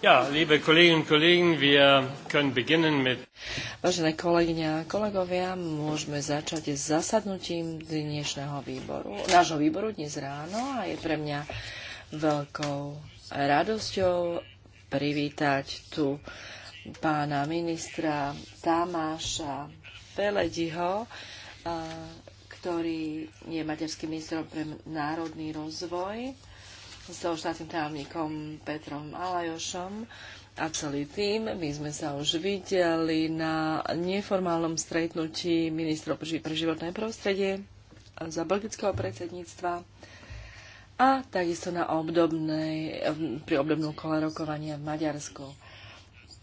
Ja, liebe Kolleginnen und Kollegen, wir können beginnen mit... Vážené kolegyne a kolegovia, môžeme začať s zasadnutím dnešného výboru, nášho výboru dnes ráno a je pre mňa veľkou radosťou privítať tu pána ministra Tamáša Felediho, ktorý je materským ministrom pre národný rozvoj so štátnym tajomníkom Petrom Alajošom a celý tým. My sme sa už videli na neformálnom stretnutí ministrov pre životné prostredie za belgického predsedníctva a takisto na obdobnej, pri obdobnom kole rokovania v Maďarsku.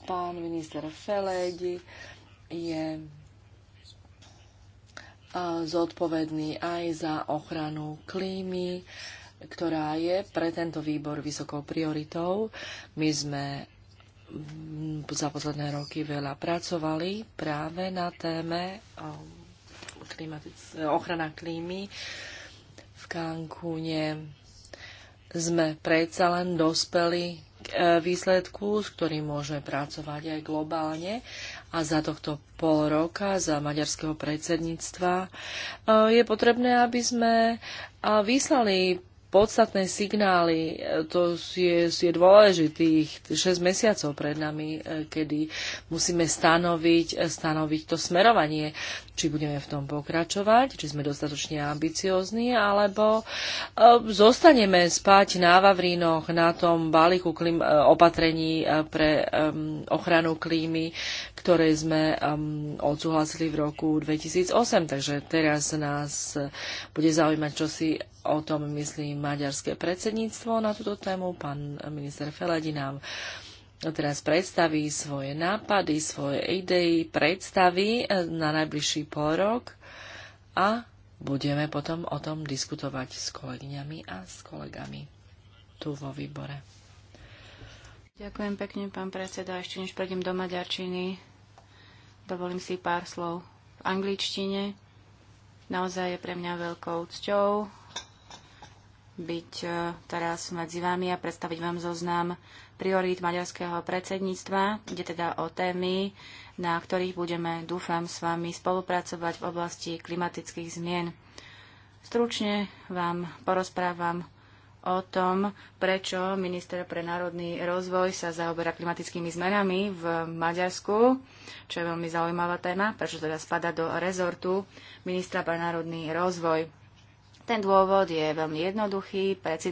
Pán minister Feledi je zodpovedný aj za ochranu klímy ktorá je pre tento výbor vysokou prioritou. My sme mm, za posledné roky veľa pracovali práve na téme um, ochrana klímy v Kankúne Sme predsa len dospeli k e, výsledku, s ktorým môžeme pracovať aj globálne. A za tohto pol roka, za maďarského predsedníctva, e, je potrebné, aby sme e, vyslali podstatné signály. E, to je, je dôležitých 6 mesiacov pred nami, e, kedy musíme stanoviť, e, stanoviť to smerovanie či budeme v tom pokračovať, či sme dostatočne ambiciózni, alebo e, zostaneme spať na Vavrínoch, na tom balíku klim, e, opatrení e, pre ochranu klímy, ktoré sme odsúhlasili v roku 2008. Takže teraz nás bude zaujímať, čo si o tom myslí maďarské predsedníctvo na túto tému. Pán minister Feledi nám teraz predstaví svoje nápady, svoje idei, predstaví e, na najbližší pol rok a budeme potom o tom diskutovať s kolegyňami a s kolegami tu vo výbore. Ďakujem pekne, pán predseda. Ešte než prejdem do Maďarčiny, dovolím si pár slov v angličtine. Naozaj je pre mňa veľkou cťou byť e, teraz medzi vami a predstaviť vám zoznam priorít maďarského predsedníctva, kde teda o témy, na ktorých budeme, dúfam, s vami spolupracovať v oblasti klimatických zmien. Stručne vám porozprávam o tom, prečo minister pre národný rozvoj sa zaoberá klimatickými zmenami v Maďarsku, čo je veľmi zaujímavá téma, prečo teda spada do rezortu ministra pre národný rozvoj. Ten dôvod je veľmi jednoduchý. Pred 7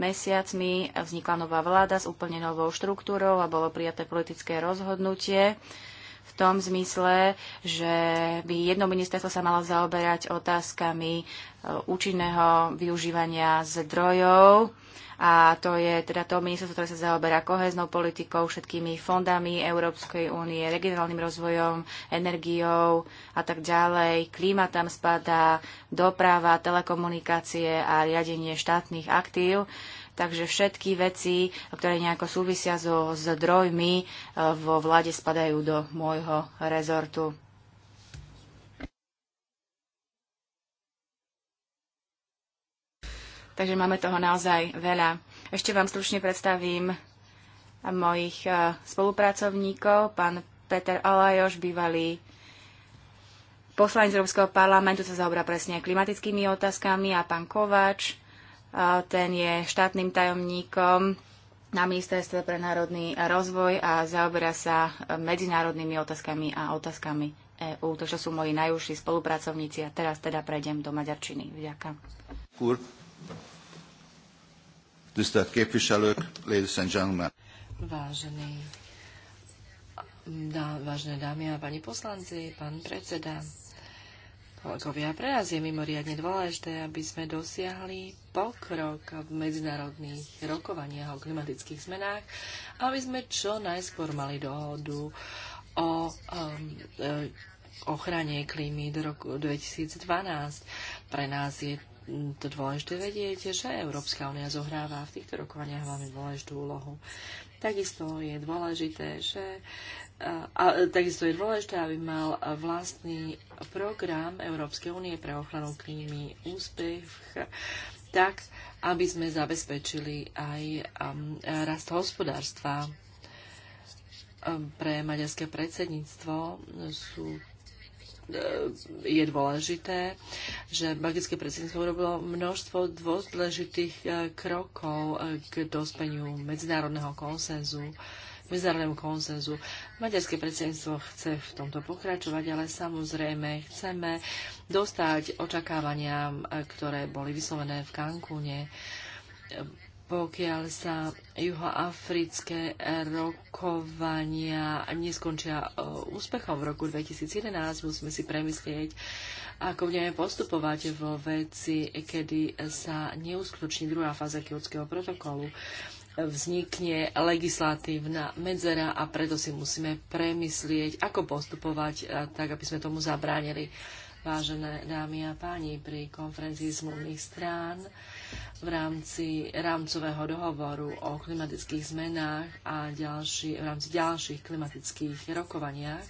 mesiacmi vznikla nová vláda s úplne novou štruktúrou a bolo prijaté politické rozhodnutie v tom zmysle, že by jedno ministerstvo sa malo zaoberať otázkami e, účinného využívania zdrojov a to je teda to ministerstvo, ktoré sa zaoberá koheznou politikou, všetkými fondami Európskej únie, regionálnym rozvojom, energiou a tak ďalej. Klíma tam spadá, doprava, telekomunikácie a riadenie štátnych aktív. Takže všetky veci, ktoré nejako súvisia so zdrojmi, eh, vo vláde spadajú do môjho rezortu. Takže máme toho naozaj veľa. Ešte vám slušne predstavím mojich e, spolupracovníkov. Pán Peter Olajoš, bývalý poslanec Európskeho parlamentu, sa zaoberá presne klimatickými otázkami a pán Kovač, e, ten je štátnym tajomníkom na Ministerstve pre národný rozvoj a zaoberá sa medzinárodnými otázkami a otázkami EÚ. To, čo sú moji najúžší spolupracovníci. A teraz teda prejdem do Maďarčiny. ďakujem. Tisztelt képviselők, ladies and gentlemen. dá, vážené dámy a pani poslanci, pán predseda, kolegovia, pre nás je mimoriadne dôležité, aby sme dosiahli pokrok v medzinárodných rokovaniach o klimatických zmenách, aby sme čo najskôr mali dohodu o um, e, ochrane klímy do roku 2012. Pre nás je to dôležité vedieť, že Európska únia zohráva v týchto rokovaniach veľmi dôležitú úlohu. Takisto je dôležité, že a, a, takisto je dôležité, aby mal vlastný program Európskej únie pre ochranu klímy úspech tak, aby sme zabezpečili aj um, rast hospodárstva um, pre maďarské predsedníctvo sú je dôležité, že magické predsedníctvo urobilo množstvo dôležitých e, krokov e, k dospeniu medzinárodného konsenzu medzinárodnému konsenzu. Maďarské predsedníctvo chce v tomto pokračovať, ale samozrejme chceme dostať očakávania, e, ktoré boli vyslovené v Cancúne pokiaľ sa juhoafrické rokovania neskončia e, úspechom v roku 2011, musíme si premyslieť, ako budeme postupovať vo veci, kedy sa neuskutoční druhá fáza Kyotského protokolu vznikne legislatívna medzera a preto si musíme premyslieť, ako postupovať, e, tak aby sme tomu zabránili. Vážené dámy a páni, pri konferencii zmluvných strán v rámci rámcového dohovoru o klimatických zmenách a ďalší, v rámci ďalších klimatických rokovaniach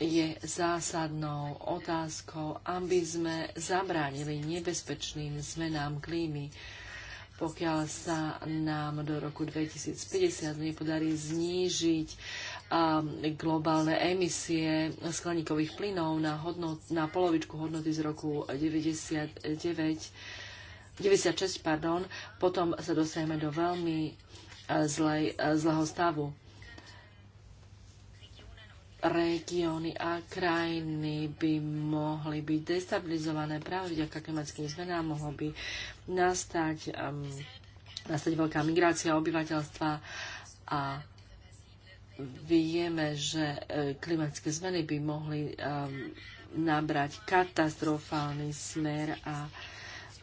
je zásadnou otázkou, aby sme zabránili nebezpečným zmenám klímy, pokiaľ sa nám do roku 2050 nepodarí znížiť a globálne emisie skleníkových plynov na, hodnot, na polovičku hodnoty z roku 1996, pardon, potom sa dostaneme do veľmi e, zlej, e, zlého stavu. Regióny a krajiny by mohli byť destabilizované práve vďaka klimatickým zmenám, mohlo by nastať, um, nastať veľká migrácia obyvateľstva a vieme, že e, klimatické zmeny by mohli um, nabrať katastrofálny smer a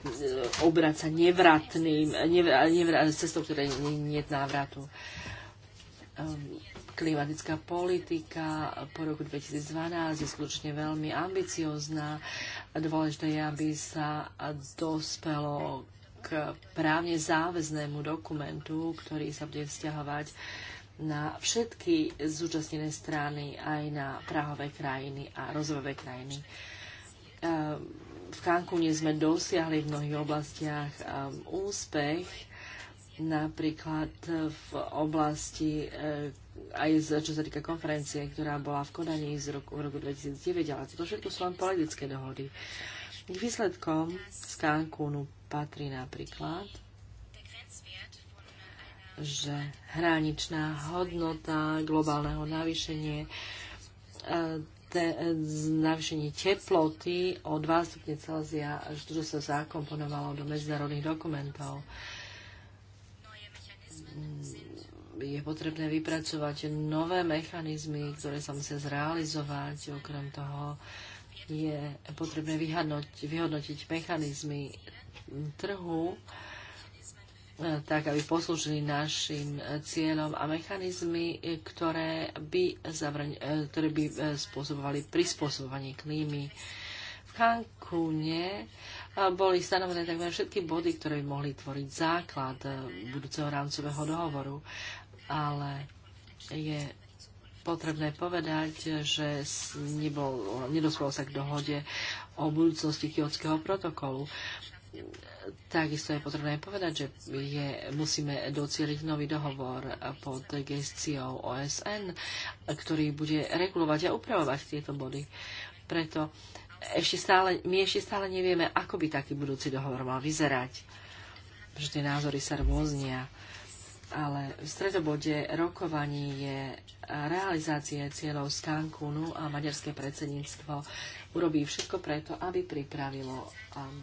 e, obrať sa nevratným, nevr, cestou, ktoré nie je návratu. Um, klimatická politika po roku 2012 je skutočne veľmi ambiciozná. Dôležité je, aby sa dospelo k právne záväznému dokumentu, ktorý sa bude vzťahovať na všetky zúčastnené strany, aj na prahové krajiny a rozvojové krajiny. Ehm, v Cancúne sme dosiahli v mnohých oblastiach ehm, úspech, napríklad v oblasti eh, aj z, čo sa týka konferencie, ktorá bola v Kodani z roku, v roku 2009, ale toto všetko sú len politické dohody. výsledkom z Cancúnu patrí napríklad že hraničná hodnota globálneho navýšenie e, te, e, navýšenie teploty o 2 stupne Celzia, že to sa zakomponovalo do medzinárodných dokumentov. Je potrebné vypracovať nové mechanizmy, ktoré sa musia zrealizovať. Okrem toho je potrebné vyhodnotiť mechanizmy trhu, tak aby poslúžili našim cieľom a mechanizmy, ktoré by, zavrň, e, ktoré by e, spôsobovali prispôsobovanie klímy. V Cancúne e, boli stanovené takmer všetky body, ktoré by mohli tvoriť základ budúceho rámcového dohovoru, ale je potrebné povedať, že nebol, nedospelo sa k dohode o budúcnosti kiotského protokolu Takisto je potrebné povedať, že je, musíme docieliť nový dohovor pod gestiou OSN, ktorý bude regulovať a upravovať tieto body. Preto ešte stále, my ešte stále nevieme, ako by taký budúci dohovor mal vyzerať, pretože tie názory sa rôznia. Ale v stredobode rokovaní je realizácie cieľov z Cancúnu a maďarské predsedníctvo urobí všetko preto, aby pripravilo um,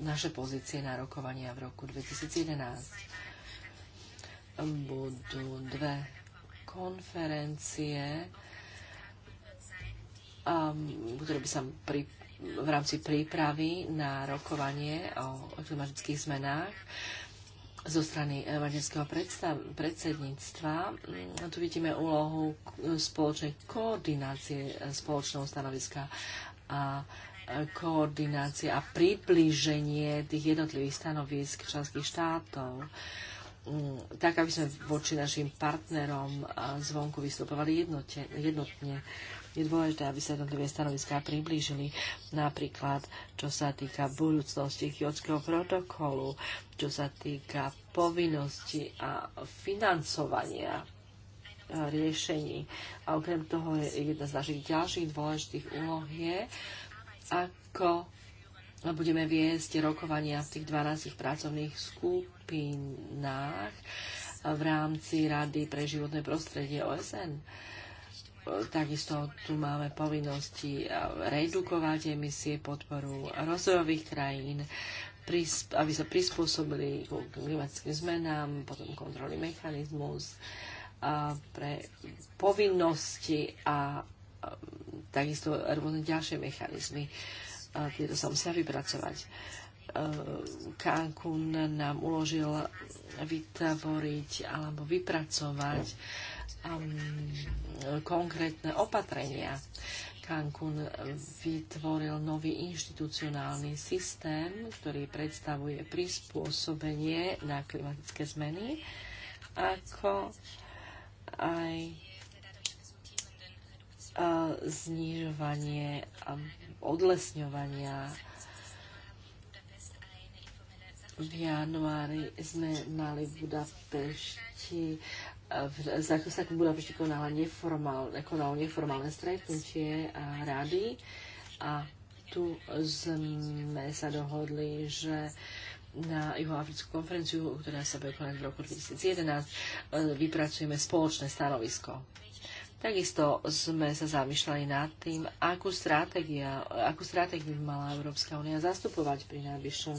naše pozície na rokovania v roku 2011. Budú dve konferencie, um, ktoré by sa pri, v rámci prípravy na rokovanie o, o klimatických zmenách zo strany eh, maďarského predsedníctva. Mm, tu vidíme úlohu spoločnej koordinácie eh, spoločného stanoviska a koordinácie a priblíženie tých jednotlivých stanovisk členských štátov mm, tak, aby sme voči našim partnerom eh, zvonku vystupovali jednotne. jednotne. Je dôležité, aby sa jednotlivé stanoviská priblížili, napríklad čo sa týka budúcnosti Kyotského protokolu, čo sa týka povinnosti a financovania eh, riešení. A okrem toho je jedna z našich ďalších dôležitých úloh je, ako budeme viesť rokovania v tých 12 pracovných skupinách v rámci Rady pre životné prostredie OSN. Takisto tu máme povinnosti redukovať emisie podporu rozvojových krajín, aby sa prispôsobili k klimatickým zmenám, potom kontrolný mechanizmus, a pre povinnosti a takisto rôzne ďalšie mechanizmy. Tieto sa musia vypracovať. E, Cancún nám uložil vytvoriť alebo vypracovať um, konkrétne opatrenia. Cancún vytvoril nový inštitucionálny systém, ktorý predstavuje prispôsobenie na klimatické zmeny, ako aj znižovanie odlesňovania. V januári sme mali v Budapešti za sa v Budapešti konala neformálne, konalo neformálne stretnutie a rady a tu sme sa dohodli, že na juhoafrickú konferenciu, ktorá sa bude konať v roku 2011, e, vypracujeme spoločné stanovisko Takisto sme sa zamýšľali nad tým, akú, stratégia, akú stratégiu by mala Európska únia zastupovať pri najbližšom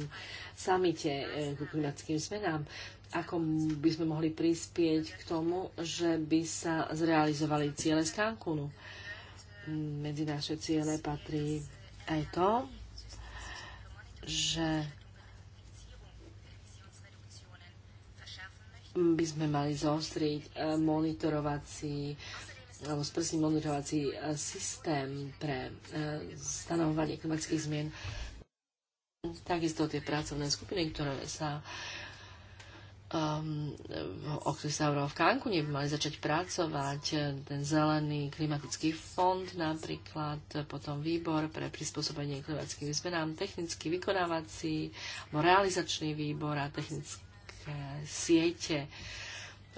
samite eh, k klimatickým zmenám. Ako by sme mohli prispieť k tomu, že by sa zrealizovali ciele z Cancúnu. Medzi naše ciele patrí aj to, že by sme mali zostriť eh, monitorovací alebo sprsný monitorovací e, systém pre e, stanovovanie klimatických zmien. Takisto tie pracovné skupiny, ktoré sa um, o ktorých sa hovorilo v Kánku, mali začať pracovať, e, ten zelený klimatický fond napríklad, potom výbor pre prispôsobenie klimatickým zmenám, technický vykonávací, realizačný výbor a technické siete. Uh,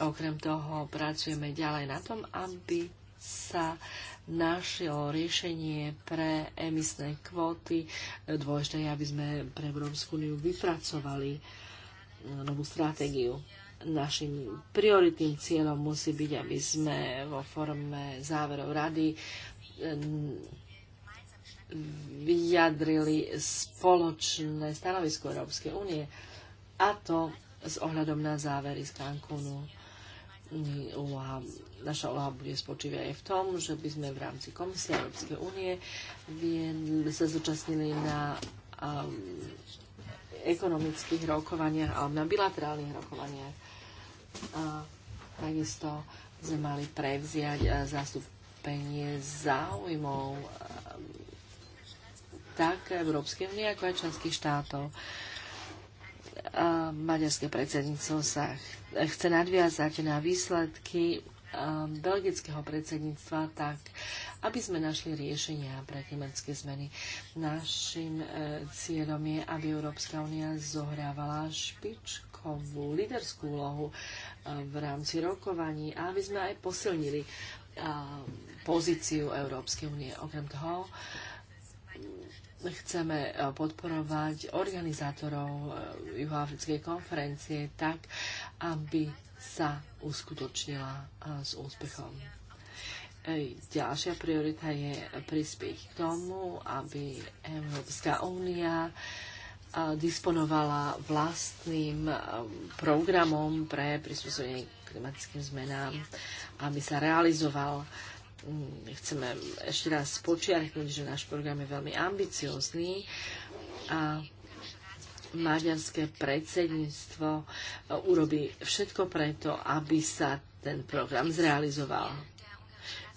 Okrem toho pracujeme ďalej na tom, aby sa našlo riešenie pre emisné kvóty. Dôležité je, aby sme pre Európsku úniu vypracovali novú stratégiu. Našim prioritným cieľom musí byť, aby sme vo forme záverov rady mm, vyjadrili spoločné stanovisko Európskej únie a to s ohľadom na závery z Cancúnu úloha, naša úloha bude spočívať aj v tom, že by sme v rámci Komisie Európskej únie sa zúčastnili na um, ekonomických rokovaniach alebo na bilaterálnych rokovaniach. A takisto sme mali prevziať eh, zastúpenie záujmov um, tak Európskej únie, ako aj členských štátov. Um, maďarské predsedníctvo sa chce nadviazať na výsledky belgického predsedníctva tak, aby sme našli riešenia pre klimatické zmeny. Našim e, cieľom je, aby Európska únia zohrávala špičkovú líderskú úlohu e, v rámci rokovaní a aby sme aj posilnili pozíciu Európskej únie. Okrem toho, chceme e, podporovať organizátorov e, Juhoafrickej konferencie tak, aby sa uskutočnila e, s úspechom. Ďalšia priorita je prispieť k tomu, aby Európska únia disponovala vlastným programom pre prispôsobenie klimatickým zmenám, aby sa realizoval uh, Mm, chceme ešte raz počiarknúť, že náš program je veľmi ambiciózny a maďarské predsedníctvo e, urobí všetko preto, aby sa ten program zrealizoval.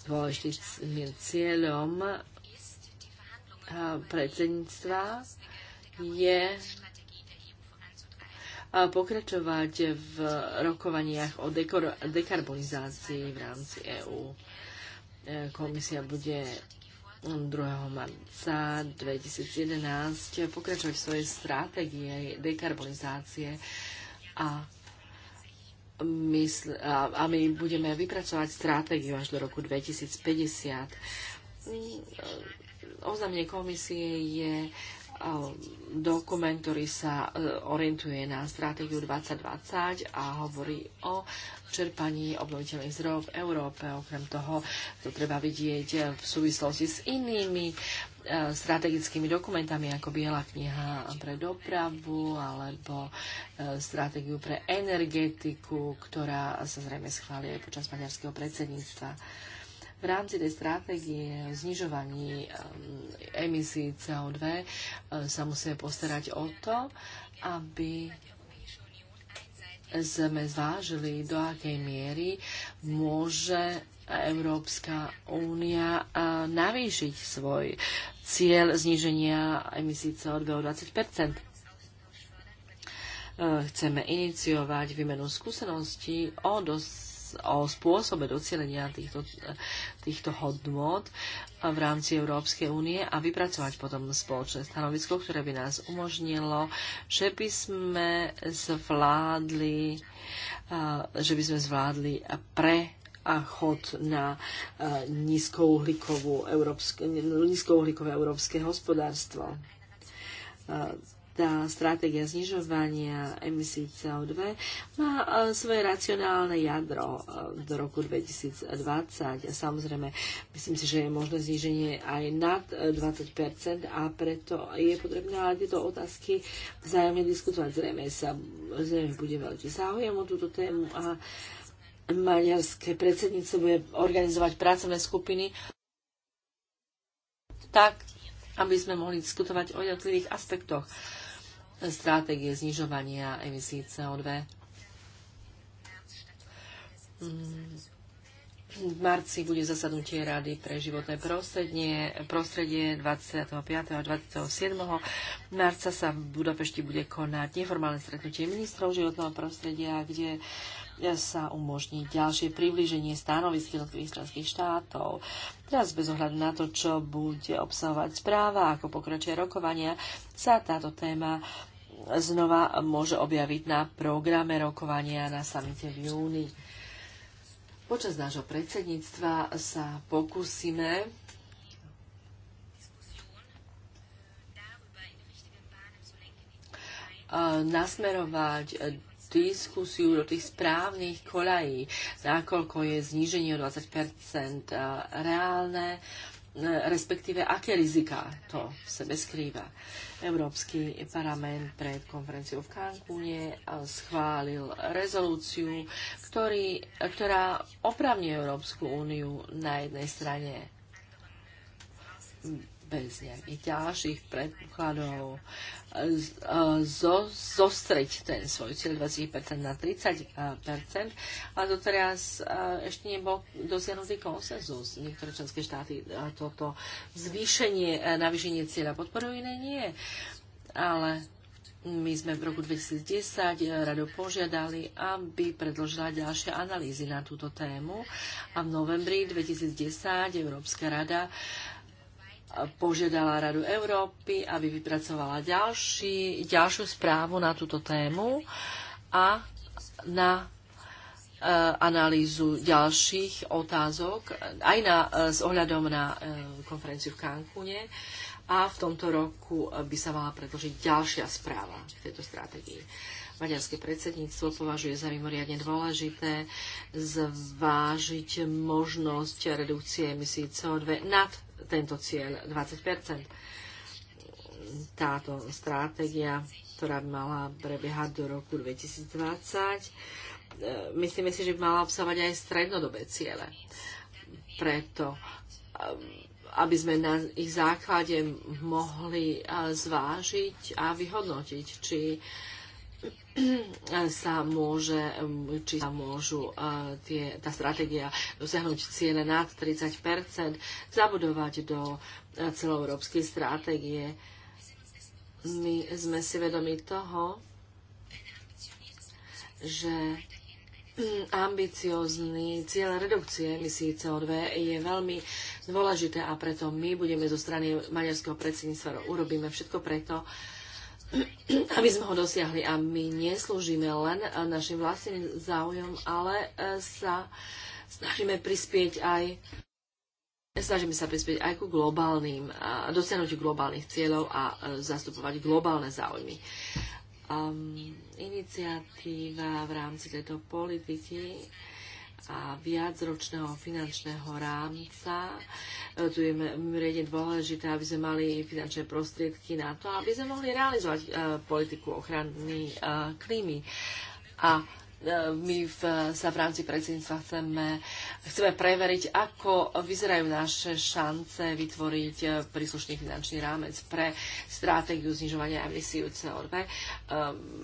Dôležitým cieľom e, predsedníctva je e, pokračovať v rokovaniach o dekarbonizácii v rámci EÚ komisia bude 2. marca 2011 pokračovať v svojej stratégie dekarbonizácie a my, a my budeme vypracovať stratégiu až do roku 2050. Mm, e, oznámenie komisie je Eh, dokument, ktorý sa eh, orientuje na stratégiu 2020 a hovorí o čerpaní obnoviteľných zdrojov v Európe. Okrem toho to treba vidieť eh, v súvislosti s inými strategickými dokumentami ako Biela kniha pre dopravu alebo stratégiu pre energetiku, ktorá sa zrejme schvália aj počas maďarského predsedníctva v rámci tej stratégie um, o znižovaní emisí uh, CO2 sa musíme postarať o to, aby sme zvážili, do akej miery môže Európska únia uh, navýšiť svoj cieľ zníženia emisí CO2 o 20 uh, Chceme iniciovať výmenu skúseností o dos- o spôsobe docielenia týchto, týchto hodnot v rámci Európskej únie a vypracovať potom spoločné stanovisko, ktoré by nás umožnilo, že by sme zvládli, že by sme zvládli pre a chod na nízkouhlíkové európske, nízkouhlíkové európske hospodárstvo tá stratégia znižovania emisí CO2 má e, svoje racionálne jadro e, do roku 2020. A samozrejme, myslím si, že je možné zníženie aj nad 20 e, a preto je potrebné aj tieto otázky vzájomne diskutovať. Zrejme, sa, zrejme bude veľký záujem o túto tému a maďarské predsedníctvo bude organizovať pracovné skupiny tak, aby sme mohli diskutovať o jednotlivých aspektoch stratégie znižovania emisí CO2. Mm, v marci bude zasadnutie Rady pre životné prostredie, prostredie 25. a 27. marca sa v Budapešti bude konať neformálne stretnutie ministrov životného prostredia, kde uh, sa umožní ďalšie priblíženie stanovisk jednotlivých členských štátov. Teraz bez ohľadu na to, čo bude obsahovať správa, ako pokračuje rokovania, sa táto téma znova môže objaviť na programe rokovania na samite v júni. Počas nášho predsedníctva sa pokúsime nasmerovať diskusiu do tých správnych kolají, nakoľko je zníženie o 20 eh, reálne, eh, respektíve aké rizika to v sebe skrýva. Európsky parlament pred konferenciou v Cancúne eh, schválil rezolúciu, ktorý, ktorá opravne Európsku úniu na jednej strane bez nejakých ďalších predpokladov zostreť ten svoj cieľ 20% na 30% a doteraz ešte nebol dosiahnutý konsenzus. Niektoré členské štáty toto zvýšenie, navýšenie cieľa podporujú, iné nie. Ale my sme v roku 2010 e, rado požiadali, aby predložila ďalšie analýzy na túto tému a v novembri 2010 Európska rada požiadala Radu Európy, aby vypracovala ďalší, ďalšiu správu na túto tému a na e, analýzu ďalších otázok, aj na, e, s ohľadom na e, konferenciu v Cancúne. A v tomto roku by sa mala predložiť ďalšia správa k tejto stratégii. Maďarské predsedníctvo považuje za mimoriadne dôležité zvážiť možnosť redukcie emisí CO2 nad tento cieľ 20 Táto stratégia, ktorá by mala prebiehať do roku 2020, e, myslíme si, že by mala obsahovať aj strednodobé ciele. Preto e, aby sme na ich základe mohli e, zvážiť a vyhodnotiť, či sa môže, či sa môžu tie, tá stratégia dosiahnuť ciele nad 30 zabudovať do celoeurópskej stratégie. My sme si vedomi toho, že ambiciózny cieľ redukcie emisí CO2 je veľmi dôležité a preto my budeme zo strany maďarského predsedníctva urobíme všetko preto, aby sme ho dosiahli. A my neslúžime len eh, našim vlastným záujom, ale eh, sa snažíme prispieť aj Snažíme sa prispieť aj ku globálnym, dosiahnuť dosiahnutiu globálnych cieľov a eh, zastupovať globálne záujmy. Um, iniciatíva v rámci tejto politiky a viacročného finančného rámca. E, tu je mimoriadne dôležité, aby sme mali finančné prostriedky na to, aby sme mohli realizovať uh, politiku ochrany uh, klímy. A my v, sa v rámci predsedníctva chceme, chceme preveriť, ako vyzerajú naše šance vytvoriť príslušný finančný rámec pre stratégiu znižovania emisí CO2.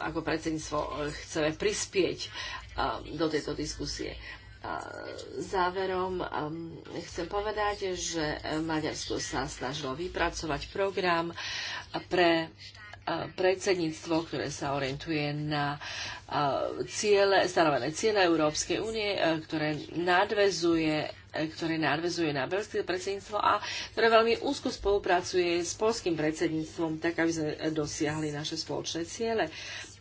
Ako predsedníctvo chceme prispieť do tejto diskusie záverom um, chcem povedať, že eh, Maďarsko sa snažilo vypracovať program pre eh, predsedníctvo, ktoré sa orientuje na eh, ciele, stanovené ciele Európskej únie, ktoré nadvezuje ktoré nadvezuje na belské predsedníctvo a ktoré veľmi úzko spolupracuje s polským predsedníctvom, tak aby sme dosiahli naše spoločné ciele.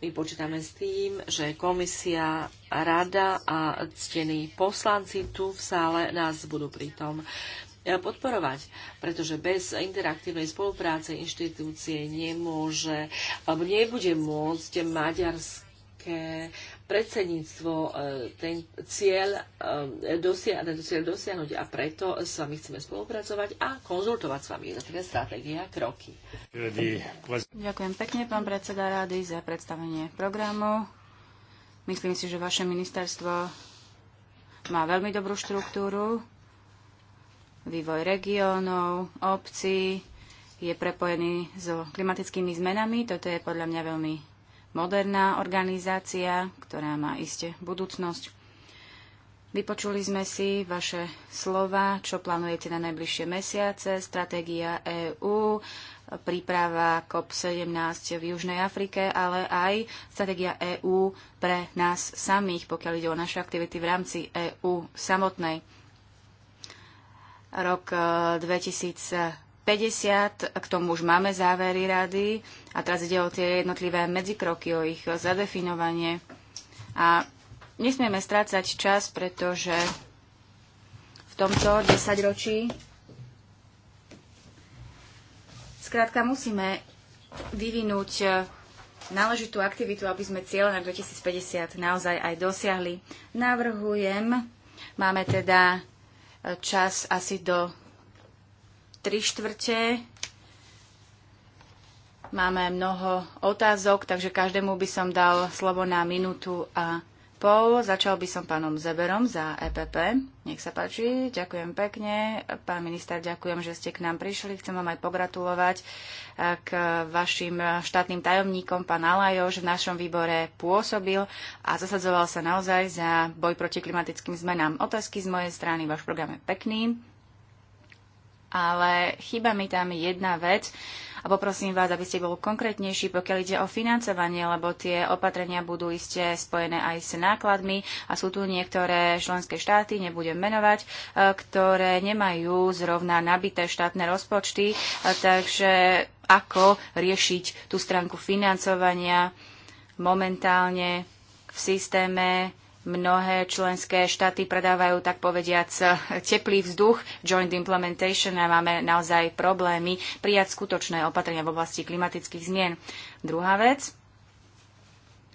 My počítame s tým, že komisia, rada a ctení poslanci tu v sále nás budú pritom eh, podporovať, pretože bez interaktívnej spolupráce inštitúcie nemôže alebo nebude môcť maďarské predsedníctvo e, ten cieľ, e, dosia, ten cieľ dosiahnuť a preto s vami chceme spolupracovať a konzultovať s vami jednotlivé stratégie a kroky. Ďakujem pekne, pán predseda rády, za predstavenie programu. Myslím si, že vaše ministerstvo má veľmi dobrú štruktúru, vývoj regiónov, obcí, je prepojený so klimatickými zmenami. Toto je podľa mňa veľmi moderná organizácia, ktorá má iste budúcnosť. Vypočuli sme si vaše slova, čo plánujete na najbližšie mesiace, stratégia EÚ, príprava COP17 v Južnej Afrike, ale aj stratégia EÚ pre nás samých, pokiaľ ide o naše aktivity v rámci EÚ samotnej. Rok 2000 eh, 50, k tomu už máme závery rady a teraz ide o tie jednotlivé medzikroky, o ich zadefinovanie. A nesmieme strácať čas, pretože v tomto desaťročí skrátka musíme vyvinúť náležitú aktivitu, aby sme cieľe na 2050 naozaj aj dosiahli. Navrhujem, máme teda čas asi do tri štvrte. Máme mnoho otázok, takže každému by som dal slovo na minútu a pol. Začal by som pánom Zeberom za EPP. Nech sa páči, ďakujem pekne. Pán minister, ďakujem, že ste k nám prišli. Chcem vám aj pogratulovať e, k vašim štátnym tajomníkom. Pán Alajoš v našom výbore pôsobil a zasadzoval sa naozaj za boj proti klimatickým zmenám. Otázky z mojej strany, váš program je pekný ale chyba mi tam jedna vec a poprosím vás, aby ste bol konkrétnejší, pokiaľ ide o financovanie, lebo tie opatrenia budú iste spojené aj s nákladmi a sú tu niektoré členské štáty, nebudem menovať, e, ktoré nemajú zrovna nabité štátne rozpočty, e, takže ako riešiť tú stránku financovania momentálne v systéme Mnohé členské štáty predávajú, tak povediac, teplý vzduch, joint implementation a máme naozaj problémy prijať skutočné opatrenia v oblasti klimatických zmien. Druhá vec,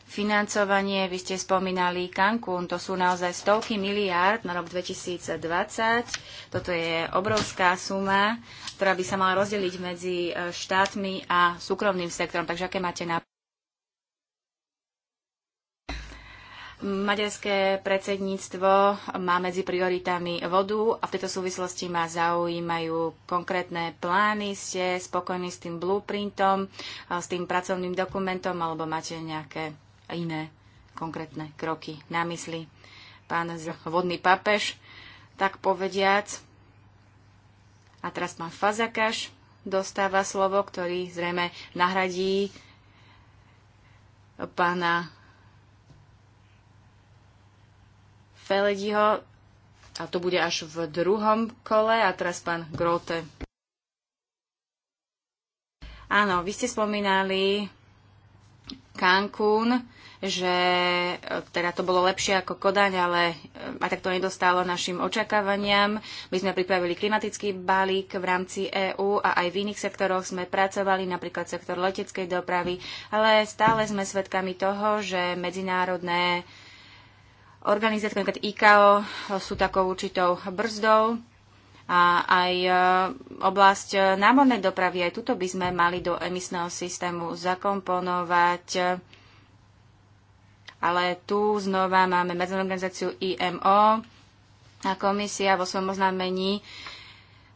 financovanie, vy ste spomínali Cancún, to sú naozaj stovky miliárd na rok 2020. Toto je obrovská suma, ktorá by sa mala rozdeliť medzi e, štátmi a súkromným sektorom. Takže aké máte nápad. Maďarské predsedníctvo má medzi prioritami vodu a v tejto súvislosti ma zaujímajú konkrétne plány. Ste spokojní s tým blueprintom, s tým pracovným dokumentom alebo máte nejaké iné konkrétne kroky na mysli? Pán vodný papež, tak povediac. A teraz pán Fazakaš dostáva slovo, ktorý zrejme nahradí pána Felediho a to bude až v druhom kole a teraz pán Grote. Áno, vy ste spomínali Cancún, že e, teda to bolo lepšie ako Kodaň, ale e, aj tak to nedostalo našim očakávaniam. My sme pripravili klimatický balík v rámci EÚ a aj v iných sektoroch sme pracovali, napríklad sektor leteckej dopravy, ale stále sme svedkami toho, že medzinárodné organizácie, napríklad IKO, sú takou určitou brzdou a aj e, oblasť e, námornej dopravy, aj tuto by sme mali do emisného systému zakomponovať. Ale tu znova máme medzinárodnú organizáciu IMO a komisia vo svojom oznámení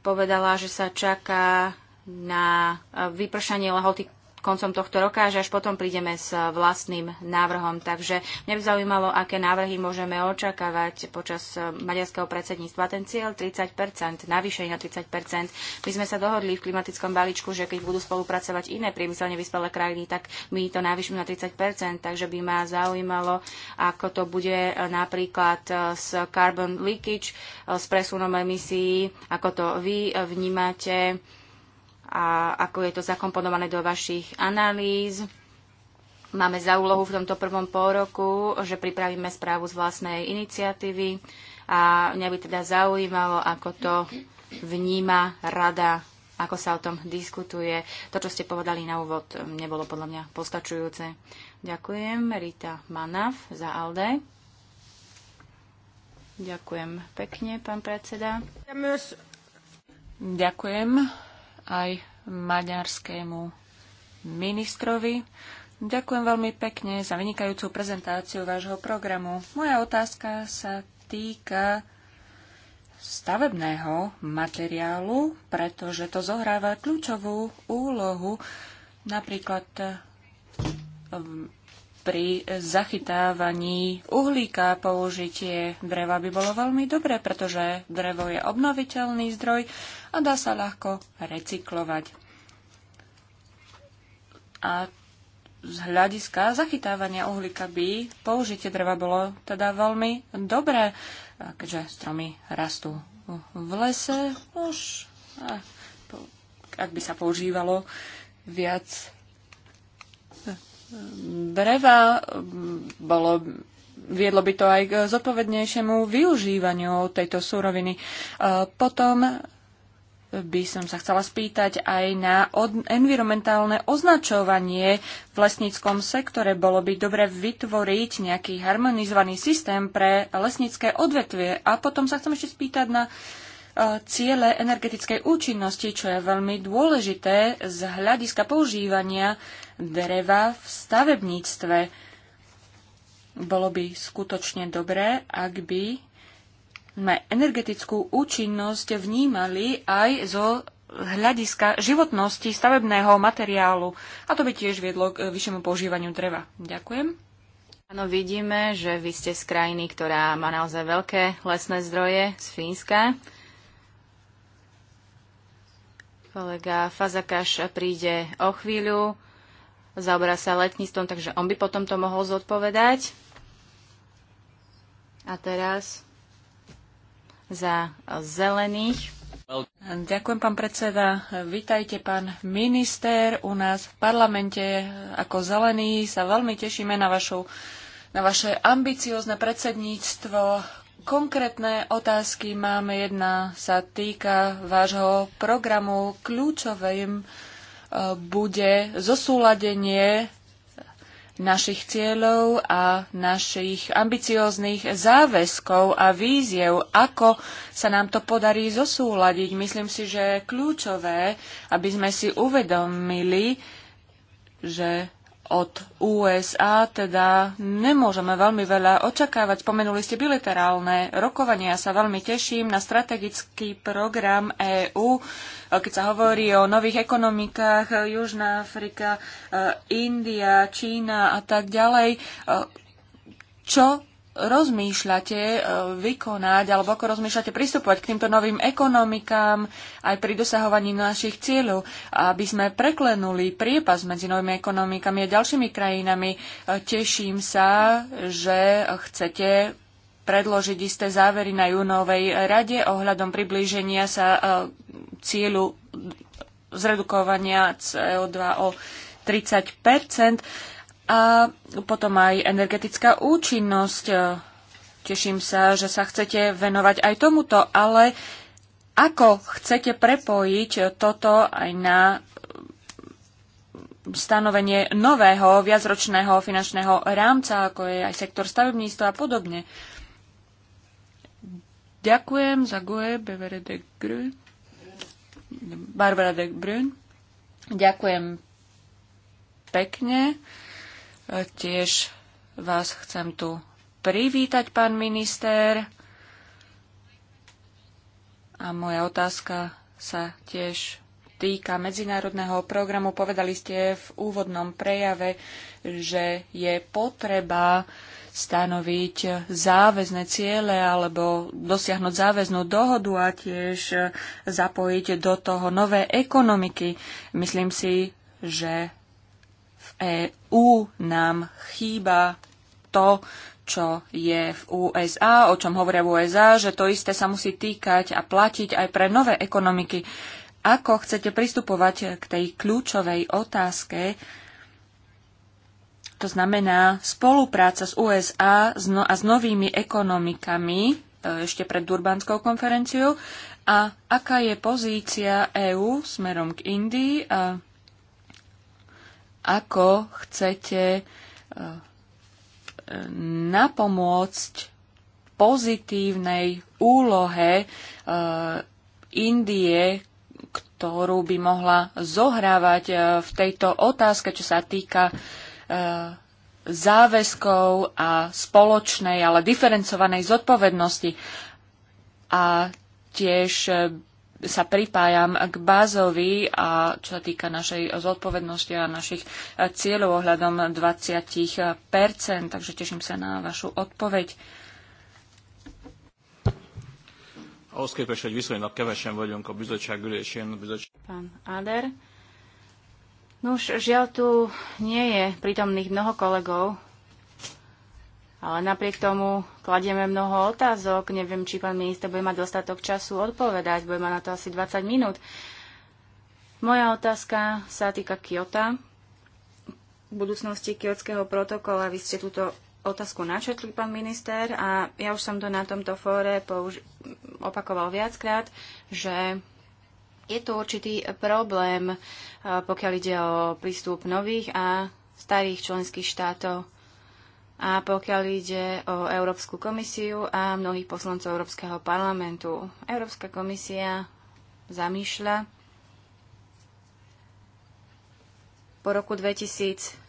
povedala, že sa čaká na e, vypršanie lehoty koncom tohto roka, že až potom prídeme s vlastným návrhom. Takže mňa by zaujímalo, aké návrhy môžeme očakávať počas eh, maďarského predsedníctva. Ten cieľ 30 navýšenie na 30 My sme sa dohodli v klimatickom balíčku, že keď budú spolupracovať iné priemyselne vyspelé krajiny, tak my to navýšime na 30 Takže by ma zaujímalo, ako to bude eh, napríklad eh, s carbon leakage, s presunom emisí, ako to vy vnímate a ako je to zakomponované do vašich analýz. Máme za úlohu v tomto prvom pôroku, že pripravíme správu z vlastnej iniciatívy a mňa by teda zaujímalo, ako to vníma rada, ako sa o tom diskutuje. To, čo ste povedali na úvod, nebolo podľa mňa postačujúce. Ďakujem Rita Manav za ALDE. Ďakujem pekne, pán predseda. Ďakujem aj maďarskému ministrovi. Ďakujem veľmi pekne za vynikajúcu prezentáciu vášho programu. Moja otázka sa týka stavebného materiálu, pretože to zohráva kľúčovú úlohu napríklad ehm, pri zachytávaní uhlíka použitie dreva by bolo veľmi dobré, pretože drevo je obnoviteľný zdroj a dá sa ľahko recyklovať. A z hľadiska zachytávania uhlíka by použitie dreva bolo teda veľmi dobré, keďže stromy rastú v lese. Už, ak by sa používalo viac e, dreva, bolo, viedlo by to aj k zodpovednejšiemu využívaniu tejto súroviny. E, potom by som sa chcela spýtať aj na environmentálne označovanie v lesníckom sektore. Bolo by dobre vytvoriť nejaký harmonizovaný systém pre lesnícke odvetvie. A potom sa chcem ešte spýtať na e, ciele energetickej účinnosti, čo je veľmi dôležité z hľadiska používania dreva v stavebníctve. Bolo by skutočne dobré, ak by sme energetickú účinnosť vnímali aj zo hľadiska životnosti stavebného materiálu. A to by tiež viedlo k vyššiemu používaniu dreva. Ďakujem. Áno, vidíme, že vy ste z krajiny, ktorá má naozaj veľké lesné zdroje, z Fínska. Kolega Fazakáš príde o chvíľu, zaoberá sa letníctvom, takže on by potom to mohol zodpovedať. A teraz za zelených. Ďakujem, pán predseda. Vítajte, pán minister, u nás v parlamente. Ako zelení sa veľmi tešíme na, vašu, na vaše ambiciozne predsedníctvo. Konkrétne otázky máme. Jedna sa týka vášho programu. Kľúčovým eh, bude zosúladenie našich cieľov a našich ambicióznych záväzkov a víziev, ako sa nám to podarí zosúľadiť. Myslím si, že je kľúčové, aby sme si uvedomili, že od USA teda nemôžeme veľmi veľa očakávať. Spomenuli ste bilaterálne rokovania. Ja sa veľmi teším na strategický program EÚ E, keď sa hovorí o nových ekonomikách, e, Južná Afrika, e, India, Čína a tak ďalej, čo rozmýšľate vykonať, alebo ako rozmýšľate pristupovať k týmto novým ekonomikám aj pri dosahovaní našich cieľov, aby sme preklenuli priepas medzi novými ekonomikami a ďalšími krajinami. Teším sa, že chcete predložiť isté závery na júnovej rade ohľadom priblíženia sa e, cieľu zredukovania CO2 o 30 a potom aj energetická účinnosť. E, teším sa, že sa chcete venovať aj tomuto, ale ako chcete prepojiť toto aj na stanovenie nového viacročného finančného rámca, ako je aj sektor stavebníctva a podobne. Uh, Ďakujem za Goe, Bevere de Grün, Barbara de Grün. Ďakujem pekne. E, tiež vás chcem tu privítať, pán minister. A moja otázka sa tiež týka medzinárodného programu. Povedali ste v úvodnom prejave, že je potreba stanoviť záväzne ciele alebo dosiahnuť záväznú dohodu a tiež zapojiť do toho nové ekonomiky. Myslím si, že v EÚ nám chýba to, čo je v USA, o čom hovoria v USA, že to isté sa musí týkať a platiť aj pre nové ekonomiky. Ako chcete pristupovať k tej kľúčovej otázke, to znamená spolupráca s USA no- a s novými ekonomikami e, ešte pred Durbanskou konferenciou a aká je pozícia EÚ smerom k Indii a ako chcete e, napomôcť pozitívnej úlohe e, Indie ktorú by mohla zohrávať v tejto otázke, čo sa týka E, záväzkov a spoločnej, ale diferencovanej zodpovednosti. A tiež e, sa pripájam k Bázovi a čo sa týka našej zodpovednosti a našich e, cieľov ohľadom 20%, takže teším sa na vašu odpoveď. Ahhoz képest, hogy viszonylag kevesen vagyunk a bizottság ülésén. Bizottság... Pán Áder, No už žiaľ tu nie je prítomných mnoho kolegov, ale napriek tomu kladieme mnoho otázok. Neviem, či pán minister bude mať dostatok času odpovedať. Bude mať na to asi 20 minút. Moja otázka sa týka Kyoto, budúcnosti Kyotského protokola. Vy ste túto otázku načetli, pán minister, a ja už som to na tomto fóre použ- opakoval viackrát, že je tu určitý problém, e, pokiaľ ide o prístup nových a starých členských štátov a pokiaľ ide o Európsku komisiu a mnohých poslancov Európskeho parlamentu. Európska komisia zamýšľa po roku 2012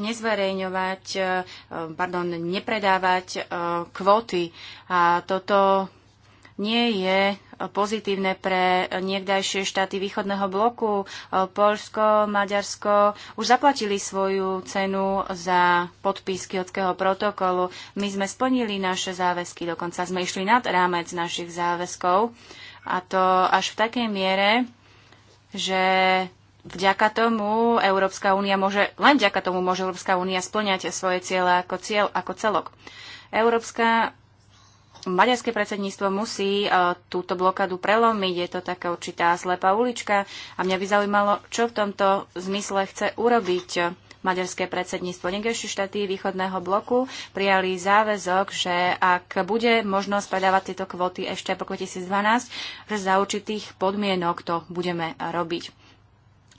nezverejňovať, e, pardon, nepredávať e, kvóty. A toto nie je pozitívne pre niekdajšie štáty východného bloku. Polsko, Maďarsko už zaplatili svoju cenu za podpis kiotského protokolu. My sme splnili naše záväzky, dokonca sme išli nad rámec našich záväzkov. A to až v takej miere, že vďaka tomu Európska únia môže, len vďaka tomu môže Európska únia splňať svoje ciele ako, cieľ, ako celok. Európska maďarské predsedníctvo musí e, túto blokadu prelomiť. Je to taká určitá slepá ulička a mňa by zaujímalo, čo v tomto zmysle chce urobiť maďarské predsedníctvo. Niekdejšie štáty východného bloku prijali záväzok, že ak bude možnosť predávať tieto kvóty ešte po 2012, že za určitých podmienok to budeme robiť.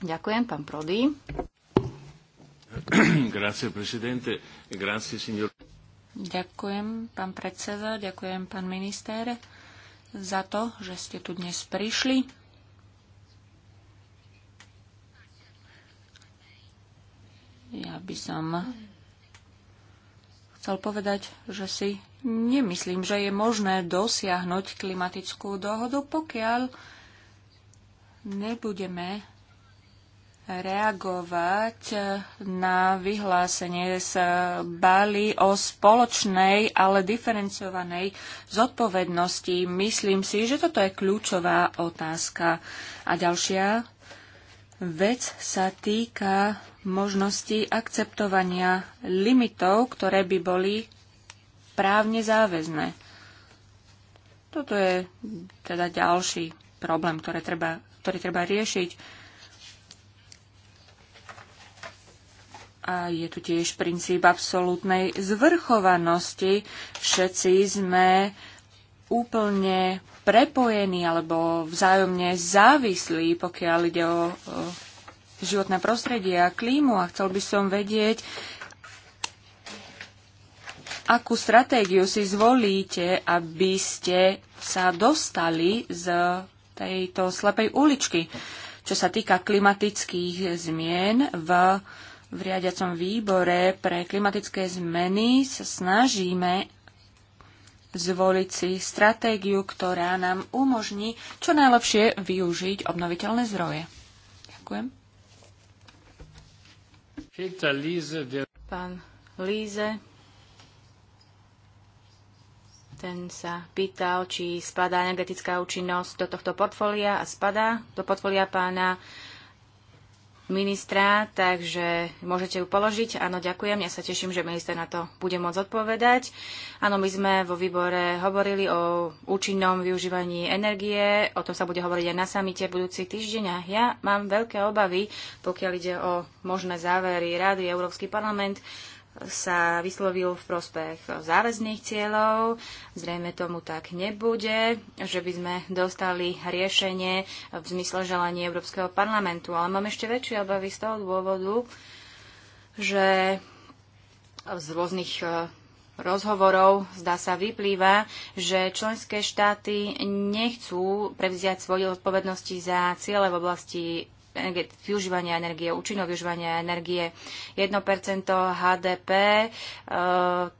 Ďakujem, pán Prody. Grazie, presidente. Grazie, signor... Ďakujem, pán predseda, ďakujem, pán minister, za to, že ste tu dnes prišli. Ja by som chcel povedať, že si nemyslím, že je možné dosiahnuť klimatickú dohodu, pokiaľ nebudeme reagovať na vyhlásenie z Bali o spoločnej, ale diferencovanej zodpovednosti. Myslím si, že toto je kľúčová otázka. A ďalšia vec sa týka možnosti akceptovania limitov, ktoré by boli právne záväzné. Toto je teda ďalší problém, ktoré treba, ktorý treba riešiť A je tu tiež princíp absolútnej zvrchovanosti. Všetci sme úplne prepojení alebo vzájomne závislí, pokiaľ ide o, o životné prostredie a klímu. A chcel by som vedieť, akú stratégiu si zvolíte, aby ste sa dostali z tejto slepej uličky, čo sa týka klimatických zmien v v riadiacom výbore pre klimatické zmeny sa snažíme zvoliť si stratégiu, ktorá nám umožní čo najlepšie využiť obnoviteľné zdroje. Ďakujem. Pán Líze, ten sa pýtal, či spadá energetická účinnosť do tohto portfólia a spadá do portfólia pána ministra, takže môžete ju položiť. Áno, ďakujem. Ja sa teším, že minister na to bude môcť odpovedať. Áno, my sme vo výbore hovorili o účinnom využívaní energie. O tom sa bude hovoriť aj na samite budúci týždeň. A ja mám veľké obavy, pokiaľ ide o možné závery Rady Európsky parlament sa vyslovil v prospech záväzných cieľov. Zrejme tomu tak nebude, že by sme dostali riešenie v zmysle želaní Európskeho parlamentu. Ale mám ešte väčšie obavy z toho dôvodu, že z rôznych e, rozhovorov zdá sa vyplýva, že členské štáty nechcú prevziať svoje odpovednosti za ciele v oblasti využívania energie, účinného využívania energie. 1% HDP, e,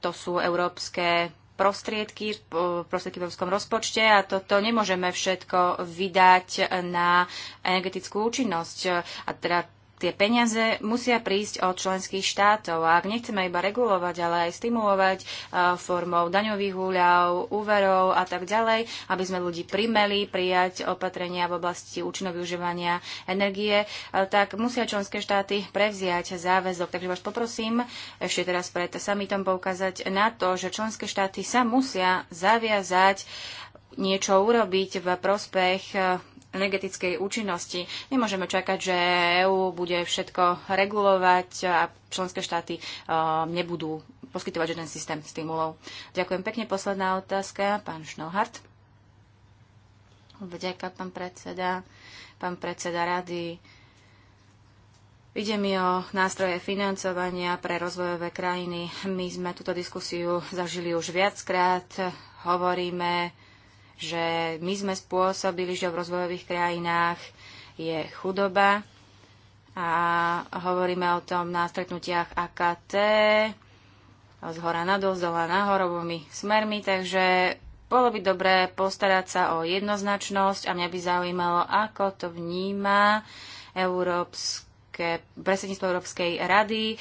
to sú európske prostriedky, e, prostriedky v európskom rozpočte a toto nemôžeme všetko vydať na energetickú účinnosť. A teda tie peniaze musia prísť od členských štátov. A ak nechceme iba regulovať, ale aj stimulovať e, formou daňových úľav, úverov a tak ďalej, aby sme ľudí primeli prijať opatrenia v oblasti účinného využívania energie, e, tak musia členské štáty prevziať záväzok. Takže vás poprosím ešte teraz pred samitom poukázať na to, že členské štáty sa musia zaviazať niečo urobiť v prospech e, energetickej účinnosti. Nemôžeme čakať, že EÚ bude všetko regulovať a členské štáty e, nebudú poskytovať žiaden systém stimulov. Ďakujem pekne. Posledná otázka, pán Šnohart. Vďaka, pán predseda. Pán predseda rady. Ide mi o nástroje financovania pre rozvojové krajiny. My sme túto diskusiu zažili už viackrát. Hovoríme že my sme spôsobili, že v rozvojových krajinách je chudoba a hovoríme o tom na stretnutiach AKT z hora na z dola nahor smermi, takže bolo by dobré postarať sa o jednoznačnosť a mňa by zaujímalo, ako to vníma Európske, predsedníctvo Európskej rady e,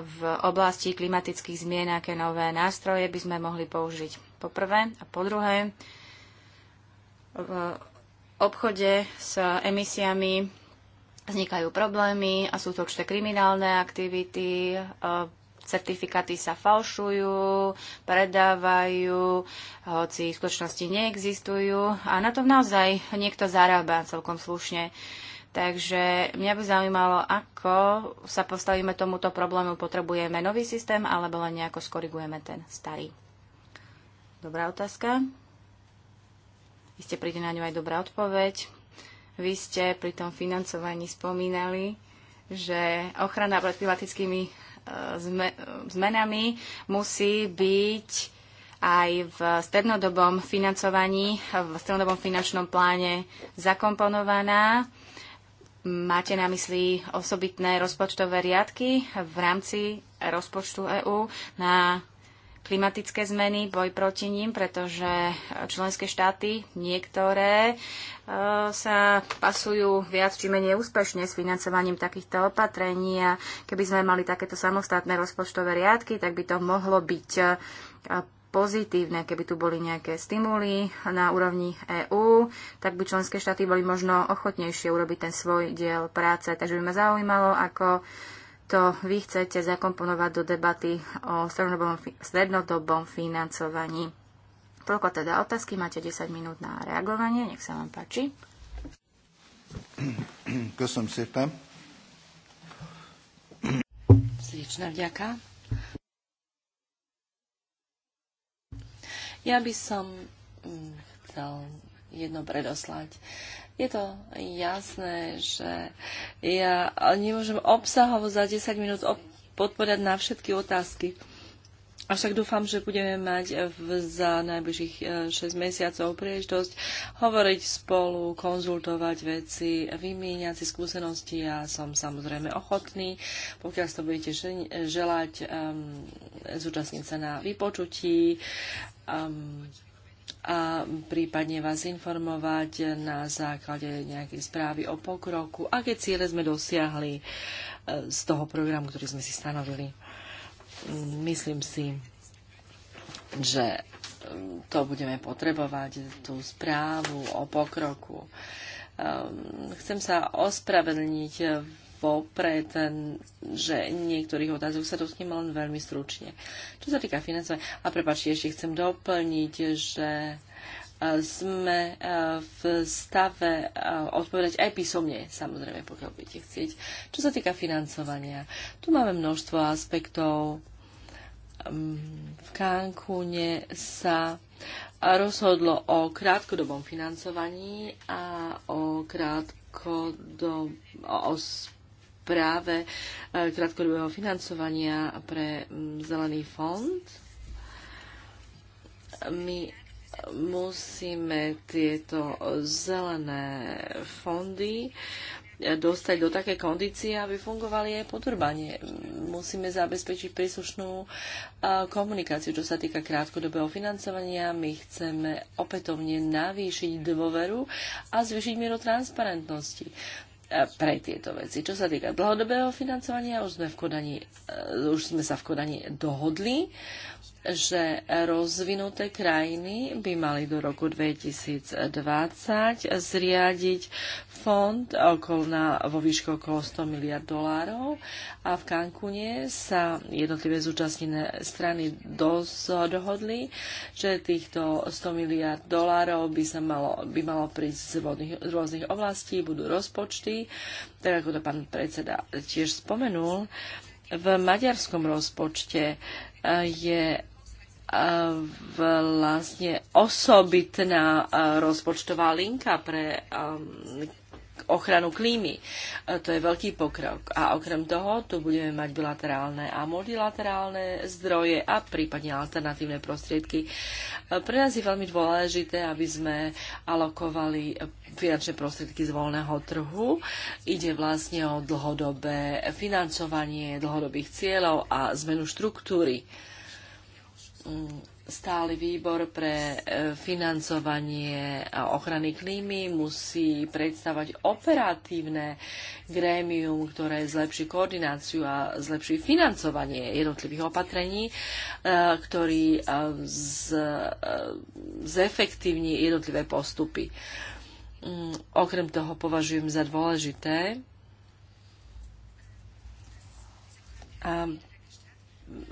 v oblasti klimatických zmien, aké nové nástroje by sme mohli použiť po prvé a po druhé v obchode s emisiami vznikajú problémy a sú to určité kriminálne aktivity, e, certifikáty sa falšujú, predávajú, hoci v skutočnosti neexistujú a na tom naozaj niekto zarába celkom slušne. Takže mňa by zaujímalo, ako sa postavíme tomuto problému. Potrebujeme nový systém alebo len nejako skorigujeme ten starý? Dobrá otázka. Iste príde na ňu aj dobrá odpoveď. Vy ste pri tom financovaní spomínali, že ochrana pred klimatickými e, e, zmenami musí byť aj v strednodobom financovaní, v strednodobom finančnom pláne zakomponovaná. Máte na mysli osobitné rozpočtové riadky v rámci rozpočtu EÚ na klimatické zmeny, boj proti ním, pretože členské štáty, niektoré, e, sa pasujú viac či menej úspešne s financovaním takýchto opatrení a keby sme mali takéto samostatné rozpočtové riadky, tak by to mohlo byť e, pozitívne, keby tu boli nejaké stimuly na úrovni EÚ, tak by členské štáty boli možno ochotnejšie urobiť ten svoj diel práce. Takže by ma zaujímalo, ako to vy chcete zakomponovať do debaty o strednodobom, strednodobom financovaní. Toľko teda otázky, máte 10 minút na reagovanie, nech sa vám páči. si tam. Sličná vďaka. Ja by som mm, chcel jedno predoslať. Je to jasné, že ja nemôžem obsahovo za 10 minút podporať na všetky otázky. Avšak dúfam, že budeme mať v, za najbližších 6 e, mesiacov príležitosť hovoriť spolu, konzultovať veci, vymieňať si skúsenosti. Ja som samozrejme ochotný, pokiaľ to budete želať, um, zúčastniť sa na vypočutí. Um, a prípadne vás informovať na základe nejakej správy o pokroku, aké ciele sme dosiahli e, z toho programu, ktorý sme si stanovili. Myslím si, že e, to budeme potrebovať, tú správu o pokroku. Ehm, chcem sa ospravedlniť vopred, že niektorých otázok sa dotknem len veľmi stručne. Čo sa týka financovania, a prepáčte, ešte chcem doplniť, že e, sme e, v stave e, odpovedať aj písomne, samozrejme, pokiaľ budete chcieť. Čo sa týka financovania, tu máme množstvo aspektov. V Kankune sa rozhodlo o krátkodobom financovaní a o krátkodobom o, o práve e, krátkodobého financovania pre Zelený fond. My musíme tieto zelené fondy e, dostať do také kondície, aby fungovali aj podrbanie. Musíme zabezpečiť príslušnú e, komunikáciu, čo sa týka krátkodobého financovania. My chceme opätovne navýšiť dôveru a zvýšiť mieru transparentnosti pre tieto veci. Čo sa týka dlhodobého financovania, už sme, v Kodani, e, už sme sa v Kodani dohodli že rozvinuté krajiny by mali do roku 2020 zriadiť fond okolo na, vo výške okolo 100 miliard dolárov a v Kankune sa jednotlivé zúčastnené strany dos, dohodli, že týchto 100 miliard dolárov by, sa malo, by malo prísť z vodných, rôznych oblastí, budú rozpočty, tak ako to pán predseda tiež spomenul. V maďarskom rozpočte eh, je vlastne osobitná rozpočtová linka pre ochranu klímy. To je veľký pokrok. A okrem toho, tu budeme mať bilaterálne a multilaterálne zdroje a prípadne alternatívne prostriedky. Pre nás je veľmi dôležité, aby sme alokovali finančné prostriedky z voľného trhu. Ide vlastne o dlhodobé financovanie dlhodobých cieľov a zmenu štruktúry Mm, stály výbor pre e, financovanie a ochrany klímy musí predstavať operatívne grémium, ktoré zlepší koordináciu a zlepší financovanie jednotlivých opatrení, e, ktorý e, z, zefektívni jednotlivé postupy. Mm, okrem toho považujem za dôležité,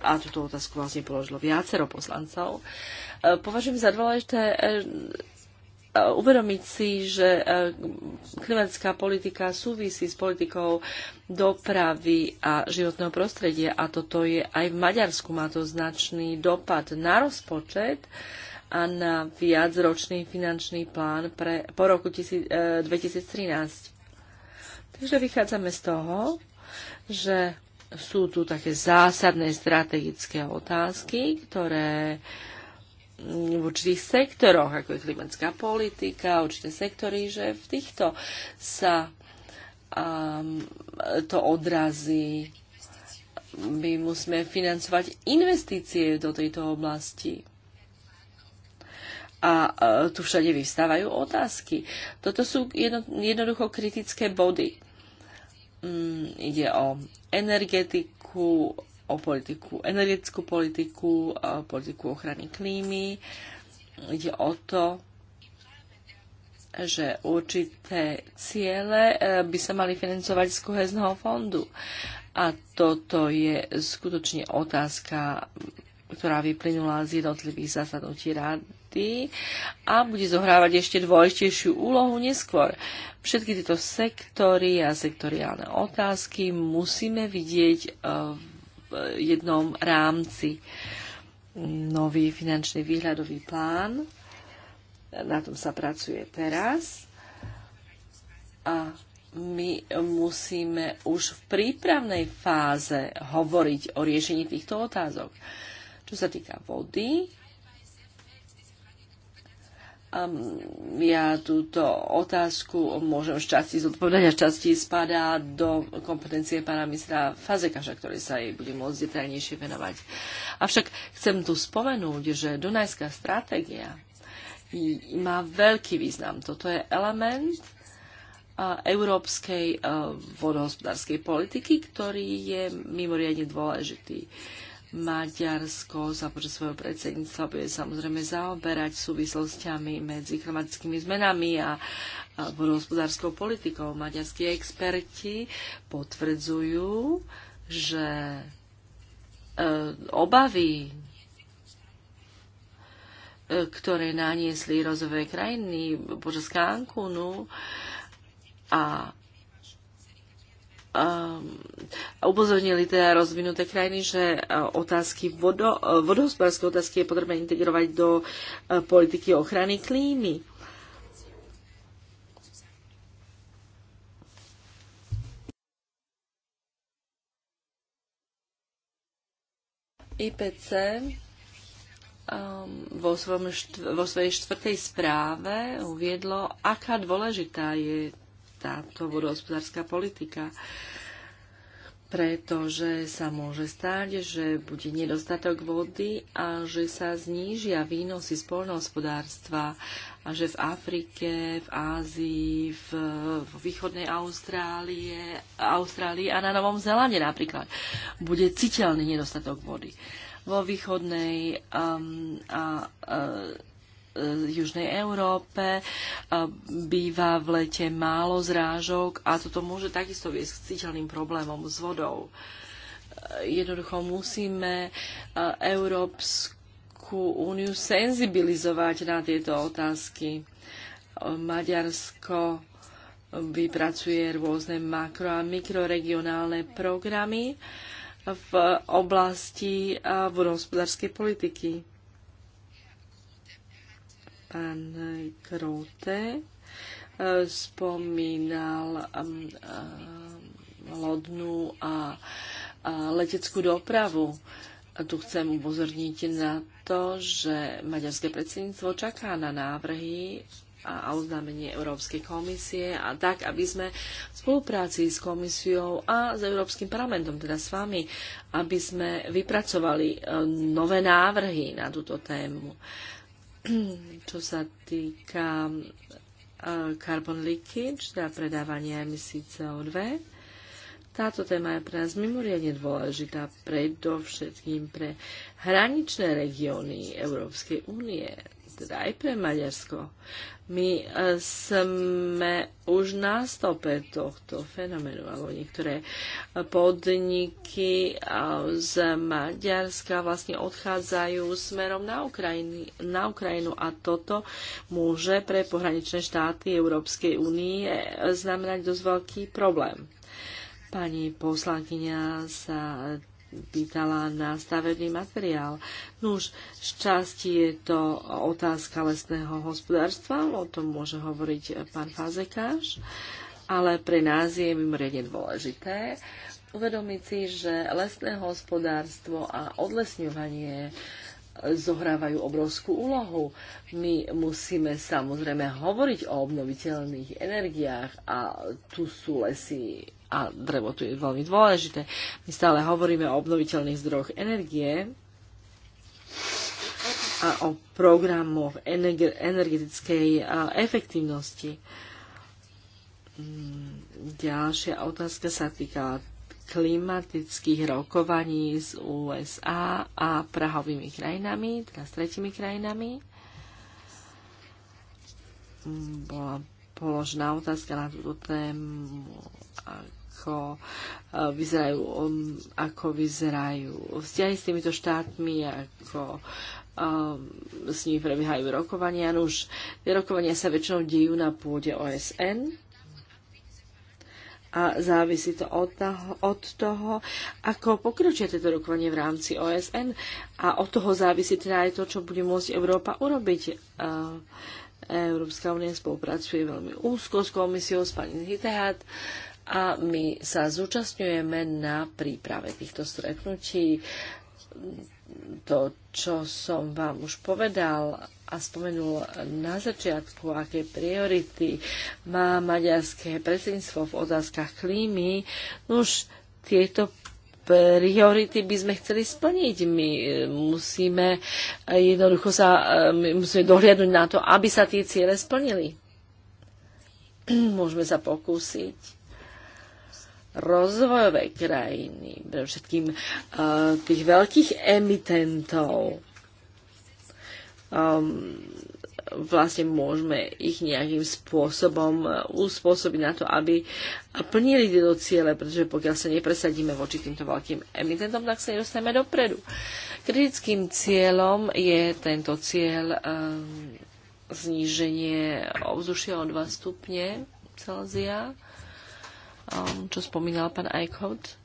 a túto otázku vlastne položilo viacero poslancov, e, považujem za dôležité e, e, uvedomiť si, že klimatická politika súvisí s politikou dopravy a životného prostredia a toto je aj v Maďarsku má to značný dopad na rozpočet a na viacročný finančný plán pre, po roku tisi, e, 2013. Takže vychádzame z toho, že sú tu také zásadné strategické otázky, ktoré v určitých sektoroch, ako je klimatická politika, určité sektory, že v týchto sa um, to odrazí. My musíme financovať investície do tejto oblasti. A uh, tu všade vyvstávajú otázky. Toto sú jedno, jednoducho kritické body Mm, ide o energetiku, o politiku, energetickú politiku, o politiku ochrany klímy. Ide o to, že určité ciele e, by sa mali financovať z kohezného fondu. A toto je skutočne otázka, ktorá vyplynula z jednotlivých zasadnutí rád, dôležitý a bude zohrávať ešte dôležitejšiu úlohu neskôr. Všetky tieto sektory a sektoriálne otázky musíme vidieť e, v jednom rámci. Nový finančný výhľadový plán, na tom sa pracuje teraz a my musíme už v prípravnej fáze hovoriť o riešení týchto otázok. Čo sa týka vody, Um, ja túto otázku môžem šťastí zodpovedať a šťastí spadá do kompetencie pána ministra Fazekaša, ktorý sa jej bude môcť detajnejšie venovať. Avšak chcem tu spomenúť, že Dunajská stratégia má veľký význam. Toto je element a, európskej vodohospodárskej politiky, ktorý je mimoriadne dôležitý. Maďarsko sa počas svojho predsedníctva bude samozrejme zaoberať súvislostiami medzi klimatickými zmenami a, hospodárskou politikou. Maďarskí experti potvrdzujú, že e, obavy e, ktoré naniesli rozové krajiny počas Cancúnu a Ehm, upozornili teda rozvinuté krajiny, že e, otázky vodo, e, vodohospodárske otázky je potrebné integrovať do e, politiky ochrany klímy. IPC um, ehm, vo, svojom št- vo svojej štvrtej správe uviedlo, aká dôležitá je táto vodohospodárska politika pretože sa môže stať, že bude nedostatok vody a že sa znížia výnosy spolnohospodárstva a že v Afrike, v Ázii, v, v východnej Austrálie, Austrálii a na Novom Zelande napríklad bude citeľný nedostatok vody. Vo východnej um, a, a Južnej Európe, býva v lete málo zrážok a toto môže takisto viesť k citeľným problémom s vodou. Jednoducho musíme Európsku úniu senzibilizovať na tieto otázky. Maďarsko vypracuje rôzne makro- a mikroregionálne programy v oblasti vodohospodárskej politiky pán Krote eh, spomínal mm, eh, lodnú a leteckú dopravu. Tu chcem upozorniť na to, že maďarské predsedníctvo čaká na návrhy a oznámenie Európskej komisie a tak, aby sme v spolupráci s komisiou a s Európskym parlamentom, teda s vami, aby sme vypracovali eh, nové návrhy na túto tému. Uh, čo sa týka e, carbon leakage, teda predávania emisí CO2. Táto téma je pre nás mimoriadne dôležitá, predovšetkým pre hraničné regióny Európskej únie teda aj pre Maďarsko. My e, sme už na stope tohto fenoménu, alebo niektoré e, podniky e, z Maďarska vlastne odchádzajú smerom na, Ukrajiny, na Ukrajinu a toto môže pre pohraničné štáty Európskej únie znamenať dosť veľký problém. Pani poslankyňa sa pýtala na stavebný materiál. No už z časti je to otázka lesného hospodárstva, o tom môže hovoriť pán Fazekáš, ale pre nás je mimoriadne dôležité uvedomiť si, že lesné hospodárstvo a odlesňovanie zohrávajú obrovskú úlohu. My musíme samozrejme hovoriť o obnoviteľných energiách a tu sú lesy a drevo tu je veľmi dôležité. My stále hovoríme o obnoviteľných zdrojoch energie a o programoch energetickej efektivnosti. Mm, ďalšia otázka sa týka klimatických rokovaní s USA a prahovými krajinami, teda s tretimi krajinami. Mm, bola položená otázka na túto tému, ako e, vyzerajú, um, ako vyzerajú vzťahy s týmito štátmi, ako um, s nimi prebiehajú rokovania. No už tie rokovania sa väčšinou dejú na pôde OSN a závisí to od toho, od toho ako pokročia tieto rokovanie v rámci OSN a od toho závisí teda aj to, čo bude môcť Európa urobiť. E, Európska únia spolupracuje veľmi úzko s komisiou, s pani Hitehat a my sa zúčastňujeme na príprave týchto stretnutí. To, čo som vám už povedal a spomenul na začiatku, aké priority má maďarské predsedníctvo v otázkach klímy, už tieto priority by sme chceli splniť. My e, musíme jednoducho sa e, musíme dohliadnúť na to, aby sa tie ciele splnili. Môžeme sa pokúsiť rozvojové krajiny, pre všetkým e, tých veľkých emitentov. Um, vlastne môžeme ich nejakým spôsobom e, uspôsobiť na to, aby plnili tieto ciele, pretože pokiaľ sa nepresadíme voči týmto veľkým emitentom, tak sa nedostaneme dopredu. Kritickým cieľom je tento cieľ um, zníženie ovzdušia o 2 stupne Celzia Um, čo spomínal pán Eichhout.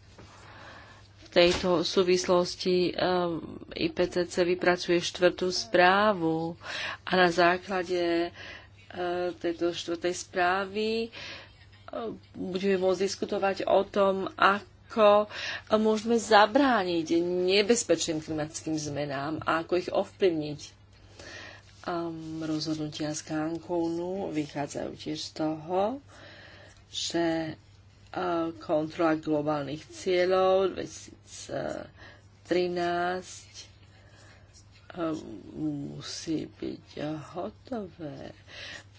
V tejto súvislosti um, IPCC vypracuje štvrtú správu a na základe uh, tejto štvrtej správy um, budeme môcť diskutovať o tom, ako môžeme zabrániť nebezpečným klimatickým zmenám a ako ich ovplyvniť. Um, rozhodnutia z Cancúnu vychádzajú tiež z toho, že Eh, kontrola globálnych cieľov 2013 eh, musí byť hotové,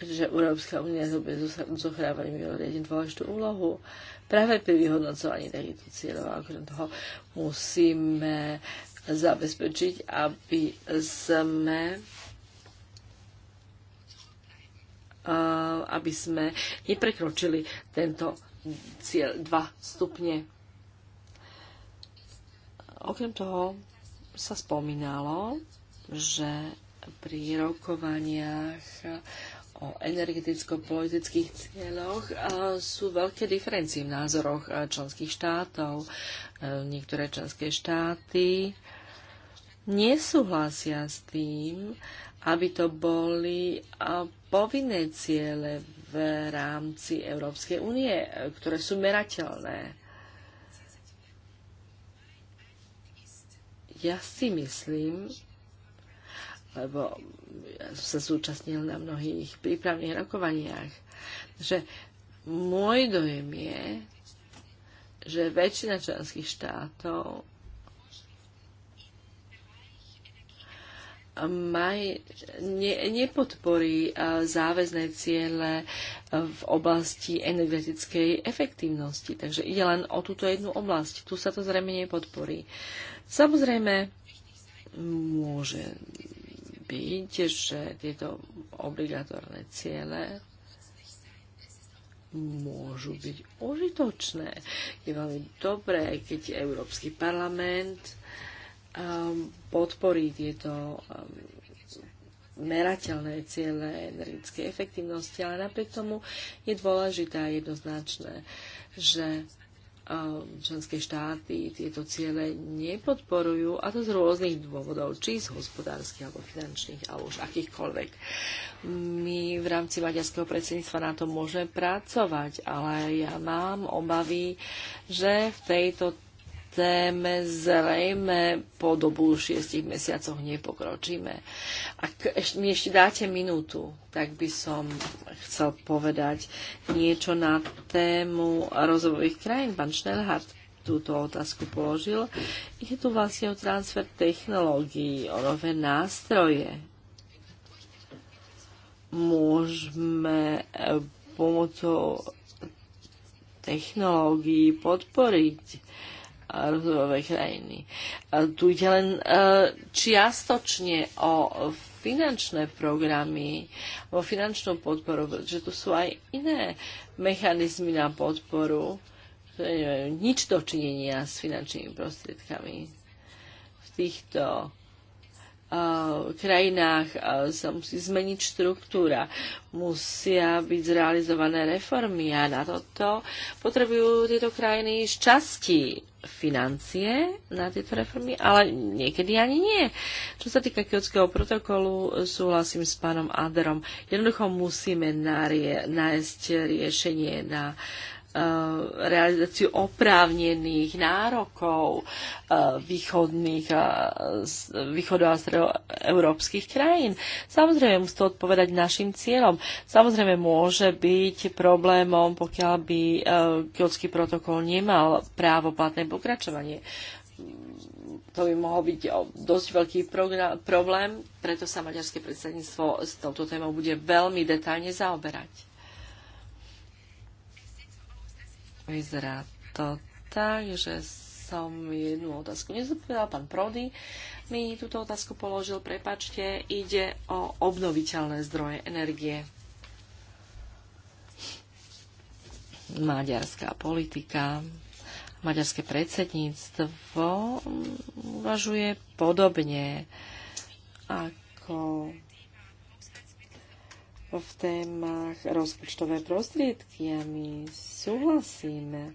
pretože Európska únia zohráva mimoriadne dôležitú úlohu práve pri vyhodnocovaní takýchto cieľov. A okrem toho musíme zabezpečiť, aby sme eh, aby sme neprekročili tento cieľ dva stupne. Okrem toho sa spomínalo, že pri rokovaniach o energeticko-politických cieľoch sú veľké diferencie v názoroch členských štátov. E, niektoré členské štáty nesúhlasia s tým, aby to boli povinné ciele v rámci Európskej únie, e, ktoré sú merateľné. Ja si myslím, lebo ja som sa zúčastnil na mnohých prípravných rokovaniach, že môj dojem je, že väčšina členských štátov maj, ne, nepodporí záväzné ciele v oblasti energetickej efektívnosti. Takže ide len o túto jednu oblasť. Tu sa to zrejme nepodporí. Samozrejme, môže byť, že tieto obligatórne ciele môžu byť užitočné. Je veľmi dobré, keď Európsky parlament Um, podporí tieto um, merateľné ciele energetickej efektivnosti, ale napriek tomu je dôležité a jednoznačné, že um, členské štáty tieto ciele nepodporujú a to z rôznych dôvodov, či z hospodárskych alebo finančných alebo už akýchkoľvek. My v rámci maďarského predsedníctva na to môžeme pracovať, ale ja mám obavy, že v tejto téme zrejme po dobu šiestich mesiacov nepokročíme. Ak mi ešte dáte minútu, tak by som chcel povedať niečo na tému rozvojových krajín. Pán Schnellhardt túto otázku položil. Je tu vlastne o transfer technológií, o nové nástroje. Môžeme eh, pomocou technológií podporiť rozvojové krajiny. Tu ide len e, čiastočne o finančné programy, o finančnú podporu, že tu sú aj iné mechanizmy na podporu, ktoré nemajú nič dočinenia s finančnými prostriedkami. V týchto krajinách sa musí zmeniť štruktúra, musia byť zrealizované reformy a na toto potrebujú tieto krajiny z časti financie na tieto reformy, ale niekedy ani nie. Čo sa týka kiotského protokolu, súhlasím s pánom Aderom. Jednoducho musíme nájsť riešenie na uh, Eh, realizáciu oprávnených nárokov eh, východných eh, východov a európskych krajín. Samozrejme musí to odpovedať našim cieľom. Samozrejme môže byť problémom, pokiaľ by kiotský protokol nemal právo platné pokračovanie. To by mohol byť dosť veľký problém, preto sa maďarské predsedníctvo s touto témou bude veľmi detálne zaoberať. Vyzerá to tak, že som jednu otázku nezodpovedal. Pán Prody mi túto otázku položil. Prepačte, ide o obnoviteľné zdroje energie. Maďarská politika, maďarské predsedníctvo uvažuje podobne ako v témach rozpočtové prostriedky a my súhlasíme,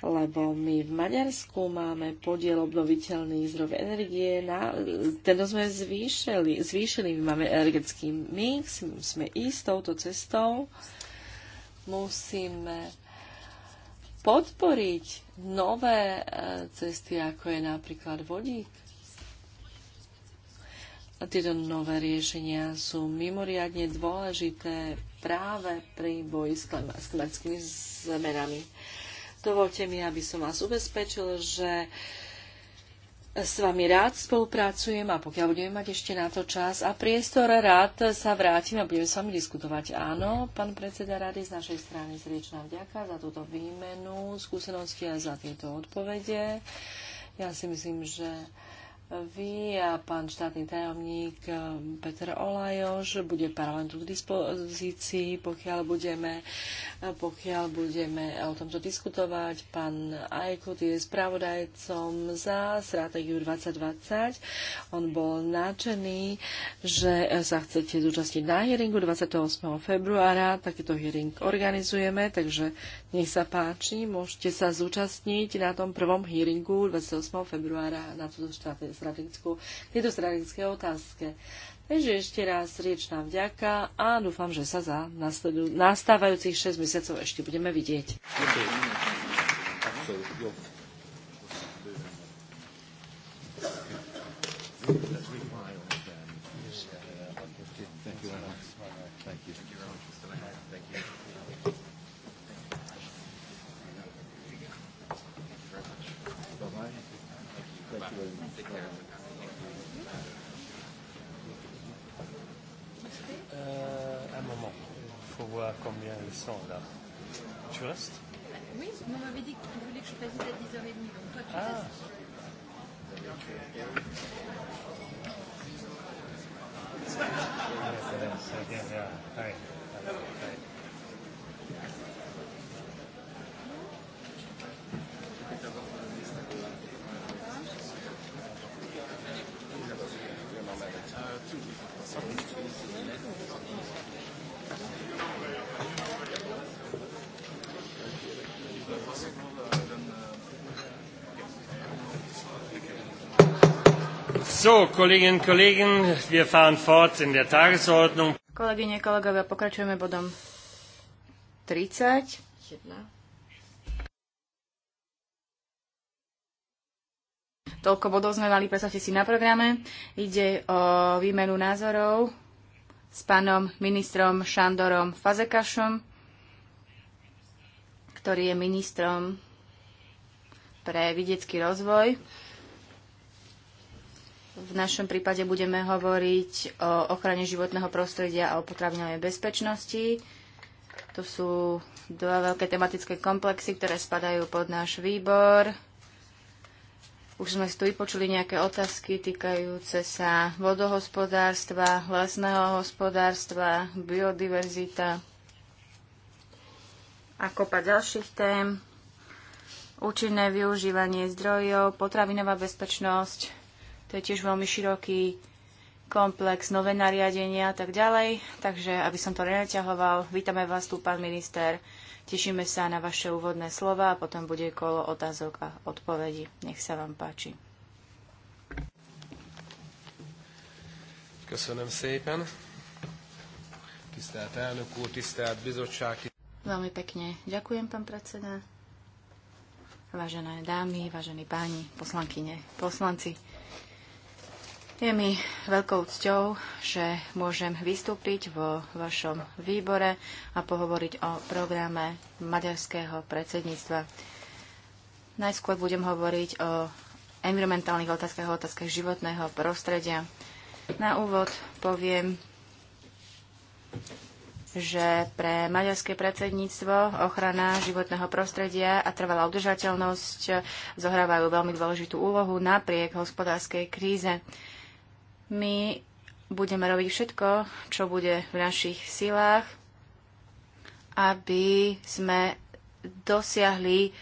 lebo my v Maďarsku máme podiel obnoviteľných zdrojov energie, na, ten sme zvýšili, zvýšili, my máme energetický mix, musíme ísť touto cestou, musíme podporiť nové e, cesty, ako je napríklad vodík tieto nové riešenia sú mimoriadne dôležité práve pri boji s, s klimatickými zmenami. Dovolte mi, aby som vás ubezpečil, že s vami rád spolupracujem a pokiaľ budeme mať ešte na to čas a priestor, rád sa vrátim a budeme s vami diskutovať. Áno, pán predseda rady, z našej strany srdečná vďaka za túto výmenu skúsenosti a za tieto odpovede. Ja si myslím, že vy a pán štátny tajomník eh, Peter Olajoš bude parlamentu k dispozícii, pokiaľ budeme, eh, pokiaľ budeme o tomto diskutovať. Pán Ajkut je spravodajcom za stratégiu 2020. On bol nadšený, že eh, sa chcete zúčastniť na hearingu 28. februára. Takýto hearing organizujeme, takže nech sa páči, môžete sa zúčastniť na tom prvom hearingu 28. februára na túto štátu strategickú, tejto strategické otázke. Takže ešte raz riečná vďaka a dúfam, že sa za nasledu, nastávajúcich 6 mesiacov ešte budeme vidieť. Ďakujem. intéressant là. Tu restes Oui, mais on m'avait dit que tu voulais que je fasse à 10h30, donc toi tu ah. restes. Thank you. Kolleginnen und Kollegen, wir fahren fort in der Tagesordnung. Kolegyne, kolegovia, pokračujeme bodom 30. Toľko bodov sme mali, predstavte si, na programe. Ide o výmenu názorov s pánom ministrom Šandorom Fazekašom, ktorý je ministrom pre vidiecký rozvoj v našom prípade budeme hovoriť o ochrane životného prostredia a o potravinovej bezpečnosti. To sú dva veľké tematické komplexy, ktoré spadajú pod náš výbor. Už sme tu vypočuli nejaké otázky týkajúce sa vodohospodárstva, lesného hospodárstva, biodiverzita a kopa ďalších tém. Účinné využívanie zdrojov, potravinová bezpečnosť, to je tiež veľmi široký komplex, nové nariadenia a tak ďalej. Takže, aby som to nenaťahoval, vítame vás tu, pán minister. Tešíme sa na vaše úvodné slova a potom bude kolo otázok a odpovedí. Nech sa vám páči. Ďakujem szépen. Tisztelt elnök úr, tisztelt bizottság. Veľmi pekne ďakujem, pán predseda. Vážené dámy, vážení páni, poslankyne, poslanci. Je mi veľkou cťou, že môžem vystúpiť vo vašom výbore a pohovoriť o programe maďarského predsedníctva. Najskôr budem hovoriť o environmentálnych otázkach, o otázkach životného prostredia. Na úvod poviem, že pre maďarské predsedníctvo ochrana životného prostredia a trvalá udržateľnosť zohrávajú veľmi dôležitú úlohu napriek hospodárskej kríze. My budeme robiť všetko, čo bude v našich silách, aby sme dosiahli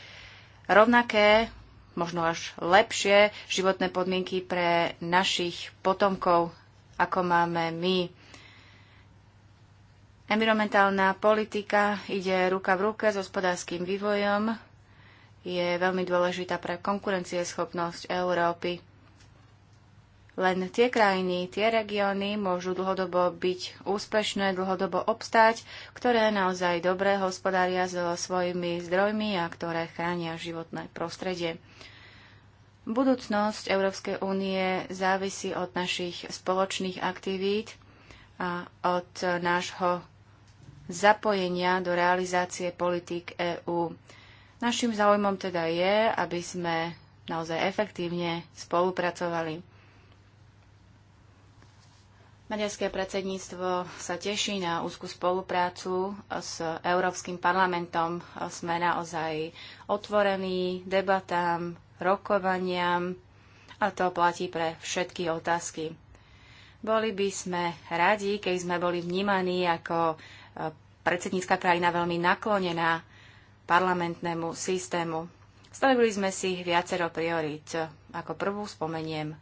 rovnaké, možno až lepšie životné podmienky pre našich potomkov, ako máme my. Environmentálna politika ide ruka v ruke s hospodárským vývojom, je veľmi dôležitá pre konkurencieschopnosť Európy. Len tie krajiny, tie regióny môžu dlhodobo byť úspešné, dlhodobo obstáť, ktoré naozaj dobre hospodária so svojimi zdrojmi a ktoré chránia životné prostredie. Budúcnosť Európskej únie závisí od našich spoločných aktivít a od nášho zapojenia do realizácie politík EÚ. Našim záujmom teda je, aby sme naozaj efektívne spolupracovali. Maďarské predsedníctvo sa teší na úzku spoluprácu s Európskym parlamentom. Sme naozaj otvorení debatám, rokovaniam a to platí pre všetky otázky. Boli by sme radi, keď sme boli vnímaní ako e, predsednícka krajina veľmi naklonená parlamentnému systému. Stanovili sme si viacero priorít. Ako prvú spomeniem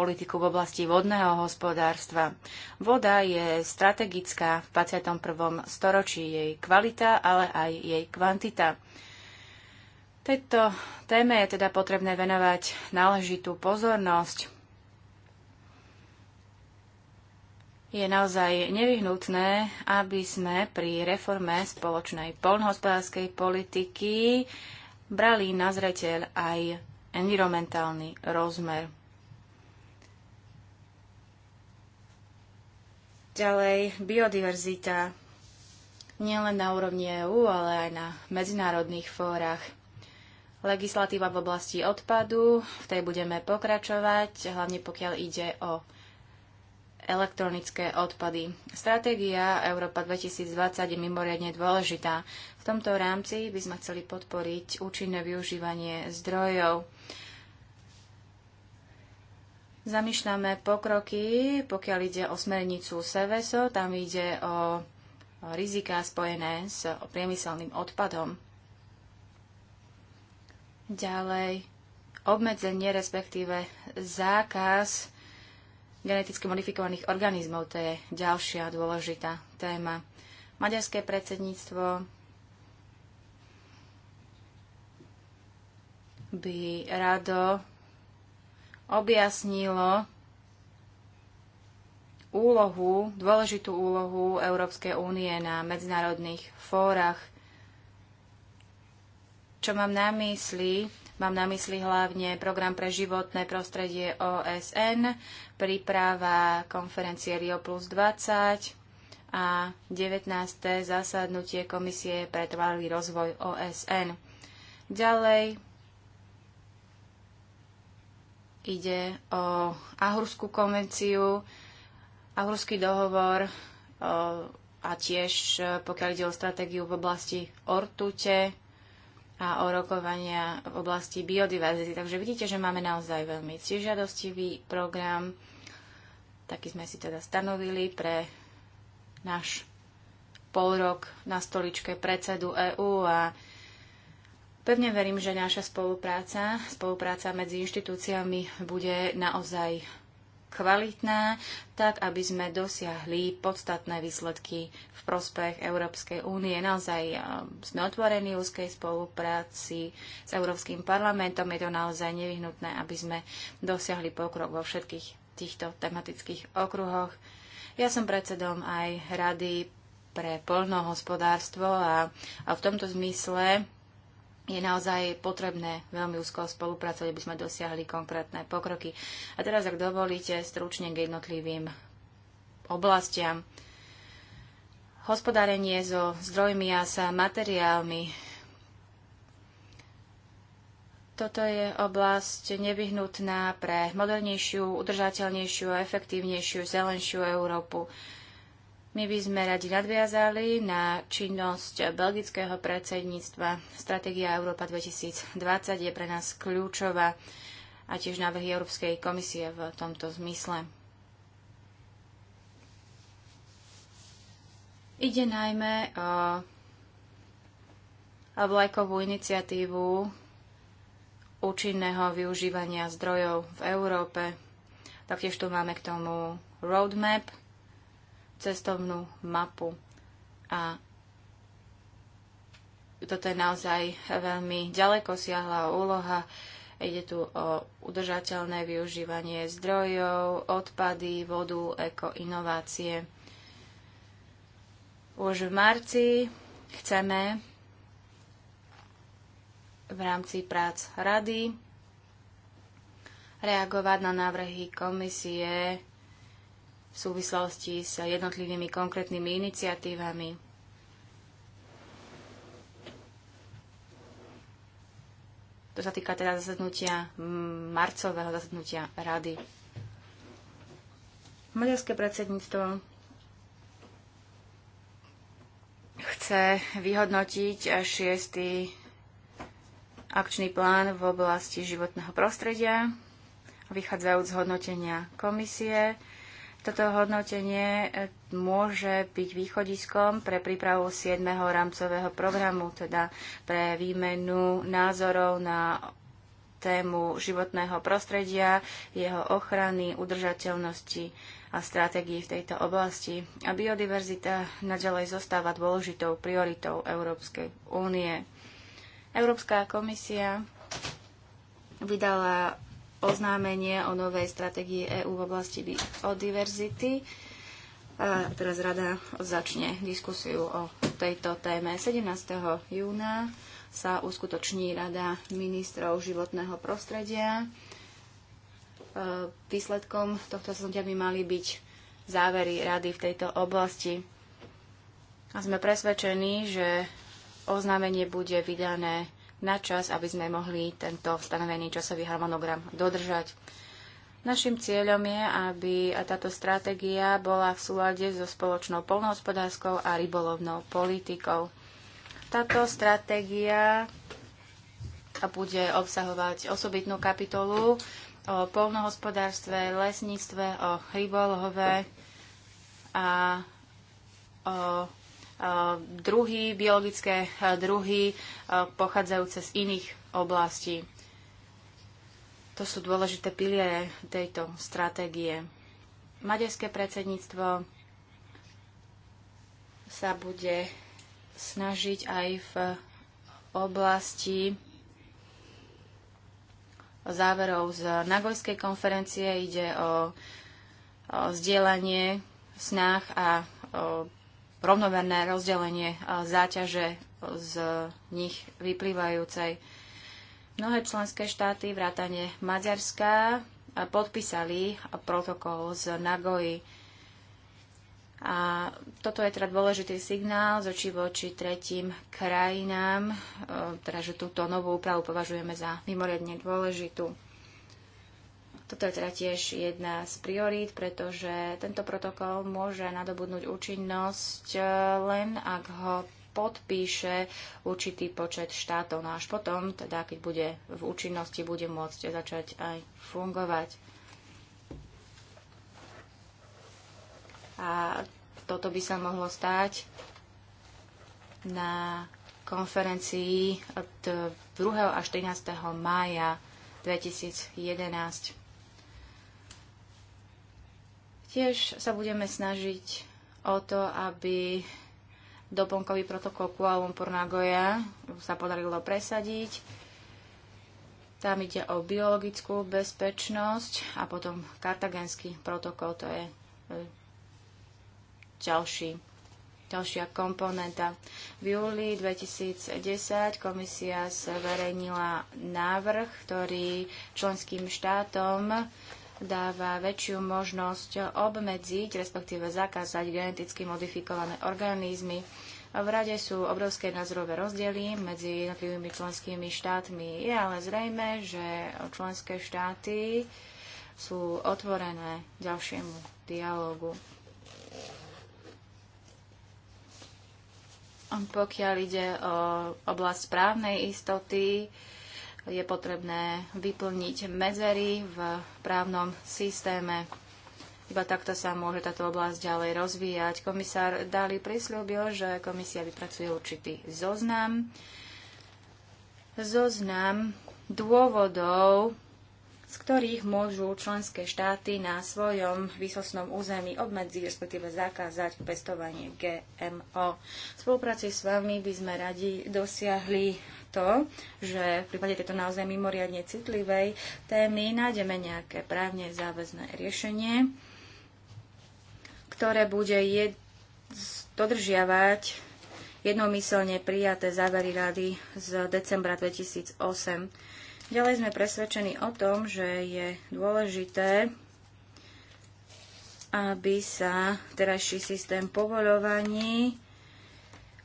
politiku v oblasti vodného hospodárstva. Voda je strategická v 21. storočí, jej kvalita, ale aj jej kvantita. Tejto téme je teda potrebné venovať náležitú pozornosť. Je naozaj nevyhnutné, aby sme pri reforme spoločnej poľnohospodárskej politiky brali na zreteľ aj environmentálny rozmer. Ďalej, biodiverzita nielen na úrovni EÚ, ale aj na medzinárodných fórach. Legislatíva v oblasti odpadu, v tej budeme pokračovať, hlavne pokiaľ ide o elektronické odpady. Stratégia Európa 2020 je mimoriadne dôležitá. V tomto rámci by sme chceli podporiť účinné využívanie zdrojov, Zamýšľame pokroky, pokiaľ ide o smernicu SEVESO, tam ide o riziká spojené s priemyselným odpadom. Ďalej obmedzenie, respektíve zákaz geneticky modifikovaných organizmov, to je ďalšia dôležitá téma. Maďarské predsedníctvo by rado objasnilo úlohu, dôležitú úlohu Európskej únie na medzinárodných fórach. Čo mám na mysli? Mám na mysli hlavne program pre životné prostredie OSN, príprava konferencie Rio plus 20 a 19. zasadnutie Komisie pre trvalý rozvoj OSN. Ďalej Ide o Ahurskú konvenciu, Ahurský dohovor a tiež e, pokiaľ ide o stratégiu v oblasti ortute a o rokovania v oblasti biodiverzity. Takže vidíte, že máme naozaj veľmi ciežadostivý program. Taký sme si teda stanovili pre náš pol rok na stoličke predsedu EÚ a Pevne verím, že naša spolupráca, spolupráca medzi inštitúciami bude naozaj kvalitná, tak aby sme dosiahli podstatné výsledky v prospech Európskej únie. Naozaj eh, sme otvorení úzkej spolupráci s Európskym parlamentom. Je to naozaj nevyhnutné, aby sme dosiahli pokrok vo všetkých týchto tematických okruhoch. Ja som predsedom aj Rady pre poľnohospodárstvo a, a v tomto zmysle je naozaj potrebné veľmi úzko spolupracovať, aby sme dosiahli konkrétne pokroky. A teraz, ak dovolíte, stručne k jednotlivým oblastiam. Hospodárenie so zdrojmi a sa materiálmi. Toto je oblasť nevyhnutná pre modernejšiu, udržateľnejšiu, efektívnejšiu, zelenšiu Európu. My by sme radi nadviazali na činnosť belgického predsedníctva. Stratégia Európa 2020 je pre nás kľúčová a tiež návrhy Európskej komisie v tomto zmysle. Ide najmä o vlajkovú iniciatívu účinného využívania zdrojov v Európe. Taktiež tu máme k tomu roadmap, cestovnú mapu. A toto je naozaj veľmi ďaleko siahla úloha. Ide tu o udržateľné využívanie zdrojov, odpady, vodu, ekoinovácie. Už v marci chceme v rámci prác rady reagovať na návrhy komisie v súvislosti s jednotlivými konkrétnymi iniciatívami. To sa týka teda zasadnutia, marcového zasadnutia rady. Maďarské predsedníctvo chce vyhodnotiť šiestý akčný plán v oblasti životného prostredia, vychádzajúc z hodnotenia komisie toto hodnotenie e, môže byť východiskom pre prípravu 7. rámcového programu, teda pre výmenu názorov na tému životného prostredia, jeho ochrany, udržateľnosti a stratégií v tejto oblasti. A biodiverzita naďalej zostáva dôležitou prioritou Európskej únie. Európska komisia vydala oznámenie o novej stratégii EÚ v oblasti biodiverzity. A teraz rada začne diskusiu o tejto téme. 17. júna sa uskutoční Rada ministrov životného prostredia. E, výsledkom tohto zasadnutia by mali byť závery rady v tejto oblasti. A sme presvedčení, že oznámenie bude vydané na čas, aby sme mohli tento stanovený časový harmonogram dodržať. Našim cieľom je, aby táto stratégia bola v súlade so spoločnou polnohospodárskou a rybolovnou politikou. Táto stratégia bude obsahovať osobitnú kapitolu o polnohospodárstve, lesníctve, o rybolove a o Eh, druhy, biologické eh, druhy eh, pochádzajúce z iných oblastí. To sú dôležité piliere tejto stratégie. Maďarské predsedníctvo sa bude snažiť aj v oblasti záverov z Nagojskej konferencie. Ide o, o zdieľanie snách a o rovnomerné rozdelenie záťaže z nich vyplývajúcej. Mnohé členské štáty, vrátane Maďarska, podpísali protokol z Nagoji. A toto je teda dôležitý signál z oči voči tretím krajinám, e, teda že túto novú úpravu považujeme za mimoriadne dôležitú. Toto je teda tiež jedna z priorít, pretože tento protokol môže nadobudnúť účinnosť e, len ak ho podpíše určitý počet štátov. No až potom, teda keď bude v účinnosti, bude môcť začať aj fungovať. A toto by sa mohlo stať na konferencii od 2. až 13. mája 2011. Tiež sa budeme snažiť o to, aby doplnkový protokol Kualum Pornagoja sa podarilo presadiť. Tam ide o biologickú bezpečnosť a potom kartagenský protokol, to je e, ďalší, ďalšia komponenta. V júli 2010 komisia zverejnila návrh, ktorý členským štátom dáva väčšiu možnosť obmedziť, respektíve zakázať geneticky modifikované organizmy. V rade sú obrovské názorové rozdiely medzi jednotlivými členskými štátmi. Je ale zrejme, že členské štáty sú otvorené ďalšiemu dialogu. Pokiaľ ide o oblasť správnej istoty, je potrebné vyplniť medzery v právnom systéme. Iba takto sa môže táto oblasť ďalej rozvíjať. Komisár Dali prislúbil, že komisia vypracuje určitý zoznam. Zoznam dôvodov, z ktorých môžu členské štáty na svojom výsostnom území obmedziť, respektíve zakázať pestovanie GMO. V spolupráci s vami by sme radi dosiahli to, že v prípade tejto naozaj mimoriadne citlivej témy nájdeme nejaké právne záväzné riešenie, ktoré bude jed- dodržiavať jednomyselne prijaté závery rady z decembra 2008. Ďalej sme presvedčení o tom, že je dôležité aby sa terajší systém povoľovaní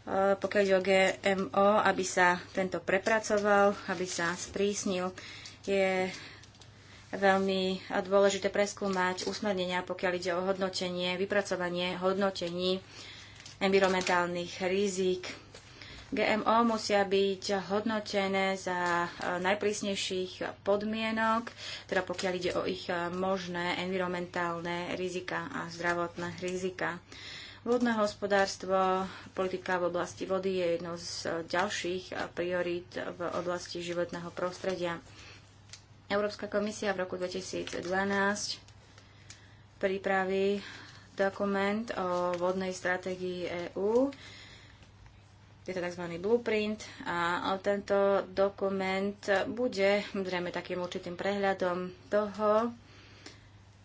Eh, pokiaľ ide o GMO, aby sa tento prepracoval, aby sa sprísnil. Je veľmi dôležité preskúmať usmernenia, pokiaľ ide o hodnotenie, vypracovanie hodnotení environmentálnych rizik. GMO musia byť hodnotené za eh, najprísnejších podmienok, teda pokiaľ ide o ich eh, možné environmentálne rizika a zdravotné rizika. Vodné hospodárstvo, politika v oblasti vody je jednou z eh, ďalších eh, priorít v oblasti životného prostredia. Európska komisia v roku 2012 pripraví dokument o vodnej stratégii EÚ. Je to tzv. blueprint a tento dokument bude zrejme takým určitým prehľadom toho,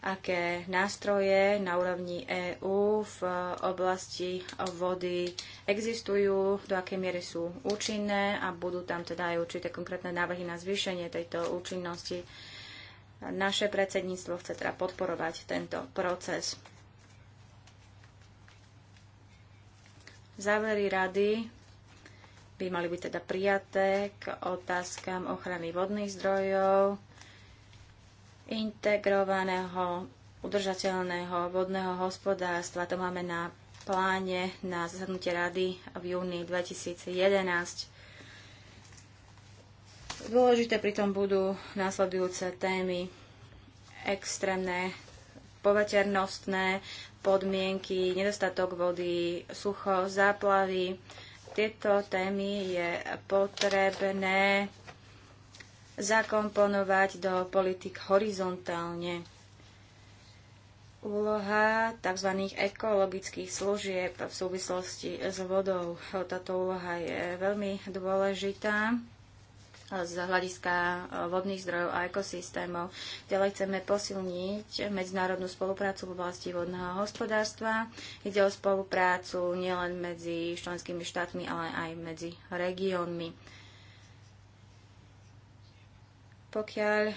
aké nástroje na úrovni EÚ v oblasti vody existujú, do akej miery sú účinné a budú tam teda aj určité konkrétne návrhy na zvýšenie tejto účinnosti. Naše predsedníctvo chce teda podporovať tento proces. Závery rady by mali byť teda prijaté k otázkam ochrany vodných zdrojov, integrovaného udržateľného vodného hospodárstva. To máme na pláne na zasadnutie rady v júni 2011. Dôležité pritom budú následujúce témy extrémne poveternostné podmienky, nedostatok vody, sucho, záplavy. Tieto témy je potrebné zakomponovať do politik horizontálne. Úloha tzv. ekologických služieb v súvislosti s vodou. Táto úloha je veľmi dôležitá z hľadiska vodných zdrojov a ekosystémov. Ďalej chceme posilniť medzinárodnú spoluprácu v oblasti vodného hospodárstva. Ide o spoluprácu nielen medzi členskými štátmi, ale aj medzi regiónmi pokiaľ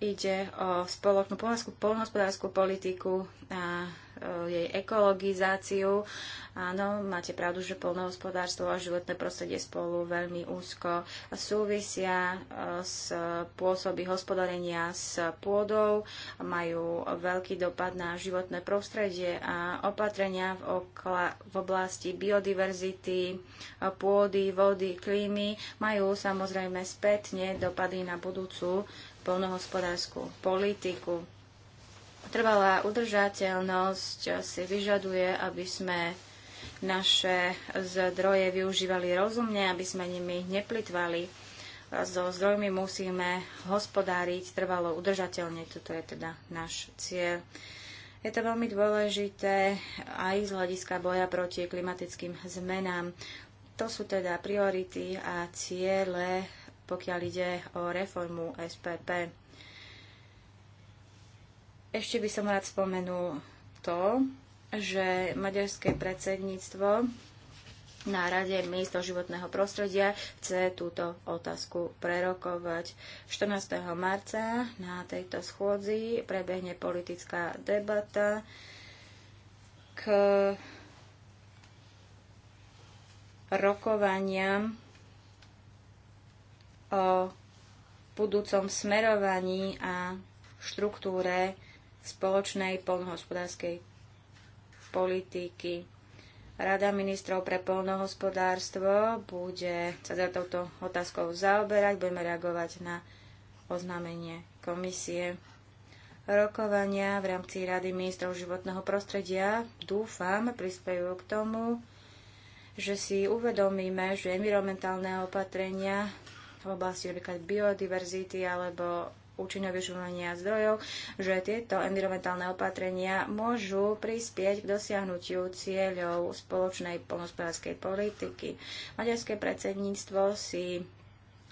ide o spoločnú polnohospodárskú politiku a Eh, jej ekologizáciu. Áno, máte pravdu, že polnohospodárstvo a životné prostredie spolu veľmi úzko súvisia eh, s pôsoby hospodárenia s pôdou, majú veľký dopad na životné prostredie a opatrenia v, okla- v oblasti biodiverzity, eh, pôdy, vody, klímy majú samozrejme spätne dopady na budúcu polnohospodárskú politiku. Trvalá udržateľnosť si vyžaduje, aby sme naše zdroje využívali rozumne, aby sme nimi neplitvali. So zdrojmi musíme hospodáriť trvalo udržateľne. Toto je teda náš cieľ. Je to veľmi dôležité aj z hľadiska boja proti klimatickým zmenám. To sú teda priority a ciele, pokiaľ ide o reformu SPP. Ešte by som rád spomenul to, že maďarské predsedníctvo na Rade ministrov životného prostredia chce túto otázku prerokovať. 14. marca na tejto schôdzi prebehne politická debata k rokovaniam o budúcom smerovaní a štruktúre spoločnej polnohospodárskej politiky. Rada ministrov pre polnohospodárstvo bude sa za touto otázkou zaoberať, budeme reagovať na oznámenie komisie. Rokovania v rámci Rady ministrov životného prostredia dúfam prispejú k tomu, že si uvedomíme, že environmentálne opatrenia v oblasti napríklad biodiverzity alebo účinné využívania zdrojov, že tieto environmentálne opatrenia môžu prispieť k dosiahnutiu cieľov spoločnej polnospodárskej politiky. Maďarské predsedníctvo si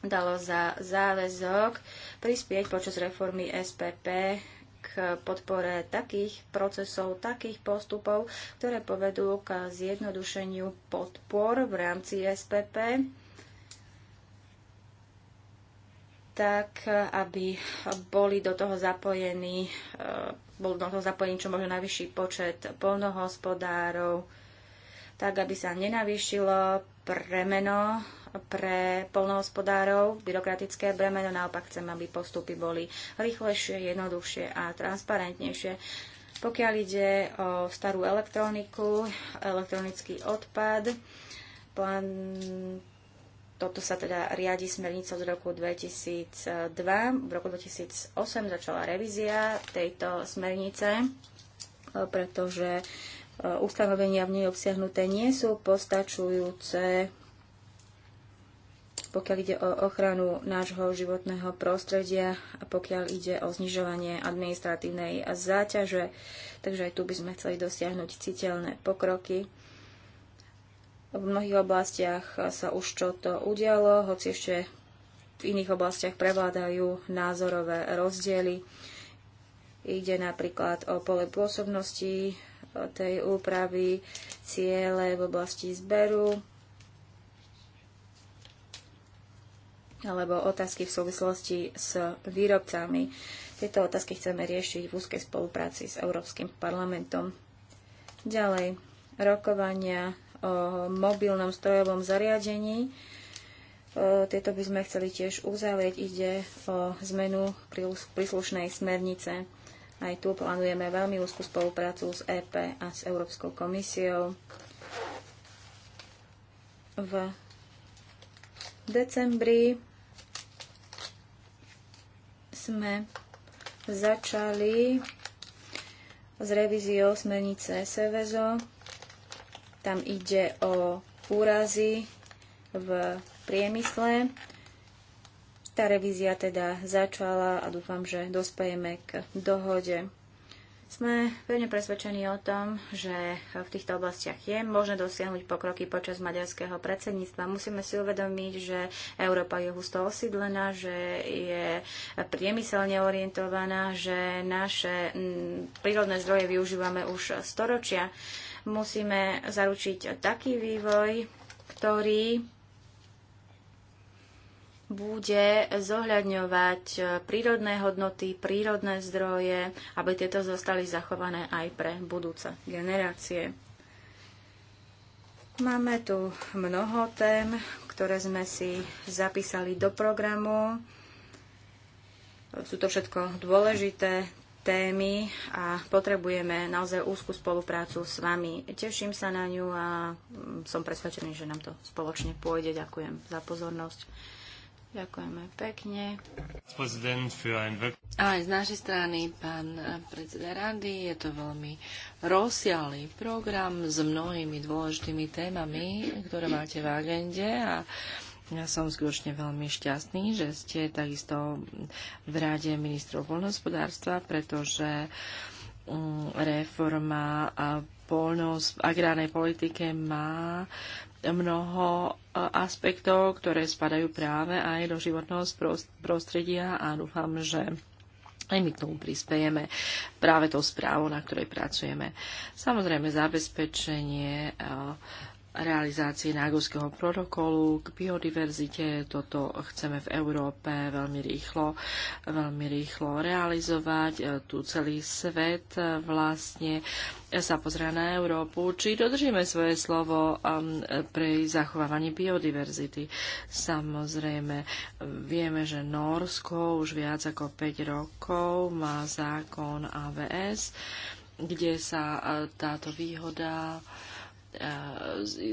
dalo za záväzok prispieť počas reformy SPP k podpore takých procesov, takých postupov, ktoré povedú k zjednodušeniu podpor v rámci SPP tak, aby boli do toho zapojení, e, bol do toho zapojený čo možno najvyšší počet polnohospodárov, tak aby sa nenavýšilo premeno pre polnohospodárov, byrokratické bremeno, naopak chcem, aby postupy boli rýchlejšie, jednoduchšie a transparentnejšie. Pokiaľ ide o starú elektroniku, elektronický odpad, plán, toto sa teda riadi smernicou z roku 2002. V roku 2008 začala revízia tejto smernice, e, pretože e, ustanovenia v nej obsiahnuté nie sú postačujúce, pokiaľ ide o ochranu nášho životného prostredia a pokiaľ ide o znižovanie administratívnej záťaže. Takže aj tu by sme chceli dosiahnuť citeľné pokroky v mnohých oblastiach sa už čo to udialo, hoci ešte v iných oblastiach prevládajú názorové rozdiely. Ide napríklad o pole pôsobnosti tej úpravy, ciele v oblasti zberu, alebo otázky v súvislosti s výrobcami. Tieto otázky chceme riešiť v úzkej spolupráci s Európskym parlamentom. Ďalej, rokovania Eh, mobilnom strojovom zariadení. Eh, tieto by sme chceli tiež uzavrieť. Ide o zmenu príslušnej smernice. Aj tu plánujeme veľmi úzkú spoluprácu s EP a s Európskou komisiou. V decembri sme začali s revíziou smernice SEVEZO tam ide o úrazy v priemysle. Tá revízia teda začala a dúfam, že dospejeme k dohode. Sme pevne presvedčení o tom, že v týchto oblastiach je možné dosiahnuť pokroky počas maďarského predsedníctva. Musíme si uvedomiť, že Európa je husto osídlená, že je priemyselne orientovaná, že naše mm, prírodné zdroje využívame už storočia. Musíme zaručiť taký vývoj, ktorý bude zohľadňovať prírodné hodnoty, prírodné zdroje, aby tieto zostali zachované aj pre budúce generácie. Máme tu mnoho tém, ktoré sme si zapísali do programu. Sú to všetko dôležité témy a potrebujeme naozaj úzkú spoluprácu s vami. Teším sa na ňu a mm, som presvedčený, že nám to spoločne pôjde. Ďakujem za pozornosť. Ďakujeme pekne. Aj z našej strany, pán predseda rady, je to veľmi rozsiahlý program s mnohými dôležitými témami, ktoré máte v agende a ja som skutočne veľmi šťastný, že ste takisto v Rade ministrov voľnohospodárstva, pretože mm, reforma agrárnej politike má mnoho aspektov, ktoré spadajú práve aj do životného prostredia a dúfam, že aj my k tomu prispejeme práve tou správou, na ktorej pracujeme. Samozrejme, zabezpečenie uh, realizácii Nágovského protokolu, k biodiverzite. Toto chceme v Európe veľmi rýchlo, veľmi rýchlo realizovať. E, tu celý svet vlastne sa pozrie na Európu, či dodržíme svoje slovo um, pri zachovávaní biodiverzity. Samozrejme, vieme, že Norsko už viac ako 5 rokov má zákon AVS, kde sa e, táto výhoda E,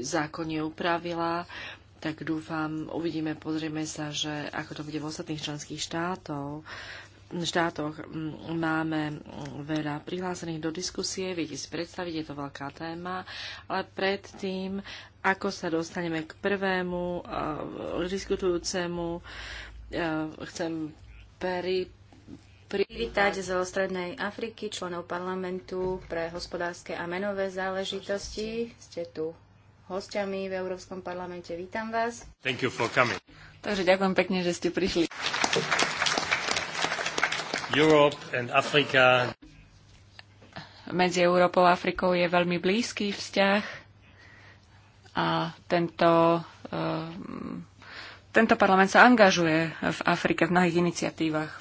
zákonne upravila, tak dúfam, uvidíme, pozrieme sa, že ako to bude v ostatných členských štátov, štátoch mm, máme veľa prihlásených do diskusie, viete si predstaviť, je to veľká téma, ale predtým, ako sa dostaneme k prvému uh, diskutujúcemu, uh, chcem pri, privítať zo Strednej Afriky členov parlamentu pre hospodárske a menové záležitosti. Ste tu hostiami v Európskom parlamente. Vítam vás. Thank you for coming. Takže ďakujem pekne, že ste prišli. Europe and Africa. Medzi Európou a Afrikou je veľmi blízky vzťah a tento, uh, tento parlament sa angažuje v Afrike v mnohých iniciatívach.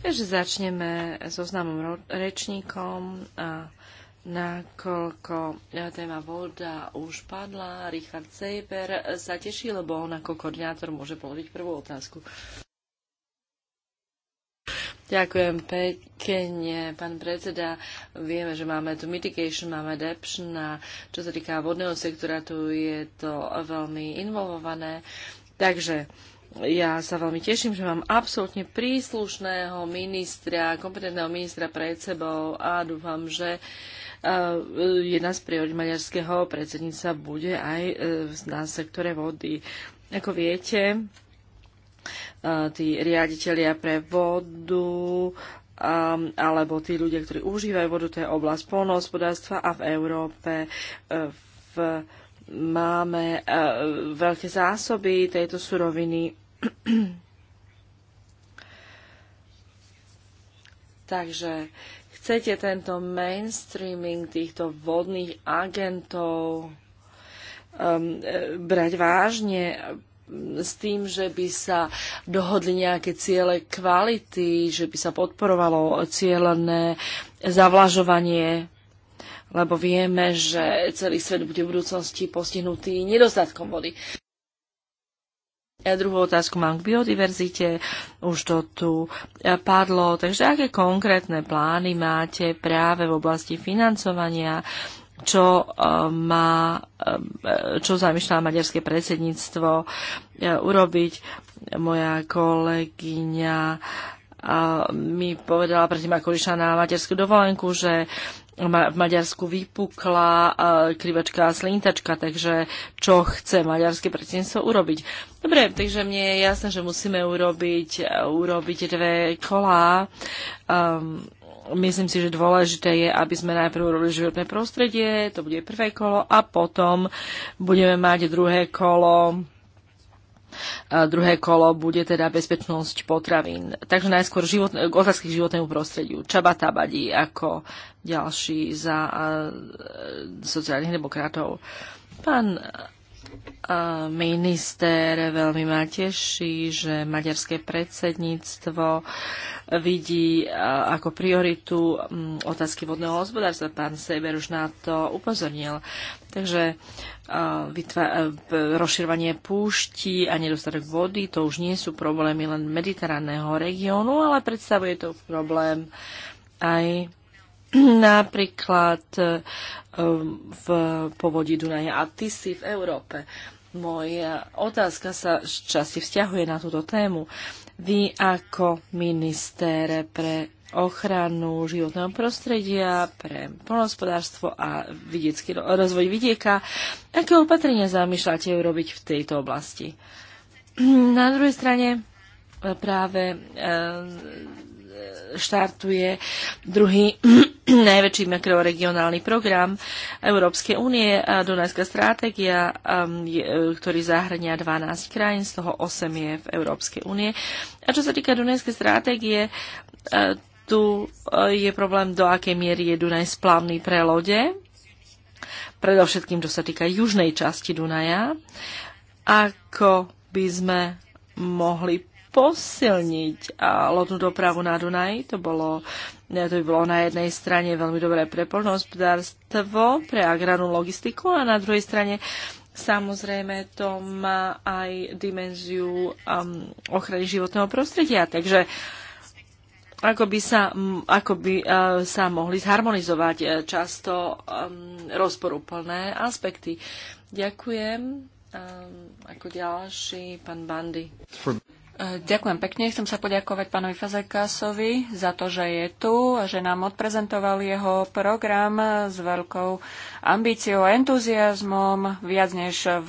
Takže začneme so známom rečníkom a nakoľko e, téma voda už padla, Richard Seiber sa teší, lebo on ako koordinátor môže položiť prvú otázku. Ďakujem pekne, pán predseda. Vieme, že máme tu mitigation, máme adaption a čo sa týka vodného sektora, tu je to veľmi involvované. Takže ja sa veľmi teším, že mám absolútne príslušného ministra, kompetentného ministra pred sebou a dúfam, že eh, jedna z priorit maďarského predsednica bude aj eh, na sektore vody. Ako viete, eh, tí riaditeľia pre vodu ehm, alebo tí ľudia, ktorí užívajú vodu, to je oblasť polnohospodárstva a v Európe v, máme veľké zásoby tejto suroviny Takže chcete tento mainstreaming týchto vodných agentov um, e, brať vážne s tým, že by sa dohodli nejaké ciele kvality, že by sa podporovalo cieľené zavlažovanie, lebo vieme, že celý svet bude v budúcnosti postihnutý nedostatkom vody. Ja druhú otázku mám k biodiverzite, už to tu e, padlo, takže aké konkrétne plány máte práve v oblasti financovania čo e, má, e, čo zamýšľa maďarské predsedníctvo urobiť. Moja kolegyňa mi povedala predtým, ako išla na materskú dovolenku, že v Maďarsku vypukla eh, krivačka a slintačka, takže čo chce maďarské predsedníctvo urobiť. Dobre, takže mne je jasné, že musíme urobiť, eh, urobiť dve kolá. Um, ehm, myslím si, že dôležité je, aby sme najprv urobili životné prostredie, to bude prvé kolo a potom budeme mať druhé kolo Druhé kolo bude teda bezpečnosť potravín. Takže najskôr život, k otázky k životnému prostrediu. Čaba Tabadi ako ďalší za eh, sociálnych demokratov. Pán minister, veľmi ma teší, že maďarské predsedníctvo vidí ako prioritu otázky vodného hospodárstva. Pán Seber už na to upozornil. Takže rozširovanie púšti a nedostatok vody, to už nie sú problémy len mediteránneho regiónu, ale predstavuje to problém aj napríklad e, v povodí Dunaja a si v Európe. Moja otázka sa časti vzťahuje na túto tému. Vy ako minister pre ochranu životného prostredia, pre polnospodárstvo a vidiecky, rozvoj vidieka. Aké opatrenia zamýšľate urobiť v tejto oblasti? Na druhej strane e, práve e, štartuje druhý najväčší makroregionálny program Európskej únie, Dunajská stratégia, um, e, ktorý zahrania 12 krajín, z toho 8 je v Európskej únie. A čo sa týka Dunajskej stratégie, e, tu e, je problém, do akej miery je Dunaj splavný pre lode, predovšetkým, čo sa týka južnej časti Dunaja, ako by sme mohli posilniť lodnú dopravu na Dunaj. To bolo No to by bolo na jednej strane veľmi dobré pre poľnohospodárstvo, pre agrárnu logistiku a na druhej strane Samozrejme, to má aj dimenziu um, ochrany životného prostredia, takže ako by sa, ako by, uh, sa mohli zharmonizovať uh, často um, rozporúplné aspekty. Ďakujem. Um, ako ďalší, pán Bandy. Ďakujem pekne. Chcem sa poďakovať pánovi Fazekasovi za to, že je tu a že nám odprezentoval jeho program s veľkou ambíciou a entuziasmom, viac než v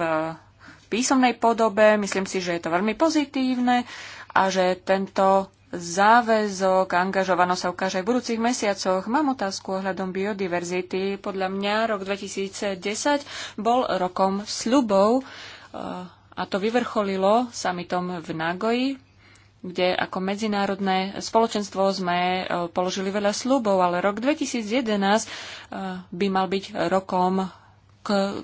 písomnej podobe. Myslím si, že je to veľmi pozitívne a že tento záväzok, angažovanosť sa ukáže aj v budúcich mesiacoch. Mám otázku ohľadom biodiverzity. Podľa mňa rok 2010 bol rokom sľubov e, a to vyvrcholilo samitom v Nagoji, kde ako medzinárodné spoločenstvo sme e, položili veľa slubov, ale rok 2011 e, by mal byť rokom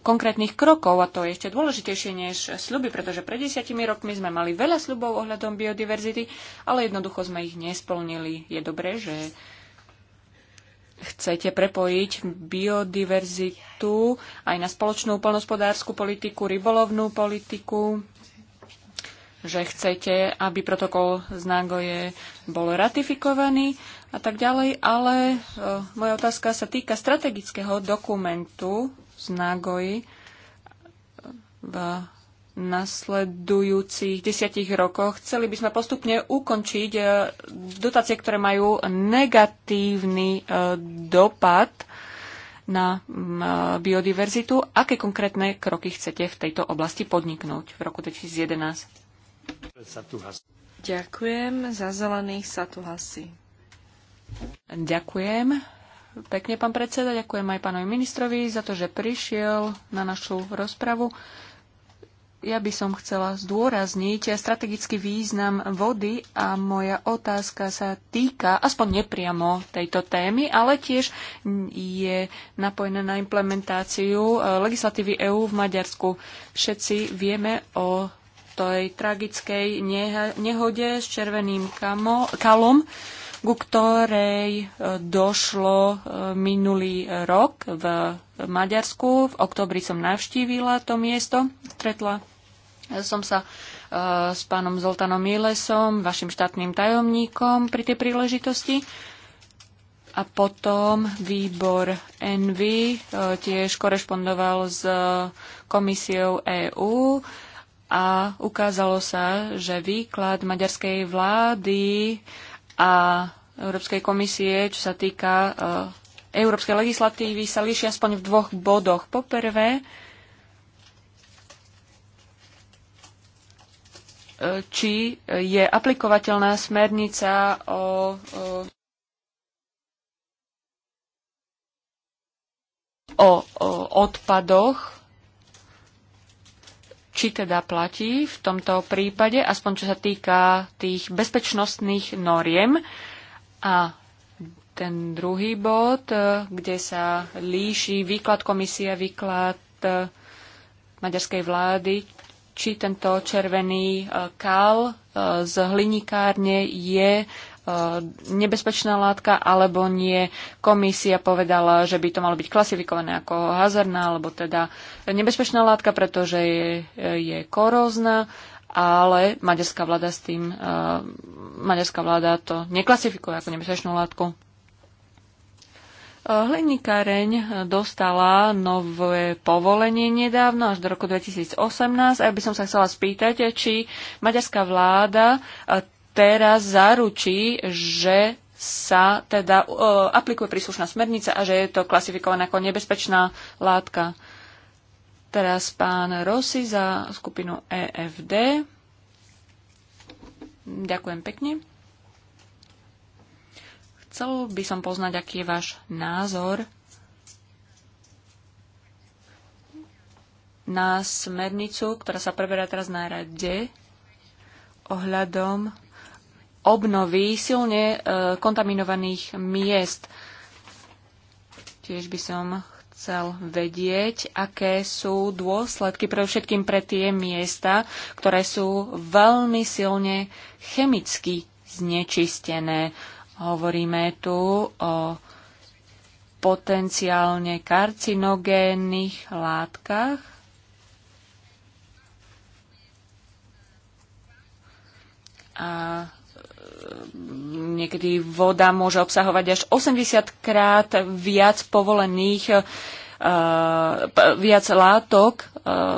konkrétnych krokov a to je ešte dôležitejšie než sluby, pretože pred desiatimi rokmi sme mali veľa slubov ohľadom biodiverzity, ale jednoducho sme ich nesplnili. Je dobré, že chcete prepojiť biodiverzitu aj na spoločnú polnospodárskú politiku, rybolovnú politiku, že chcete, aby protokol z Nágoje bol ratifikovaný a tak ďalej, ale e, moja otázka sa týka strategického dokumentu z Nágoji v nasledujúcich desiatich rokoch. Chceli by sme postupne ukončiť e, dotácie, ktoré majú negatívny e, dopad na e, biodiverzitu. Aké konkrétne kroky chcete v tejto oblasti podniknúť v roku 2011? Ďakujem za zelených hasi. Ďakujem. Pekne, pán predseda, ďakujem aj pánovi ministrovi za to, že prišiel na našu rozpravu ja by som chcela zdôrazniť strategický význam vody a moja otázka sa týka, aspoň nepriamo tejto témy, ale tiež je napojená na implementáciu e, legislatívy EÚ v Maďarsku. Všetci vieme o tej tragickej nehode s červeným kamo, kalom, ku ktorej e, došlo e, minulý rok v Maďarsku. V oktobri som navštívila to miesto, stretla som sa e, s pánom Zoltanom Milesom, vašim štátnym tajomníkom pri tej príležitosti. A potom výbor NV e, tiež korešpondoval s komisiou EÚ a ukázalo sa, že výklad maďarskej vlády a Európskej komisie, čo sa týka e, európskej legislatívy, sa líši aspoň v dvoch bodoch. Poprvé, či je aplikovateľná smernica o, o, odpadoch, či teda platí v tomto prípade, aspoň čo sa týka tých bezpečnostných noriem. A ten druhý bod, e, kde sa líši výklad komisie, výklad e, maďarskej vlády, či tento červený e, kal e, z hlinikárne je e, nebezpečná látka alebo nie. Komisia povedala, že by to malo byť klasifikované ako hazardná alebo teda nebezpečná látka, pretože je, je korózna, ale maďarská vláda s tým, maďarská vláda to neklasifikuje ako nebezpečnú látku. Hliníkareň dostala nové povolenie nedávno, až do roku 2018. A ja by som sa chcela spýtať, či maďarská vláda eh, teraz zaručí, že sa teda eh, aplikuje príslušná smernica a že je to klasifikované ako nebezpečná látka. Teraz pán Rossi za skupinu EFD. Ďakujem pekne. Chcel by som poznať, aký je váš názor na smernicu, ktorá sa preberá teraz na rade ohľadom obnovy silne e, kontaminovaných miest. Tiež by som chcel vedieť, aké sú dôsledky pre všetkým pre tie miesta, ktoré sú veľmi silne chemicky znečistené. Hovoríme tu o potenciálne karcinogénnych látkach. A e, niekedy voda môže obsahovať až 80 krát viac povolených e, viac látok, e,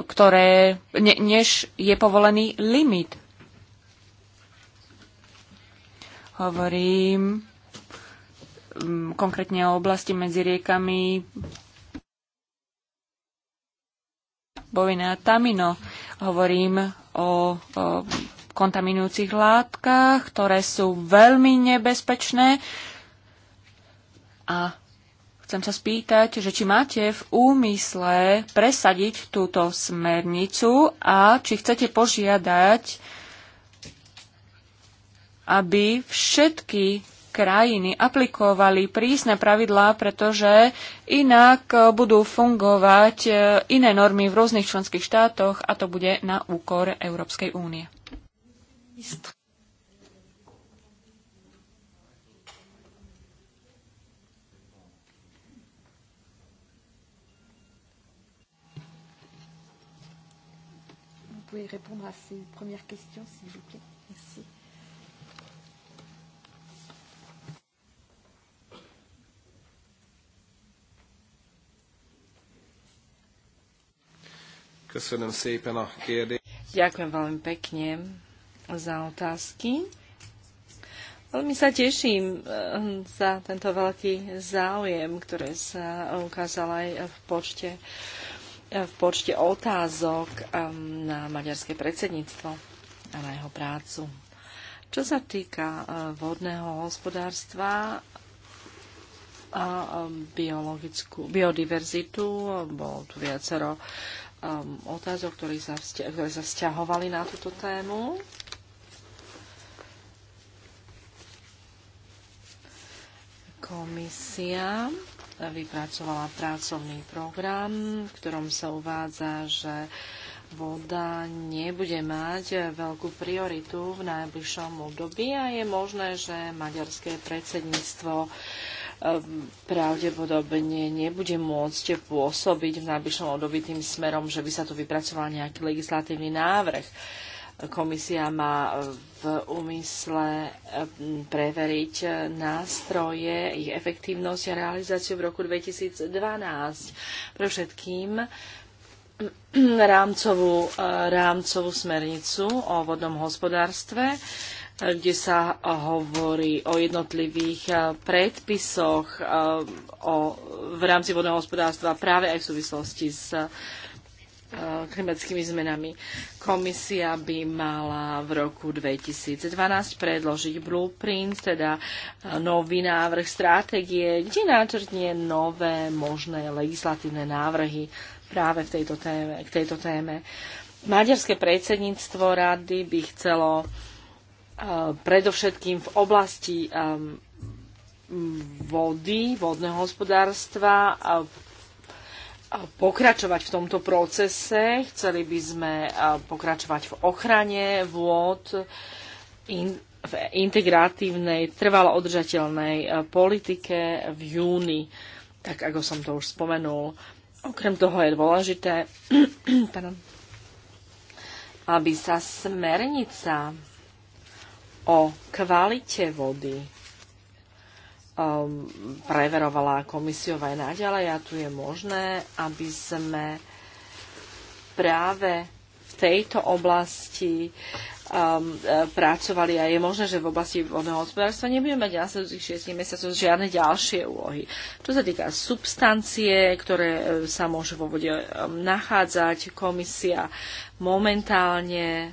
ktoré, než je povolený limit Hovorím mm, konkrétne o oblasti medzi riekami Bovina a Tamino. Hovorím o, o kontaminujúcich látkach, ktoré sú veľmi nebezpečné. A chcem sa spýtať, že či máte v úmysle presadiť túto smernicu a či chcete požiadať aby všetky krajiny aplikovali prísne pravidlá, pretože inak e, budú fungovať e, iné normy v rôznych členských štátoch a to bude na úkor Európskej únie. pouvez répondre à ces premières questions, Köszönöm szépen a kérdést. Ďakujem veľmi pekne za otázky. Veľmi sa teším eh, za tento veľký záujem, ktorý sa ukázal aj v počte, eh, v počte otázok ehm, na maďarské predsedníctvo a na jeho prácu. Čo sa týka eh, vodného hospodárstva, a ehm, biologickú biodiverzitu. Bolo tu viacero um, otázok, ktoré sa, ktoré sa vzťahovali na túto tému. Komisia vypracovala pracovný program, v ktorom sa uvádza, že voda nebude mať veľkú prioritu v najbližšom období a je možné, že maďarské predsedníctvo uh, Ehm, pravdepodobne nebude môcť pôsobiť v najbližšom období tým smerom, že by sa tu vypracoval nejaký legislatívny návrh. Komisia má ehm, v úmysle ehm, preveriť nástroje, ich efektívnosť a realizáciu v roku 2012. Pre všetkým rámcovú, rámcovú smernicu o vodnom hospodárstve, kde sa hovorí o jednotlivých predpisoch o, v rámci vodného hospodárstva práve aj v súvislosti s klimatickými zmenami. Komisia by mala v roku 2012 predložiť blueprint, teda nový návrh stratégie, kde náčrtne nové možné legislatívne návrhy práve v tejto téme, k tejto téme. Maďarské predsedníctvo rady by chcelo predovšetkým v oblasti um, vody, vodného hospodárstva a pokračovať v tomto procese. Chceli by sme pokračovať v ochrane vôd, in, v integratívnej, trvalo održateľnej politike v júni, tak ako som to už spomenul. Okrem toho je dôležité, aby sa smernica o kvalite vody um, preverovala komisiova aj naďalej a tu je možné, aby sme práve v tejto oblasti um, pracovali a je možné, že v oblasti vodného hospodárstva nebudeme mať následujúcich 6 mesiacov žiadne ďalšie úlohy. Čo sa týka substancie, ktoré e, sa môžu vo vode ehm, nachádzať, komisia momentálne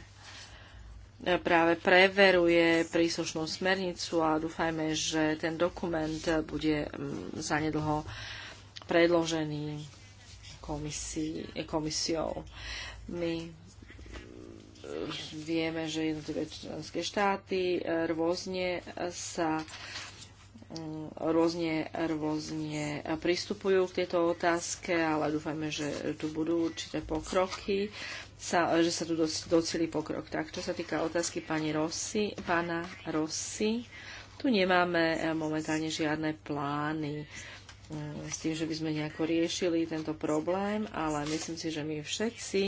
E, práve preveruje príslušnú smernicu a dúfajme, že ten dokument bude mm, zanedlho predložený komisii, komisiou. My e, vieme, že jednotlivé členské štáty e, rôzne sa Mm, rôzne, rôzne pristupujú k tejto otázke, ale dúfajme, že tu budú určité pokroky, sa, že sa tu docelí pokrok. Tak, čo sa týka otázky pani Rossi, pána Rossi, tu nemáme eh, momentálne žiadne plány mm, s tým, že by sme nejako riešili tento problém, ale myslím si, že my všetci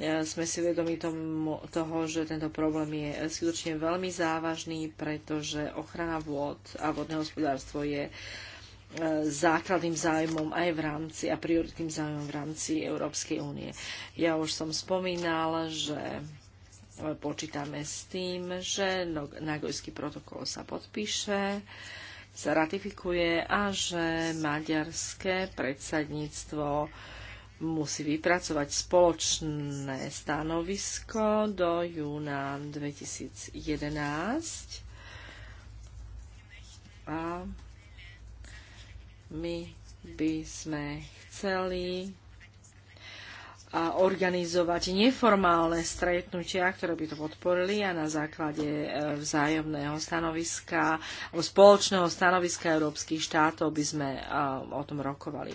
sme si vedomi tomu, toho, že tento problém je skutočne veľmi závažný, pretože ochrana vôd a vodné hospodárstvo je e, základným zájmom aj v rámci a prioritným zájmom v rámci Európskej únie. Ja už som spomínala, že počítame s tým, že no, Nagojský protokol sa podpíše, sa ratifikuje a že maďarské predsadníctvo musí vypracovať spoločné stanovisko do júna 2011. A my by sme chceli a organizovať neformálne stretnutia, ktoré by to podporili a na základe e, vzájomného stanoviska, spoločného stanoviska európskych štátov by sme e, o tom rokovali.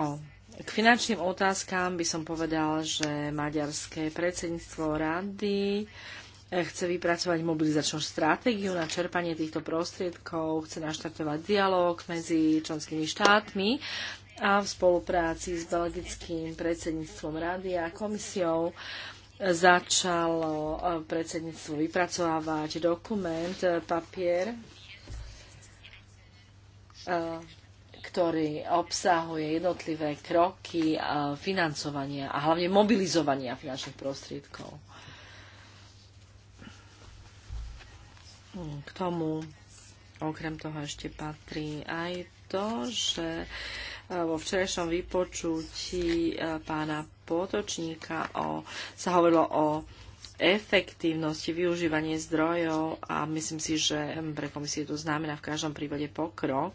O k finančným otázkám by som povedal, že maďarské predsedníctvo rady eh, chce vypracovať mobilizačnú stratégiu na čerpanie týchto prostriedkov, chce naštartovať dialog medzi členskými štátmi a v spolupráci s belgickým predsedníctvom rady a komisiou začalo eh, predsedníctvo vypracovávať dokument, eh, papier, ktorý obsahuje jednotlivé kroky a financovania a hlavne mobilizovania finančných prostriedkov. K tomu okrem toho ešte patrí aj to, že e, vo včerajšom vypočutí e, pána Potočníka o, sa hovorilo o efektívnosti využívanie zdrojov a myslím si, že pre komisie to znamená v každom prípade pokrok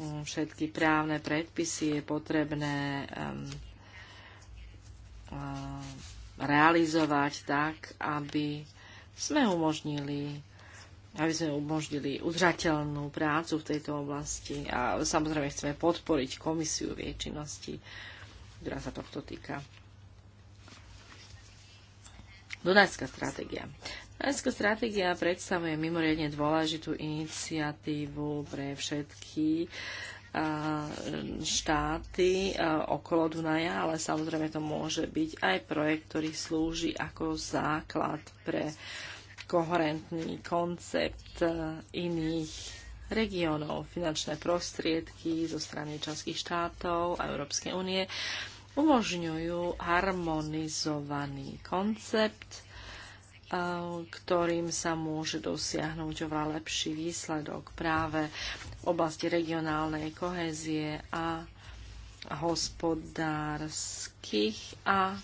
všetky právne predpisy je potrebné um, um, realizovať tak, aby sme umožnili aby sme umožnili udržateľnú prácu v tejto oblasti a samozrejme chceme podporiť komisiu v jej činnosti, ktorá sa tohto týka. Dunajská stratégia. Mestská stratégia predstavuje mimoriadne dôležitú iniciatívu pre všetky štáty okolo Dunaja, ale samozrejme to môže byť aj projekt, ktorý slúži ako základ pre koherentný koncept iných regiónov, finančné prostriedky zo strany členských štátov a Európskej únie umožňujú harmonizovaný koncept ktorým sa môže dosiahnuť oveľa lepší výsledok práve v oblasti regionálnej kohézie a hospodárskych a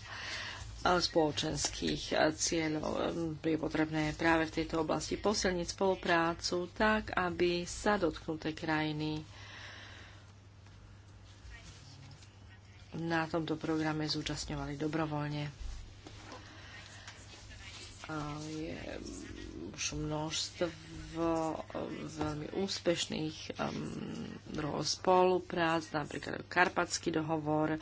spoločenských cieľov. Je potrebné práve v tejto oblasti posilniť spoluprácu tak, aby sa dotknuté krajiny na tomto programe zúčastňovali dobrovoľne je už množstvo um, veľmi úspešných um, druhov spoluprác, napríklad Karpatský dohovor, uh,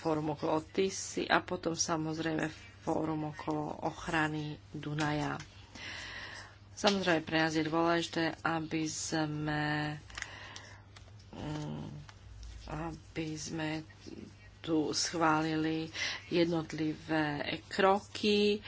fórum okolo Tisy a potom samozrejme fórum okolo ochrany Dunaja. Samozrejme, pre nás je dôležité, aby sme mm, aby sme tu schválili jednotlivé kroky,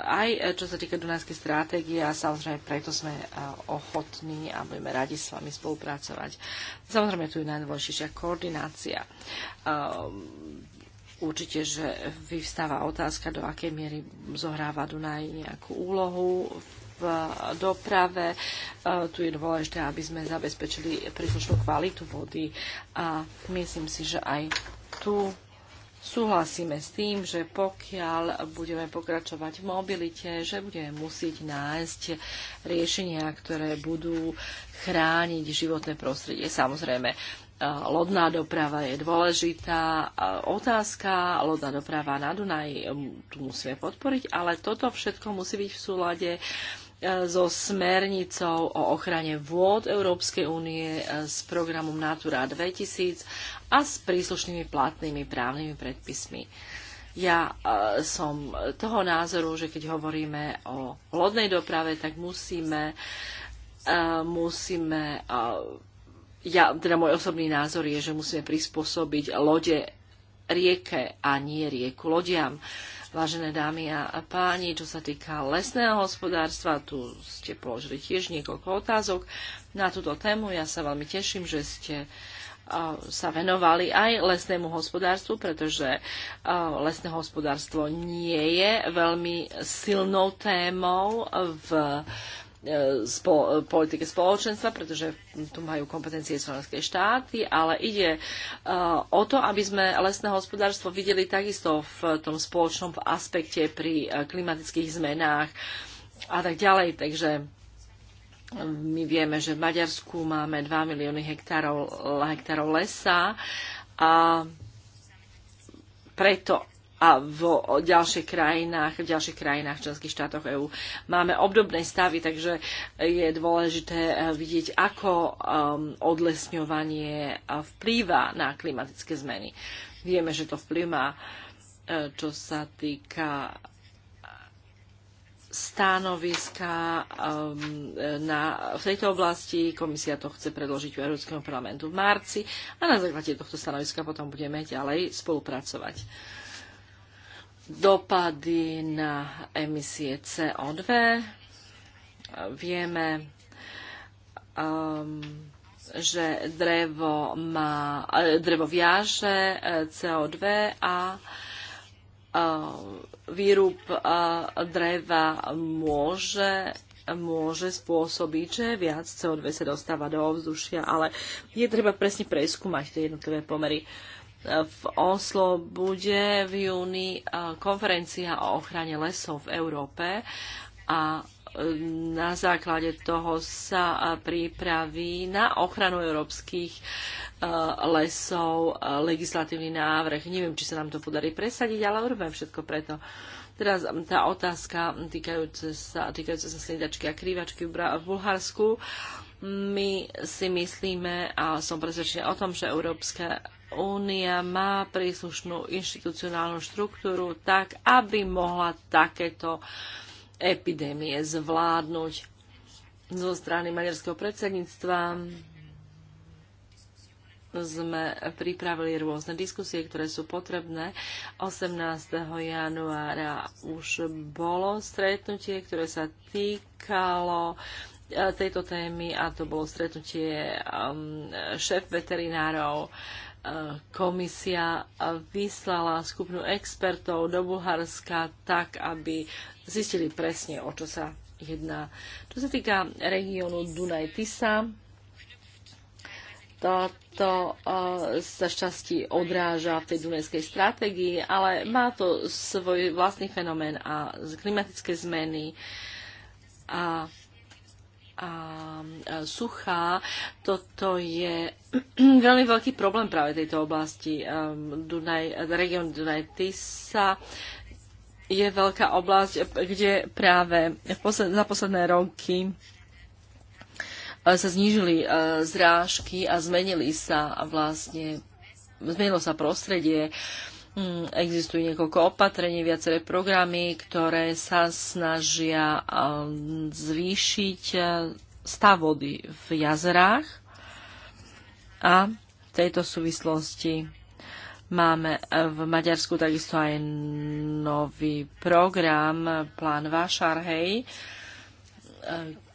aj eh, čo sa týka Dunajskej stratégie a samozrejme preto sme eh, ochotní a budeme radi s vami spolupracovať. Samozrejme tu je najdôležitejšia koordinácia. Eh, určite, že vyvstáva otázka, do akej miery zohráva Dunaj nejakú úlohu v doprave. Tu je dôležité, aby sme zabezpečili príslušnú kvalitu vody a myslím si, že aj tu súhlasíme s tým, že pokiaľ budeme pokračovať v mobilite, že budeme musieť nájsť riešenia, ktoré budú chrániť životné prostredie. Samozrejme, e, lodná doprava je dôležitá e, otázka, lodná doprava na Dunaj e, tu musíme podporiť, ale toto všetko musí byť v súlade so smernicou o ochrane vôd Európskej únie s programom Natura 2000 a s príslušnými platnými právnymi predpismi. Ja e, som toho názoru, že keď hovoríme o lodnej doprave, tak musíme, e, musíme e, ja, teda môj osobný názor je, že musíme prispôsobiť lode rieke a nie rieku lodiam. Vážené dámy a páni, čo sa týka lesného hospodárstva, tu ste položili tiež niekoľko otázok na túto tému. Ja sa veľmi teším, že ste uh, sa venovali aj lesnému hospodárstvu, pretože lesné hospodárstvo nie je veľmi silnou témou v e, spo, politike spoločenstva, pretože tu majú kompetencie slovenské štáty, ale ide uh, o to, aby sme lesné hospodárstvo videli takisto v tom spoločnom aspekte pri uh, klimatických zmenách a tak ďalej. Takže my vieme, že v Maďarsku máme 2 milióny hektárov, hektárov lesa a preto a v ďalších krajinách, v ďalších krajinách členských štátoch EÚ máme obdobné stavy, takže je dôležité eh, vidieť, ako um, odlesňovanie eh, vplýva na klimatické zmeny. Vieme, že to vplýva, čo sa týka stanoviska um, e, na, v tejto oblasti. Komisia to chce predložiť v Európskom parlamentu v marci a na základe tohto stanoviska potom budeme ďalej spolupracovať. Dopady na emisie CO2 vieme, um, že drevo, má, e, drevo viaže e, CO2 a um, výrub e, dreva môže môže spôsobiť, že viac CO2 sa dostáva do ovzdušia, ale je treba presne preskúmať tie jednotlivé pomery. E, v Oslo bude v júni e, konferencia o ochrane lesov v Európe a na základe toho sa pripraví na ochranu európskych e, lesov e, legislatívny návrh. Neviem, či sa nám to podarí presadiť, ale urobím všetko preto. Teraz tá otázka týkajúce sa, týkajúce sa sliedačky a krývačky v Bulharsku. My si myslíme a som presvedčená o tom, že Európska únia má príslušnú inštitucionálnu štruktúru tak, aby mohla takéto uh, epidémie zvládnuť. Zo strany maďarského predsedníctva sme pripravili rôzne diskusie, ktoré sú potrebné. 18. januára už bolo stretnutie, ktoré sa týkalo e, tejto témy a to bolo stretnutie um, šéf veterinárov komisia vyslala skupinu expertov do Bulharska tak, aby zistili presne, o čo sa jedná. Čo sa týka regiónu Dunaj-Tisa, toto e, sa šťastí odráža v tej dunajskej stratégii, ale má to svoj vlastný fenomén a klimatické zmeny a suchá. Toto je veľmi veľký problém práve tejto oblasti. Ehm, Dunaj, region Dunaj-Tisa je veľká oblasť, kde práve za posledné roky e, sa znížili e, zrážky a zmenili sa vlastne, zmenilo sa prostredie. Hm, Existujú niekoľko opatrení, viaceré programy, ktoré sa snažia ehm, zvýšiť e, stav vody v jazerách. A v tejto súvislosti máme v Maďarsku takisto aj nový program, plán Vášarhej,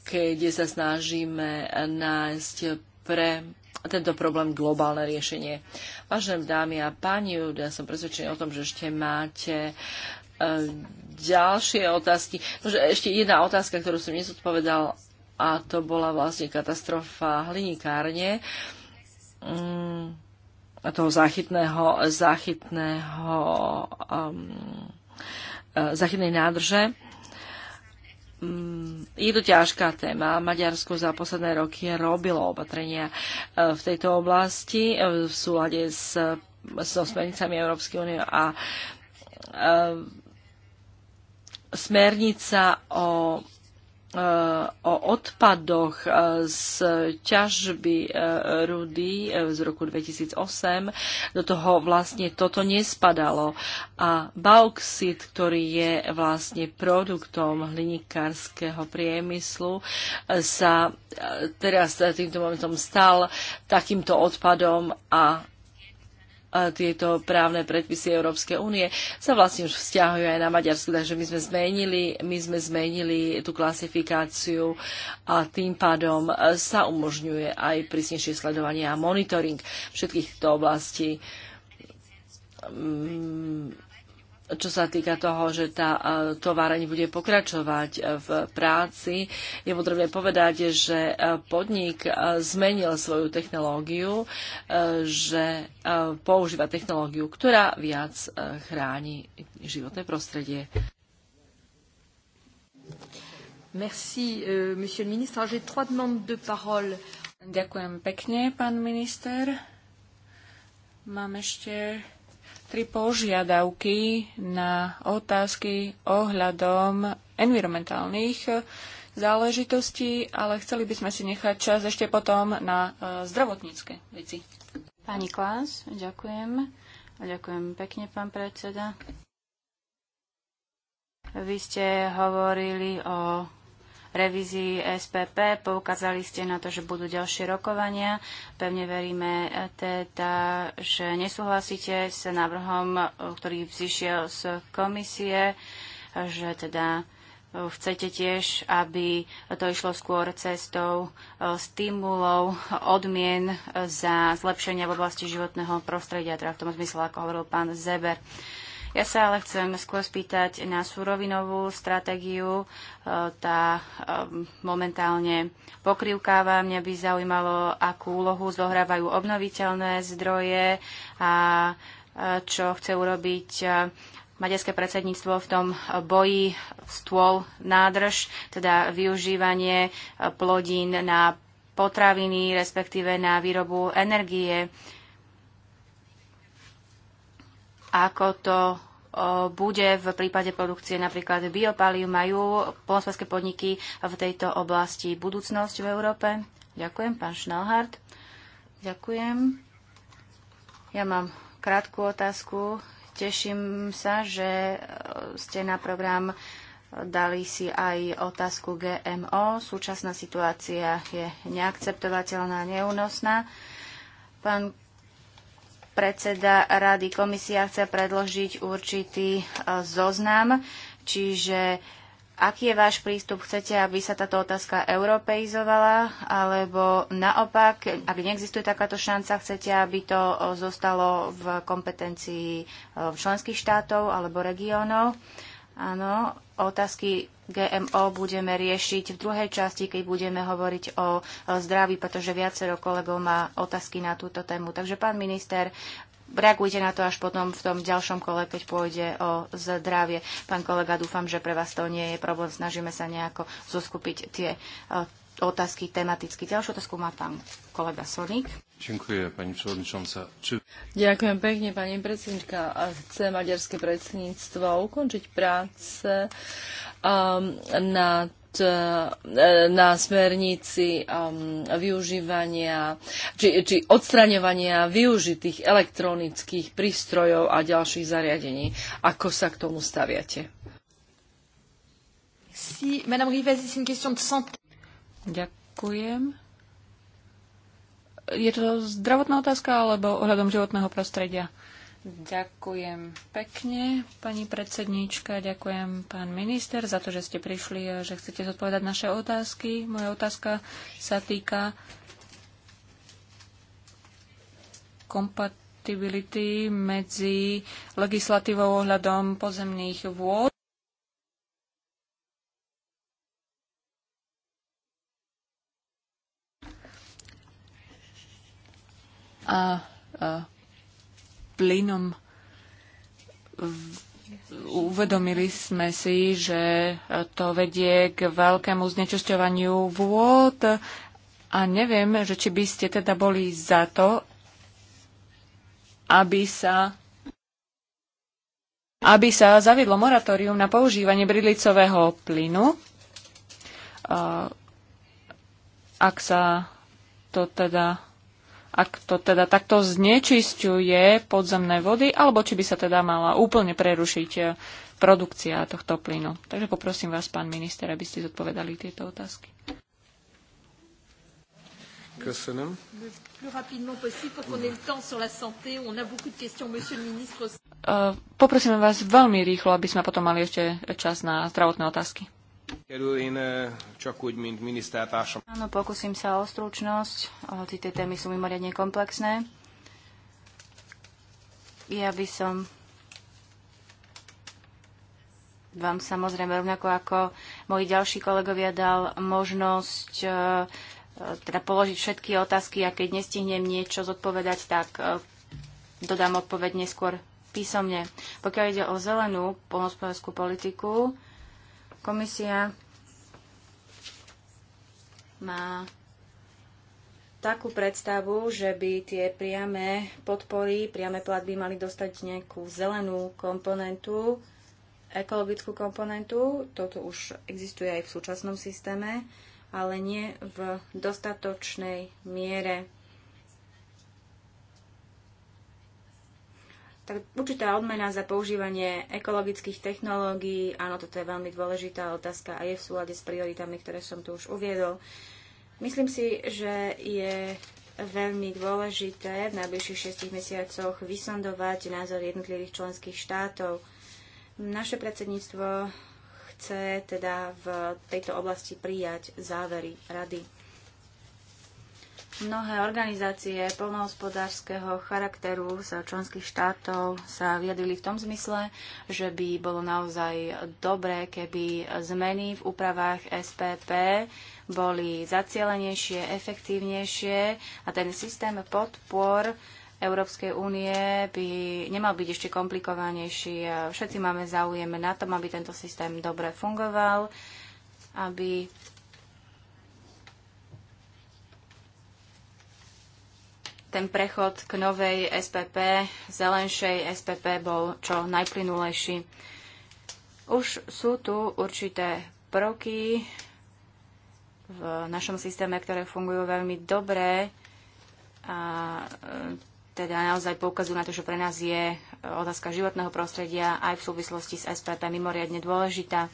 keď sa snažíme nájsť pre tento problém globálne riešenie. Vážené dámy a páni, ja som presvedčený o tom, že ešte máte e, ďalšie otázky. Ešte jedna otázka, ktorú som nezodpovedal a to bola vlastne katastrofa hlinikárne mm, toho záchytného, záchytného um, e, nádrže. Mm, je to ťažká téma. Maďarsko za posledné roky robilo opatrenia e, v tejto oblasti e, v súlade s, so smernicami Európskej únie a smernica o o odpadoch e, z ťažby e, rudy e, z roku 2008. Do toho vlastne toto nespadalo. A bauxit, ktorý je vlastne produktom hlinikárskeho priemyslu, sa teraz týmto momentom stal takýmto odpadom a tieto právne predpisy Európskej únie sa vlastne už vzťahujú aj na Maďarsku, takže my sme zmenili, my sme zmenili tú klasifikáciu a tým pádom e, sa umožňuje aj prísnejšie sledovanie a monitoring všetkých týchto oblastí. Mm, čo sa týka toho, že tá e, továreň bude pokračovať e, v práci, je potrebné povedať, že e, podnik zmenil svoju technológiu, že používa technológiu, ktorá viac chráni životné prostredie. Merci, monsieur le ministre. J'ai trois demandes de parole. Ďakujem pekne, pán minister. Mám ešte tri požiadavky na otázky ohľadom environmentálnych eh, záležitostí, ale chceli by sme si nechať čas ešte potom na eh, zdravotnícke veci. Pani Klás, ďakujem. ďakujem pekne, pán predseda. Vy ste hovorili o revízii SPP. Poukázali ste na to, že budú ďalšie rokovania. Pevne veríme e, teda, že nesúhlasíte s návrhom, e, ktorý vzýšiel z komisie, e, že teda chcete tiež, aby to išlo skôr cestou stimulov, odmien za zlepšenia v oblasti životného prostredia, teda v tom zmysle, ako hovoril pán Zeber. Ja sa ale chcem skôr spýtať na súrovinovú stratégiu. E, tá e, momentálne pokrývkáva. Mňa by zaujímalo, akú úlohu zohrávajú obnoviteľné zdroje a e, čo chce urobiť maďarské predsedníctvo v tom boji stôl nádrž, teda využívanie plodín na potraviny, respektíve na výrobu energie. Ako to bude v prípade produkcie napríklad biopalív. Majú polnospodárske podniky v tejto oblasti budúcnosť v Európe? Ďakujem, pán Schnellhardt. Ďakujem. Ja mám krátku otázku. Teším sa, že e, ste na program e, dali si aj otázku GMO. Súčasná situácia je neakceptovateľná, neúnosná. Pán Predseda rady komisia chce predložiť určitý e, zoznam, čiže aký je váš prístup? Chcete, aby sa táto otázka europeizovala, alebo naopak, ak neexistuje takáto šanca, chcete, aby to e, zostalo v kompetencii e, členských štátov alebo regiónov? Áno, otázky GMO budeme riešiť v druhej časti, keď budeme hovoriť o zdraví, pretože viacero kolegov má otázky na túto tému. Takže pán minister, reagujte na to až potom v tom ďalšom kole, keď pôjde o zdravie. Pán kolega, dúfam, že pre vás to nie je problém. Snažíme sa nejako zoskupiť tie otázky tematicky. Ďalšiu otázku má pán kolega Sonik. Ďakujem, pani pekne, pani predsednička. Chce maďarské predsedníctvo ukončiť práce um, na eh, na smernici um, využívania či, či odstraňovania využitých elektronických prístrojov a ďalších zariadení. Ako sa k tomu staviate? Si, Ďakujem je to zdravotná otázka alebo ohľadom životného prostredia? Ďakujem pekne, pani predsedníčka, ďakujem pán minister za to, že ste prišli a že chcete zodpovedať naše otázky. Moja otázka sa týka kompatibility medzi legislatívou ohľadom pozemných vôd a, a plynom uvedomili sme si, že to vedie k veľkému znečisťovaniu vôd a neviem, že či by ste teda boli za to, aby sa aby sa zaviedlo moratórium na používanie bridlicového plynu, ak sa to teda ak to teda takto znečisťuje podzemné vody, alebo či by sa teda mala úplne prerušiť e, produkcia tohto plynu. Takže poprosím vás, pán minister, aby ste zodpovedali tieto otázky. E, poprosím vás veľmi rýchlo, aby sme potom mali ešte čas na zdravotné otázky. Áno, pokúsim sa o stručnosť, hoci tie témy sú mimoriadne komplexné. Ja by som vám samozrejme rovnako ako moji ďalší kolegovia dal možnosť e, e, teda položiť všetky otázky a keď nestihnem niečo zodpovedať, tak e, dodám odpoveď neskôr písomne. Pokiaľ ide o zelenú polnospodárskú politiku, Komisia má takú predstavu, že by tie priame podpory, priame platby mali dostať nejakú zelenú komponentu, ekologickú komponentu. Toto už existuje aj v súčasnom systéme, ale nie v dostatočnej miere. tak určitá odmena za používanie ekologických technológií, áno, toto je veľmi dôležitá otázka a je v súlade s prioritami, ktoré som tu už uviedol. Myslím si, že je veľmi dôležité v najbližších šestich mesiacoch vysondovať názor jednotlivých členských štátov. Naše predsedníctvo chce teda v tejto oblasti prijať závery rady. Mnohé organizácie polnohospodárskeho charakteru z členských štátov sa vyjadrili v tom zmysle, že by bolo naozaj dobré, keby zmeny v úpravách SPP boli zacielenejšie, efektívnejšie a ten systém podpor Európskej únie by nemal byť ešte komplikovanejší. Všetci máme záujem na tom, aby tento systém dobre fungoval, aby ten prechod k novej SPP, zelenšej SPP bol čo najplynulejší. Už sú tu určité prvky v našom systéme, ktoré fungujú veľmi dobre a e, teda naozaj poukazujú na to, že pre nás je e, otázka životného prostredia aj v súvislosti s SPP mimoriadne dôležitá.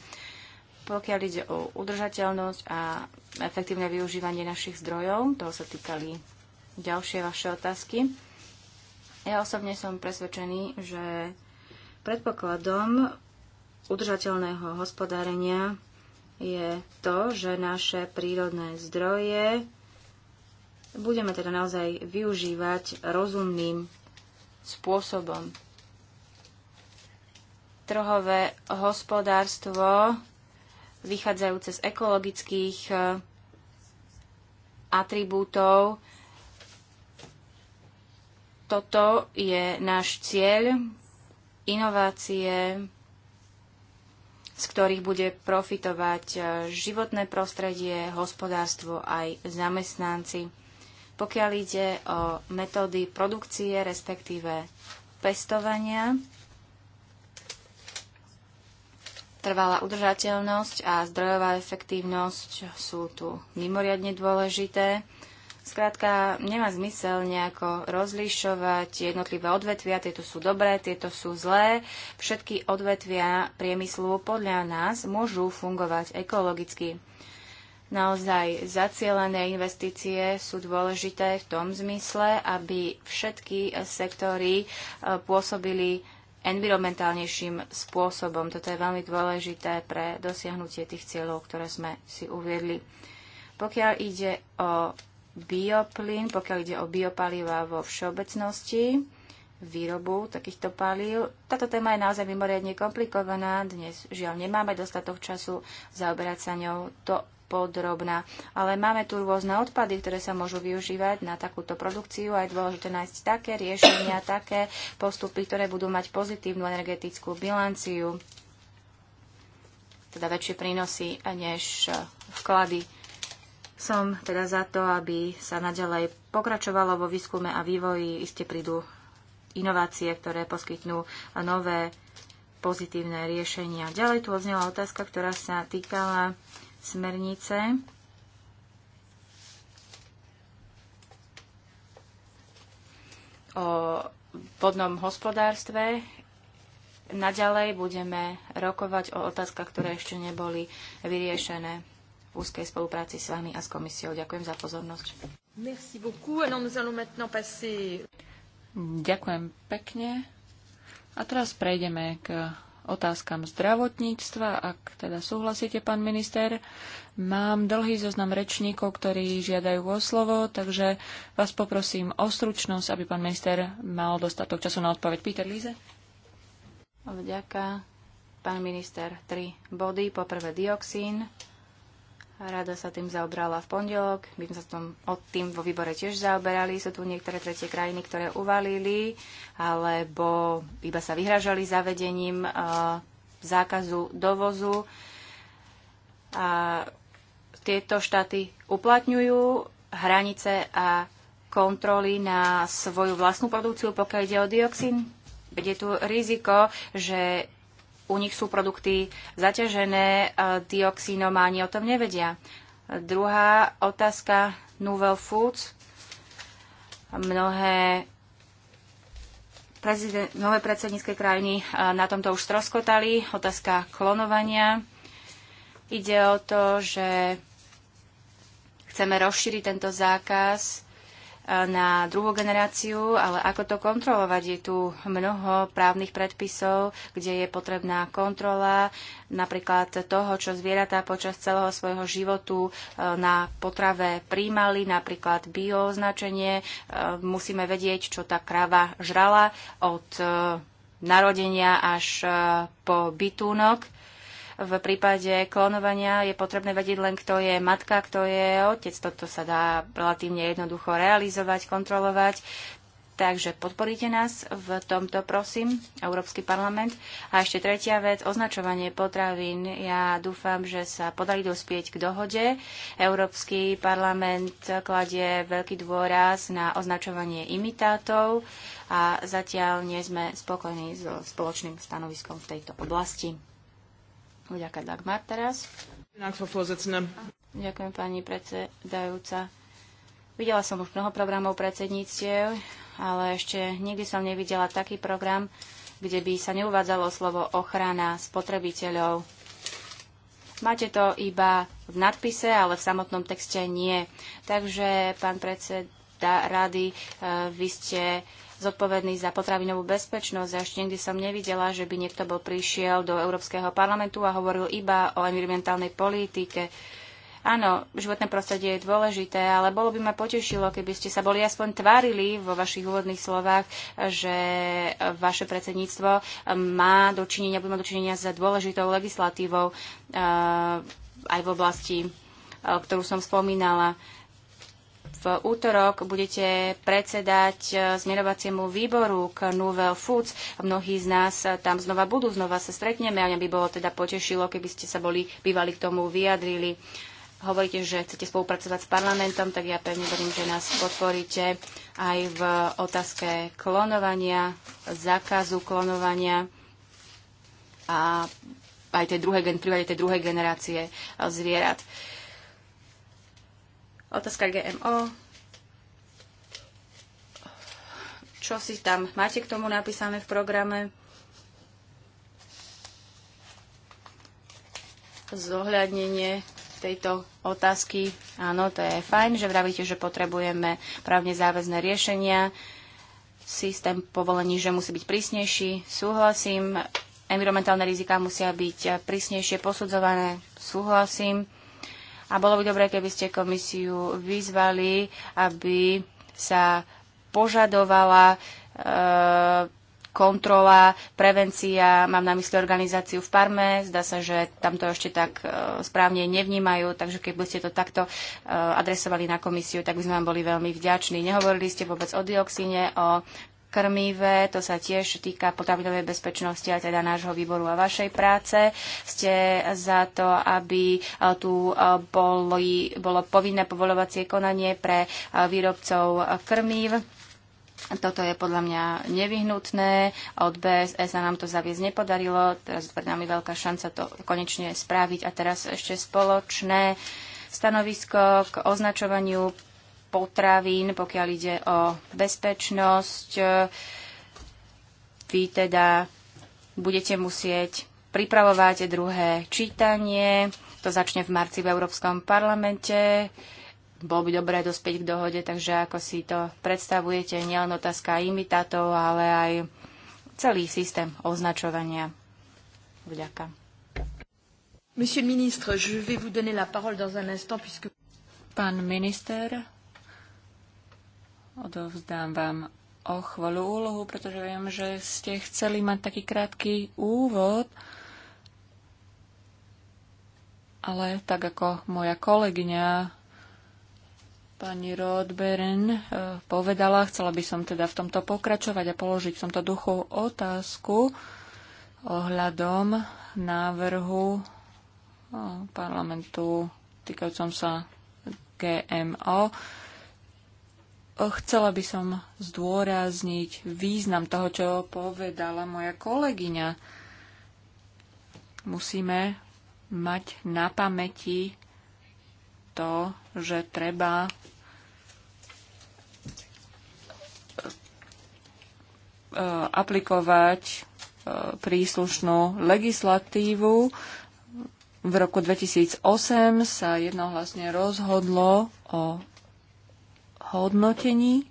Pokiaľ ide o udržateľnosť a efektívne využívanie našich zdrojov, toho sa týkali ďalšie vaše otázky. Ja osobne som presvedčený, že predpokladom udržateľného hospodárenia je to, že naše prírodné zdroje budeme teda naozaj využívať rozumným spôsobom. Trhové hospodárstvo vychádzajúce z ekologických eh, atribútov toto je náš cieľ, inovácie, z ktorých bude profitovať e, životné prostredie, hospodárstvo aj zamestnanci. Pokiaľ ide o metódy produkcie, respektíve pestovania, Trvalá udržateľnosť a zdrojová efektívnosť sú tu mimoriadne dôležité. Skrátka, nemá zmysel nejako rozlišovať jednotlivé odvetvia, tieto sú dobré, tieto sú zlé. Všetky odvetvia priemyslu podľa nás môžu fungovať ekologicky. Naozaj zacielené investície sú dôležité v tom zmysle, aby všetky sektory e, pôsobili environmentálnejším spôsobom. Toto je veľmi dôležité pre dosiahnutie tých cieľov, ktoré sme si uviedli. Pokiaľ ide o bioplyn, pokiaľ ide o biopalivá vo všeobecnosti, výrobu takýchto palív. Táto téma je naozaj mimoriadne komplikovaná. Dnes žiaľ nemáme dostatok času zaoberať sa ňou to podrobná. Ale máme tu rôzne odpady, ktoré sa môžu využívať na takúto produkciu a je dôležité nájsť také riešenia, také postupy, ktoré budú mať pozitívnu energetickú bilanciu, teda väčšie prínosy než vklady. Som teda za to, aby sa naďalej pokračovalo vo výskume a vývoji. Iste prídu inovácie, ktoré poskytnú nové pozitívne riešenia. Ďalej tu odznela otázka, ktorá sa týkala smernice. o vodnom hospodárstve. Naďalej budeme rokovať o otázkach, ktoré ešte neboli vyriešené v úzkej spolupráci s vami a s komisiou. Ďakujem za pozornosť. Merci beaucoup. Alors nous allons maintenant passer... Ďakujem pekne. A teraz prejdeme k otázkam zdravotníctva. Ak teda súhlasíte, pán minister, mám dlhý zoznam rečníkov, ktorí žiadajú o slovo, takže vás poprosím o stručnosť, aby pán minister mal dostatok času na odpoveď. Peter Líze. Vďaka. Pán minister, tri body. Poprvé dioxín. Rada sa tým zaobrala v pondelok, my sme sa tom, od tým vo výbore tiež zaoberali. Sú tu niektoré tretie krajiny, ktoré uvalili, alebo iba sa vyhražali zavedením uh, zákazu dovozu. A tieto štáty uplatňujú hranice a kontroly na svoju vlastnú produkciu, pokiaľ ide o dioxín? je tu riziko, že u nich sú produkty zaťažené e, dioxínom a ani o tom nevedia. Druhá otázka, Nouvelle Foods. Mnohé nové predsednícke krajiny e, na tomto už stroskotali. Otázka klonovania. Ide o to, že chceme rozšíriť tento zákaz na druhú generáciu, ale ako to kontrolovať? Je tu mnoho právnych predpisov, kde je potrebná kontrola napríklad toho, čo zvieratá počas celého svojho životu e, na potrave príjmali, napríklad bioznačenie. E, musíme vedieť, čo tá krava žrala od e, narodenia až po bytúnok v prípade klonovania je potrebné vedieť len, kto je matka, kto je otec. Toto sa dá relatívne jednoducho realizovať, kontrolovať. Takže podporíte nás v tomto, prosím, Európsky parlament. A ešte tretia vec, označovanie potravín. Ja dúfam, že sa podarí dospieť k dohode. Európsky parlament kladie veľký dôraz na označovanie imitátov a zatiaľ nie sme spokojní so spoločným stanoviskom v tejto oblasti. Vďaka Dagmar teraz. Ďakujem pani predsedajúca. Videla som už mnoho programov predsedníctiev, ale ešte nikdy som nevidela taký program, kde by sa neuvádzalo slovo ochrana spotrebiteľov. Máte to iba v nadpise, ale v samotnom texte nie. Takže, pán predseda rady, eh, vy ste zodpovedný za potravinovú bezpečnosť. ešte nikdy som nevidela, že by niekto bol prišiel do Európskeho parlamentu a hovoril iba o environmentálnej politike. Áno, životné prostredie je dôležité, ale bolo by ma potešilo, keby ste sa boli aspoň tvárili vo vašich úvodných slovách, že vaše predsedníctvo má dočinenia, bude mať dočinenia s dôležitou legislatívou eh, aj v oblasti, eh, ktorú som spomínala v útorok budete predsedať e, zmierovaciemu výboru k Nouvelle Foods. Mnohí z nás tam znova budú, znova sa stretneme a mňa by bolo teda potešilo, keby ste sa boli bývali k tomu vyjadrili. Hovoríte, že chcete spolupracovať s parlamentom, tak ja pevne verím, že nás podporíte aj v otázke klonovania, zákazu klonovania a aj tej druhej, prípade tej druhej generácie e, zvierat. Uh, Otázka GMO. Čo si tam máte k tomu napísané v programe? Zohľadnenie tejto otázky. Áno, to je fajn, že vravíte, že potrebujeme právne záväzné riešenia. Systém povolení, že musí byť prísnejší. Súhlasím. Environmentálne rizika musia byť prísnejšie posudzované. Súhlasím. A bolo by dobré, keby ste komisiu vyzvali, aby sa požadovala e, kontrola, prevencia, mám na mysli organizáciu v Parme, zdá sa, že tam to ešte tak e, správne nevnímajú, takže keď by ste to takto e, adresovali na komisiu, tak by sme vám boli veľmi vďační. Nehovorili ste vôbec o dioxíne, o krmivé, to sa tiež týka potravinovej bezpečnosti a teda nášho výboru a vašej práce. Ste za to, aby e, tu e, bolo, bolo povinné povolovacie konanie pre e, výrobcov krmív. Toto je podľa mňa nevyhnutné. Od BSE sa nám to zaviesť nepodarilo. Teraz pred nami veľká šanca to konečne spraviť. A teraz ešte spoločné stanovisko k označovaniu potravín, pokiaľ ide o bezpečnosť. E, vy teda budete musieť pripravovať druhé čítanie. To začne v marci v Európskom parlamente. Bolo by dobré dospieť k dohode, takže ako si to predstavujete, nielen otázka imitátov, ale aj celý systém označovania. Vďaka. Monsieur le ministre, je vais vous donner la parole dans un instant puisque... Pán minister, Odovzdám vám o chvoľu úlohu, pretože viem, že ste chceli mať taký krátky úvod, ale tak ako moja kolegyňa pani Rodberen eh, povedala, chcela by som teda v tomto pokračovať a položiť v tomto duchu otázku ohľadom návrhu eh, parlamentu týkajúcom sa GMO. Chcela by som zdôrazniť význam toho, čo povedala moja kolegyňa. Musíme mať na pamäti to, že treba e, aplikovať e, príslušnú legislatívu. V roku 2008 sa jednohlasne rozhodlo o hodnotení.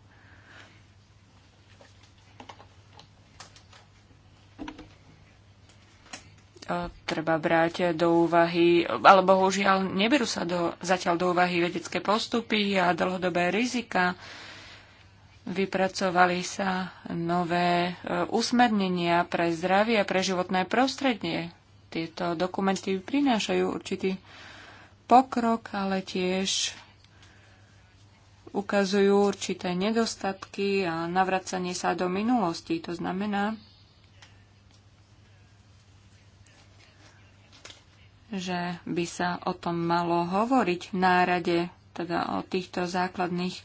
treba brať do úvahy, ale bohužiaľ neberú sa do, zatiaľ do úvahy vedecké postupy a dlhodobé rizika. Vypracovali sa nové e, usmernenia pre zdravie a pre životné prostredie. Tieto dokumenty prinášajú určitý pokrok, ale tiež ukazujú určité nedostatky a navracanie sa do minulosti. To znamená, že by sa o tom malo hovoriť v nárade, teda o týchto základných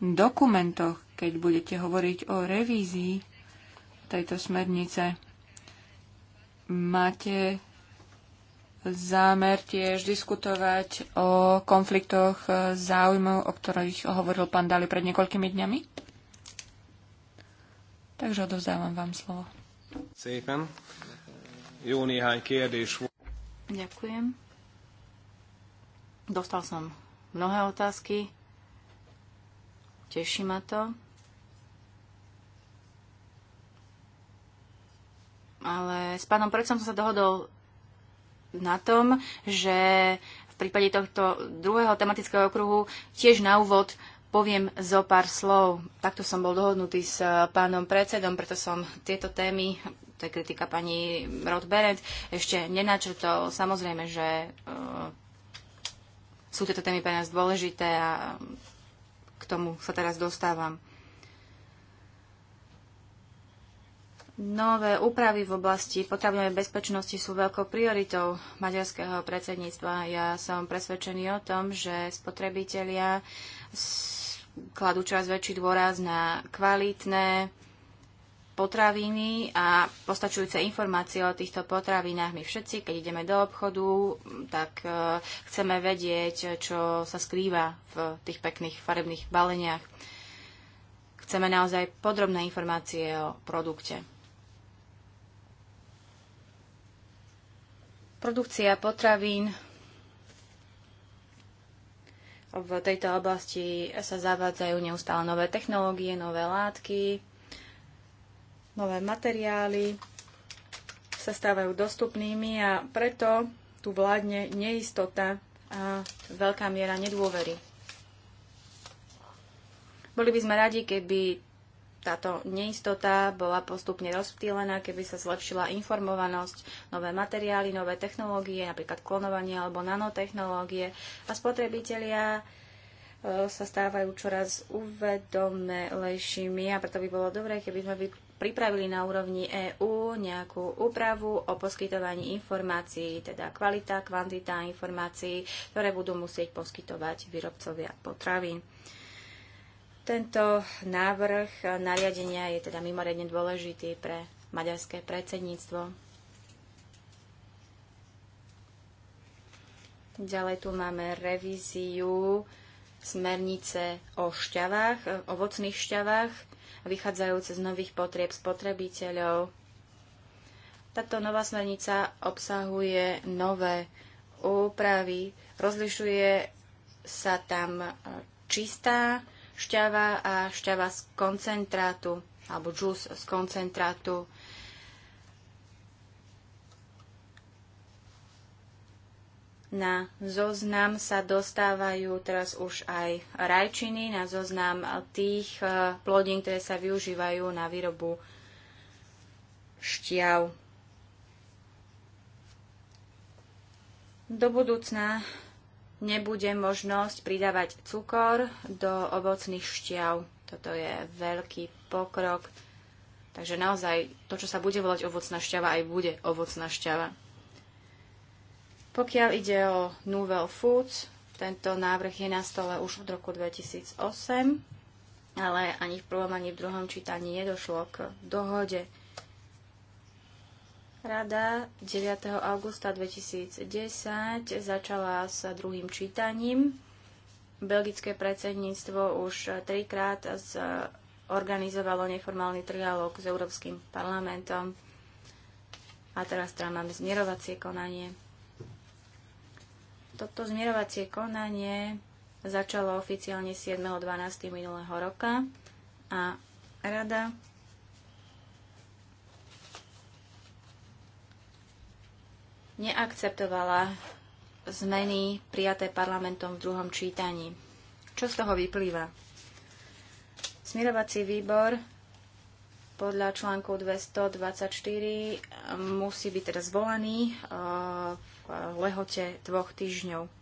dokumentoch, keď budete hovoriť o revízii tejto smernice. Máte zámer tiež diskutovať o konfliktoch záujmov, o ktorých hovoril pán Dali pred niekoľkými dňami? Takže odovzdávam vám slovo. Ďakujem. Dostal som mnohé otázky. Teší ma to. Ale s pánom predsom som sa dohodol na tom, že v prípade tohto druhého tematického okruhu tiež na úvod poviem zo pár slov. Takto som bol dohodnutý s pánom predsedom, preto som tieto témy, to je kritika pani Rod Berend, ešte nenačrtol. Samozrejme, že uh, sú tieto témy pre nás dôležité a k tomu sa teraz dostávam. Nové úpravy v oblasti potravinovej bezpečnosti sú veľkou prioritou maďarského predsedníctva. Ja som presvedčený o tom, že spotrebitelia kladú čoraz väčší dôraz na kvalitné potraviny a postačujúce informácie o týchto potravinách. My všetci, keď ideme do obchodu, tak e, chceme vedieť, čo sa skrýva v tých pekných farebných baleniach. Chceme naozaj podrobné informácie o produkte. Produkcia potravín v tejto oblasti sa zavádzajú neustále nové technológie, nové látky, nové materiály sa stávajú dostupnými a preto tu vládne neistota a veľká miera nedôvery. Boli by sme radi, keby táto neistota bola postupne rozptýlená, keby sa zlepšila informovanosť, nové materiály, nové technológie, napríklad klonovanie alebo nanotechnológie a spotrebitelia e, sa stávajú čoraz uvedomelejšími a preto by bolo dobré, keby sme pripravili na úrovni EÚ nejakú úpravu o poskytovaní informácií, teda kvalita, kvantita informácií, ktoré budú musieť poskytovať výrobcovia potravín. Tento návrh nariadenia je teda mimoriadne dôležitý pre maďarské predsedníctvo. Ďalej tu máme revíziu smernice o šťavách, ovocných šťavách, vychádzajúce z nových potrieb spotrebiteľov. Táto nová smernica obsahuje nové úpravy. Rozlišuje sa tam čistá šťava a šťava z koncentrátu, alebo džús z koncentrátu. Na zoznam sa dostávajú teraz už aj rajčiny, na zoznam tých e, plodín, ktoré sa využívajú na výrobu šťav. Do budúcna nebude možnosť pridávať cukor do ovocných šťav. Toto je veľký pokrok. Takže naozaj to, čo sa bude volať ovocná šťava, aj bude ovocná šťava. Pokiaľ ide o Nouvelle Foods, tento návrh je na stole už od roku 2008, ale ani v prvom, ani v druhom čítaní nedošlo k dohode. Rada 9. augusta 2010 začala s druhým čítaním. Belgické predsedníctvo už trikrát organizovalo neformálny trialóg s Európskym parlamentom a teraz tam máme zmierovacie konanie. Toto zmierovacie konanie začalo oficiálne 7.12. minulého roka a rada neakceptovala zmeny prijaté parlamentom v druhom čítaní. Čo z toho vyplýva? Smirovací výbor podľa článku 224 eh, musí byť teda zvolaný eh, v lehote dvoch týždňov.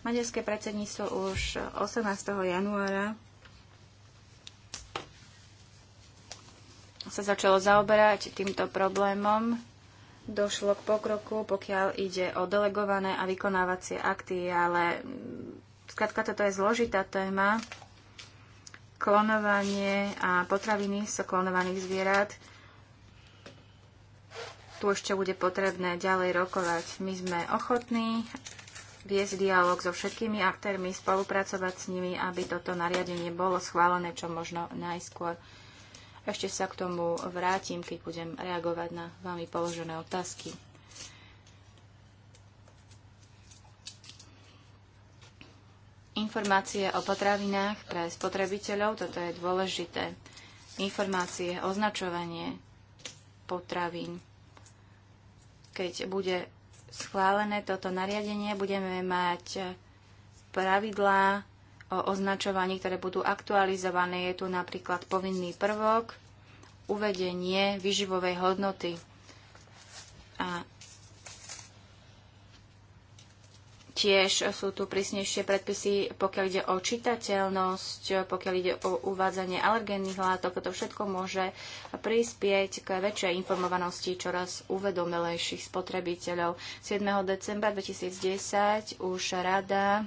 Maďarské predsedníctvo už 18. januára sa začalo zaoberať týmto problémom. Došlo k pokroku, pokiaľ ide o delegované a vykonávacie akty, ale mm, skrátka toto je zložitá téma. Klonovanie a potraviny so klonovaných zvierat. Tu ešte bude potrebné ďalej rokovať. My sme ochotní viesť dialog so všetkými aktérmi, spolupracovať s nimi, aby toto nariadenie bolo schválené čo možno najskôr. Ešte sa k tomu vrátim, keď budem reagovať na vami položené otázky. Informácie o potravinách pre spotrebiteľov, toto je dôležité. Informácie, označovanie potravín. Keď bude schválené toto nariadenie, budeme mať pravidlá o označovaní, ktoré budú aktualizované. Je tu napríklad povinný prvok, uvedenie vyživovej hodnoty. A tiež sú tu prísnejšie predpisy, pokiaľ ide o čitateľnosť, pokiaľ ide o uvádzanie alergénnych látok. To všetko môže prispieť k väčšej informovanosti čoraz uvedomelejších spotrebiteľov. 7. decembra 2010 už rada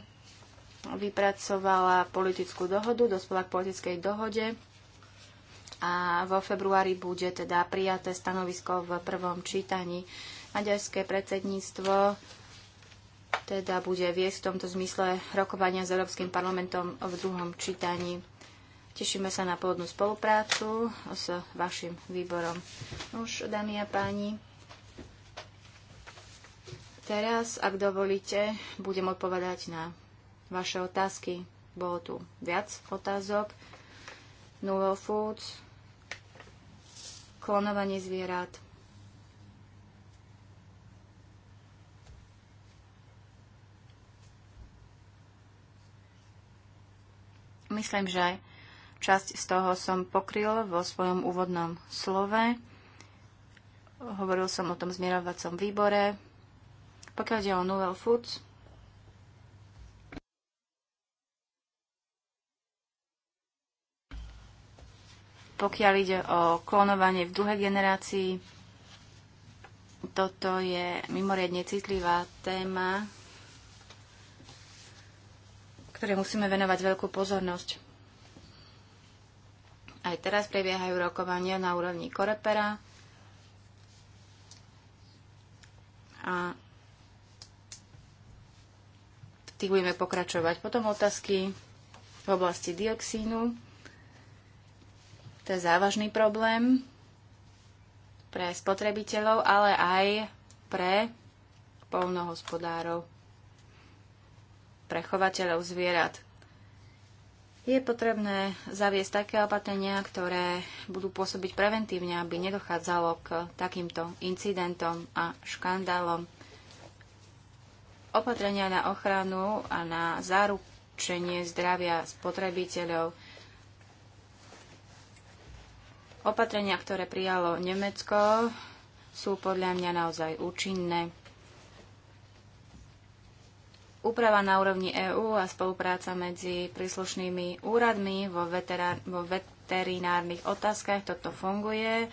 vypracovala politickú dohodu, dospela k politickej dohode a vo februári bude teda prijaté stanovisko v prvom čítaní. Maďarské predsedníctvo teda bude viesť v tomto zmysle rokovania s Európskym parlamentom v druhom čítaní. Tešíme sa na pôvodnú spoluprácu s vašim výborom. Už, dámy a páni, teraz, ak dovolíte, budem odpovedať na vaše otázky. Bolo tu viac otázok. Nulo Foods, klonovanie zvierat. Myslím, že časť z toho som pokryl vo svojom úvodnom slove. Hovoril som o tom zmierovacom výbore. Pokiaľ ide o Novel Foods, Pokiaľ ide o klonovanie v druhej generácii, toto je mimoriadne citlivá téma, ktoré musíme venovať veľkú pozornosť. Aj teraz prebiehajú rokovania na úrovni Korepera a tých budeme pokračovať. Potom otázky v oblasti dioxínu. To je závažný problém pre spotrebiteľov, ale aj pre polnohospodárov, pre chovateľov zvierat. Je potrebné zaviesť také opatrenia, ktoré budú pôsobiť preventívne, aby nedochádzalo k takýmto incidentom a škandálom. Opatrenia na ochranu a na záručenie zdravia spotrebiteľov Opatrenia, ktoré prijalo Nemecko, sú podľa mňa naozaj účinné. Úprava na úrovni EÚ a spolupráca medzi príslušnými úradmi vo, veterár- vo veterinárnych otázkach, toto funguje.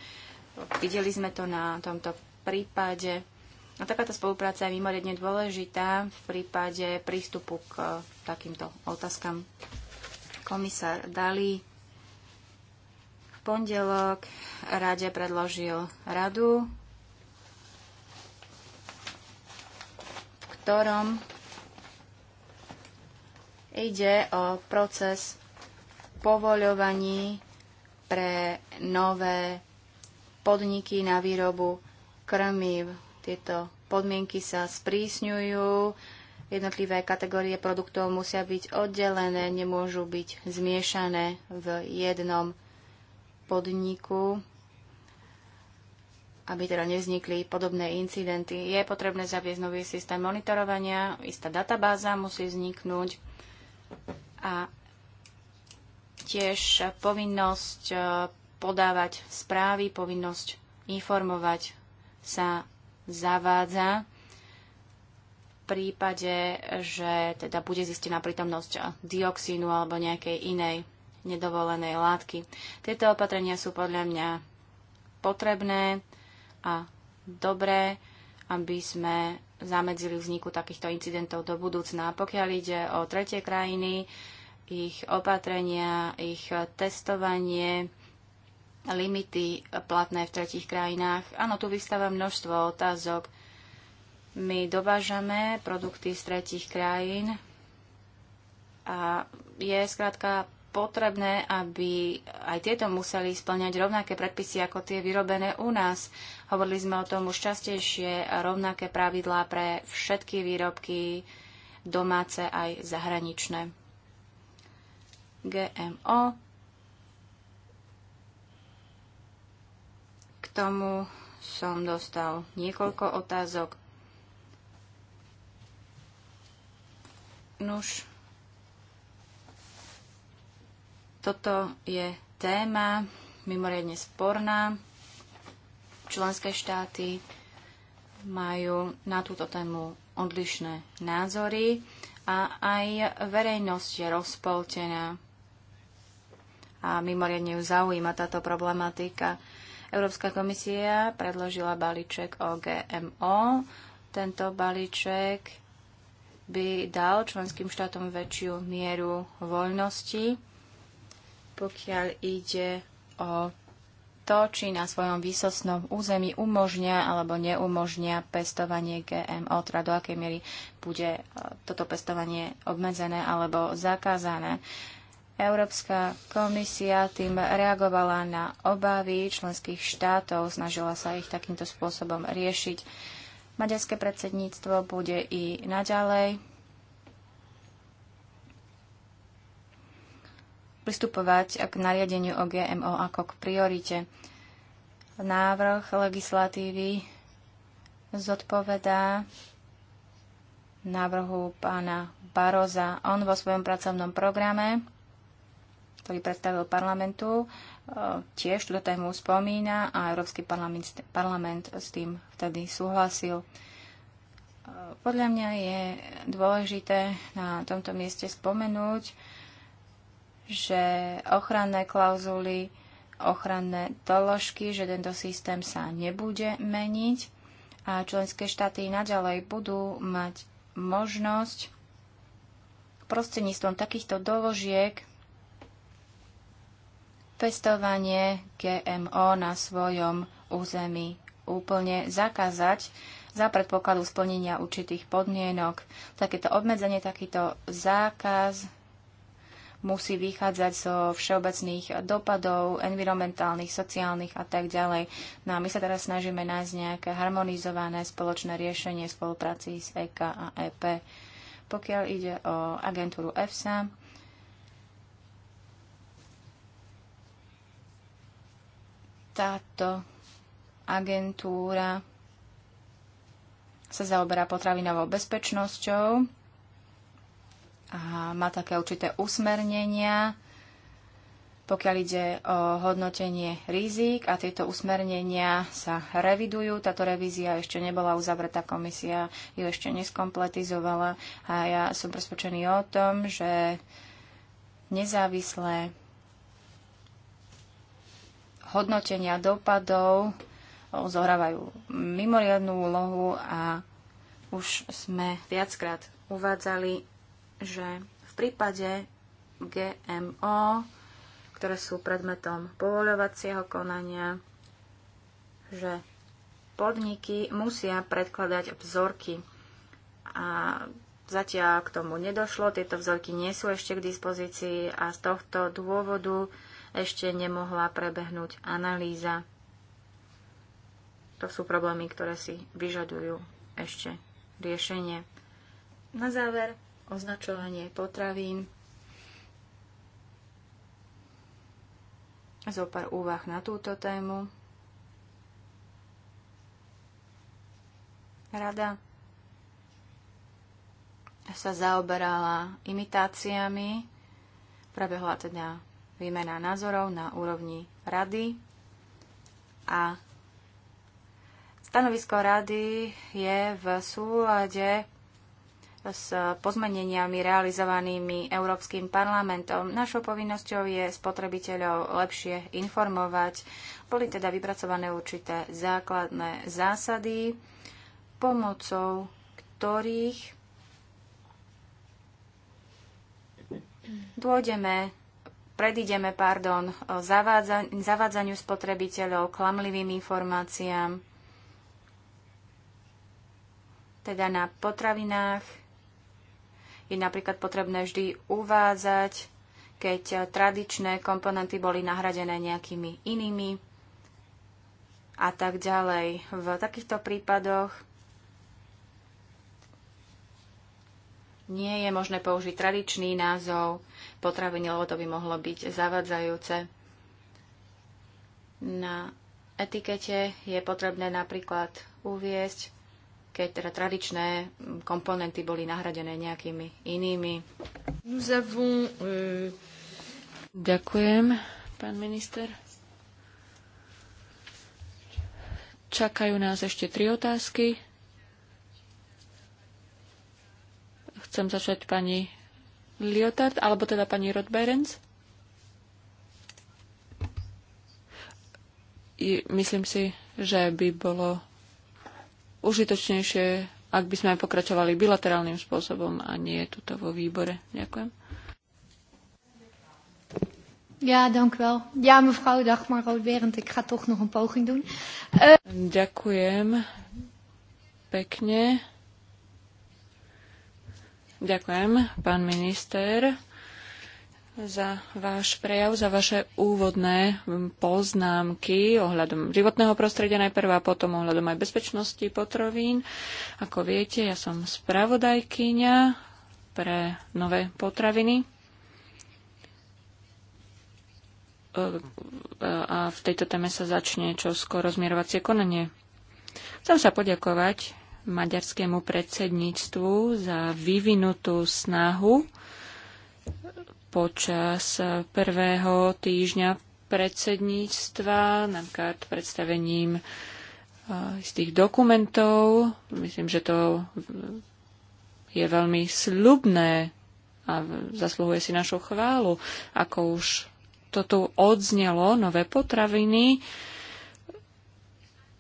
Videli sme to na tomto prípade. A takáto spolupráca je mimoriadne dôležitá v prípade prístupu k takýmto otázkam. Komisár Dali pondelok rade predložil radu, v ktorom ide o proces povoľovaní pre nové podniky na výrobu krmív. Tieto podmienky sa sprísňujú, jednotlivé kategórie produktov musia byť oddelené, nemôžu byť zmiešané v jednom podniku, aby teda nevznikli podobné incidenty. Je potrebné zaviesť nový systém monitorovania, istá databáza musí vzniknúť a tiež povinnosť e, podávať správy, povinnosť informovať sa zavádza v prípade, že teda bude zistená prítomnosť dioxínu alebo nejakej inej nedovolenej látky. Tieto opatrenia sú podľa mňa potrebné a dobré, aby sme zamedzili vzniku takýchto incidentov do budúcna. Pokiaľ ide o tretie krajiny, ich opatrenia, ich testovanie, limity platné v tretich krajinách. Áno, tu vystáva množstvo otázok. My dovážame produkty z tretich krajín a je skrátka potrebné, aby aj tieto museli splňať rovnaké predpisy ako tie vyrobené u nás. Hovorili sme o tom už častejšie, rovnaké pravidlá pre všetky výrobky domáce aj zahraničné. GMO. K tomu som dostal niekoľko otázok. Nuž, Toto je téma mimoriadne sporná. Členské štáty majú na túto tému odlišné názory a aj verejnosť je rozpoltená a mimoriadne ju zaujíma táto problematika. Európska komisia predložila balíček o GMO. Tento balíček by dal členským štátom väčšiu mieru voľnosti pokiaľ ide o to, či na svojom výsostnom území umožňa alebo neumožňa pestovanie GMO, teda do akej miery bude e, toto pestovanie obmedzené alebo zakázané. Európska komisia tým reagovala na obavy členských štátov, snažila sa ich takýmto spôsobom riešiť. Maďarské predsedníctvo bude i naďalej pristupovať k nariadeniu o GMO ako k priorite. Návrh legislatívy zodpovedá návrhu pána Baroza. On vo svojom pracovnom programe, ktorý predstavil parlamentu, e, tiež túto tému spomína a Európsky parlament, parlament s tým vtedy súhlasil. E, podľa mňa je dôležité na tomto mieste spomenúť, že ochranné klauzuly, ochranné doložky, že tento systém sa nebude meniť a členské štáty naďalej budú mať možnosť prostredníctvom takýchto doložiek pestovanie GMO na svojom území úplne zakázať za predpokladu splnenia určitých podmienok. Takéto obmedzenie, takýto zákaz musí vychádzať zo všeobecných dopadov, environmentálnych, sociálnych a tak ďalej. No a my sa teraz snažíme nájsť nejaké harmonizované spoločné riešenie v spolupráci s EK a EP. Pokiaľ ide o agentúru EFSA, táto agentúra sa zaoberá potravinovou bezpečnosťou a má také určité usmernenia, pokiaľ ide o hodnotenie rizik a tieto usmernenia sa revidujú. Táto revízia ešte nebola uzavretá, komisia ju ešte neskompletizovala a ja som presvedčený o tom, že nezávislé hodnotenia dopadov zohrávajú mimoriadnú úlohu a už sme viackrát uvádzali, že v prípade GMO, ktoré sú predmetom povoľovacieho konania, že podniky musia predkladať vzorky. A zatiaľ k tomu nedošlo, tieto vzorky nie sú ešte k dispozícii a z tohto dôvodu ešte nemohla prebehnúť analýza. To sú problémy, ktoré si vyžadujú ešte riešenie. Na záver označovanie potravín. Zo pár úvah na túto tému. Rada sa zaoberala imitáciami. Prebehla teda výmena názorov na úrovni rady a stanovisko rady je v súlade s pozmeneniami realizovanými Európskym parlamentom. Našou povinnosťou je spotrebiteľov lepšie informovať. Boli teda vypracované určité základné zásady, pomocou ktorých dôjdeme predídeme pardon, zavádza, zavádzaniu spotrebiteľov, klamlivým informáciám, teda na potravinách, je napríklad potrebné vždy uvádzať, keď eh, tradičné komponenty boli nahradené nejakými inými a tak ďalej. V takýchto prípadoch nie je možné použiť tradičný názov potraviny, lebo to by mohlo byť zavadzajúce. Na etikete je potrebné napríklad uviesť, také teda tradičné mm, komponenty boli nahradené nejakými inými. Euh, Ďakujem, pán minister. Čakajú nás ešte tri otázky. Chcem začať pani Liotard, alebo teda pani Rodberens. Myslím si, že by bolo užitočnejšie, ak by sme aj pokračovali bilaterálnym spôsobom a nie tuto vo výbore. Ďakujem. Ja, dank wel. Ja, mevrouw Dagmar Rood-Berend, ik ga toch nog een poging doen. Uh... Ďakujem pekne. Ďakujem, pán minister za váš prejav, za vaše úvodné poznámky ohľadom životného prostredia najprv a potom ohľadom aj bezpečnosti potrovín. Ako viete, ja som spravodajkyňa pre nové potraviny. A v tejto téme sa začne čoskoro zmierovacie konanie. Chcem sa poďakovať maďarskému predsedníctvu za vyvinutú snahu počas prvého týždňa predsedníctva, napríklad predstavením istých dokumentov. Myslím, že to je veľmi slubné a zasluhuje si našu chválu. Ako už to tu odznelo, nové potraviny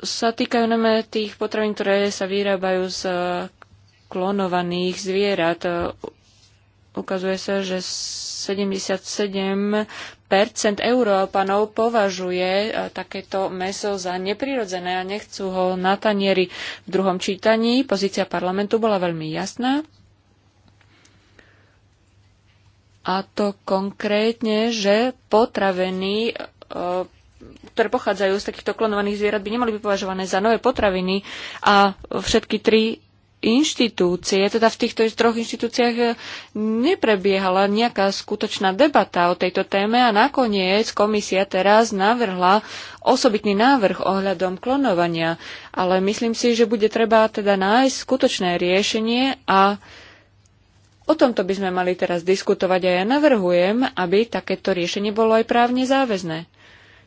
sa týkajú najmä tých potravín, ktoré sa vyrábajú z klonovaných zvierat ukazuje sa, že 77% Európanov považuje e, takéto meso za neprirodzené a nechcú ho na tanieri. V druhom čítaní pozícia parlamentu bola veľmi jasná. A to konkrétne, že potraviny, e, ktoré pochádzajú z takýchto klonovaných zvierat, by nemali byť považované za nové potraviny a všetky tri inštitúcie, teda v týchto troch inštitúciách e, neprebiehala nejaká skutočná debata o tejto téme a nakoniec komisia teraz navrhla osobitný návrh ohľadom klonovania. Ale myslím si, že bude treba teda nájsť skutočné riešenie a o tomto by sme mali teraz diskutovať a ja navrhujem, aby takéto riešenie bolo aj právne záväzné.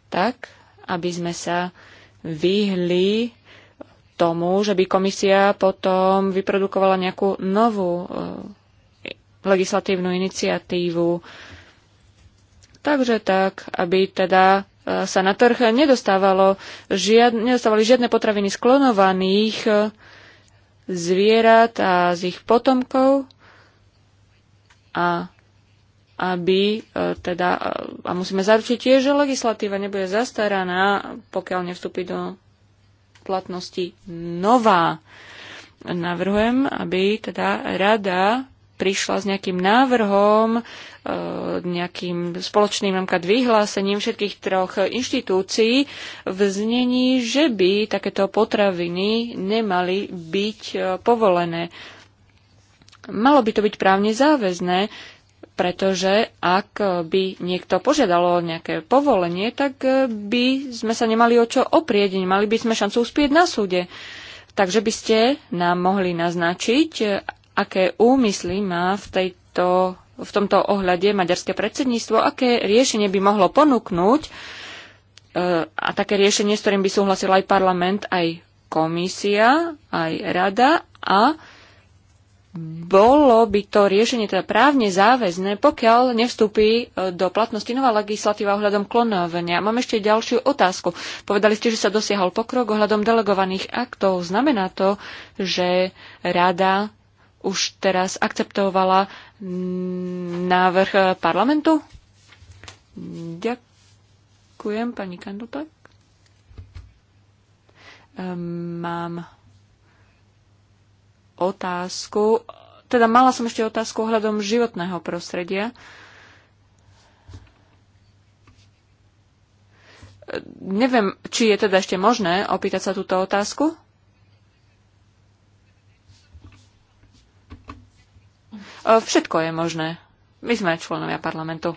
Tak, aby sme sa vyhli tomu, že by komisia potom vyprodukovala nejakú novú eh, legislatívnu iniciatívu. Takže tak, aby teda eh, sa na trh nedostávalo žiad, nedostávali žiadne potraviny sklonovaných eh, zvierat a z ich potomkov a aby teda, a musíme zaručiť tiež, že legislatíva nebude zastaraná, pokiaľ nevstúpi do platnosti nová. Navrhujem, aby teda rada prišla s nejakým návrhom, e, nejakým spoločným napríklad vyhlásením všetkých troch inštitúcií v znení, že by takéto potraviny nemali byť e, povolené. Malo by to byť právne záväzné, pretože ak by niekto požiadalo nejaké povolenie, tak eh, by sme sa nemali o čo oprieť, nemali by sme šancu uspieť na súde. Takže by ste nám mohli naznačiť, eh, aké úmysly má v, tejto, v tomto ohľade maďarské predsedníctvo, aké riešenie by mohlo ponúknuť eh, a také riešenie, s ktorým by súhlasil aj parlament, aj komisia, aj rada a bolo by to riešenie teda právne záväzné, pokiaľ nevstúpi e, do platnosti nová legislatíva ohľadom klonovania. Mám ešte ďalšiu otázku. Povedali ste, že sa dosiahol pokrok ohľadom delegovaných aktov. Znamená to, že rada už teraz akceptovala mm, návrh e, parlamentu? Ďakujem, pani Kandelpak. Ehm, mám otázku, teda mala som ešte otázku ohľadom životného prostredia. Neviem, či je teda ešte možné opýtať sa túto otázku. Všetko je možné. My sme členovia parlamentu.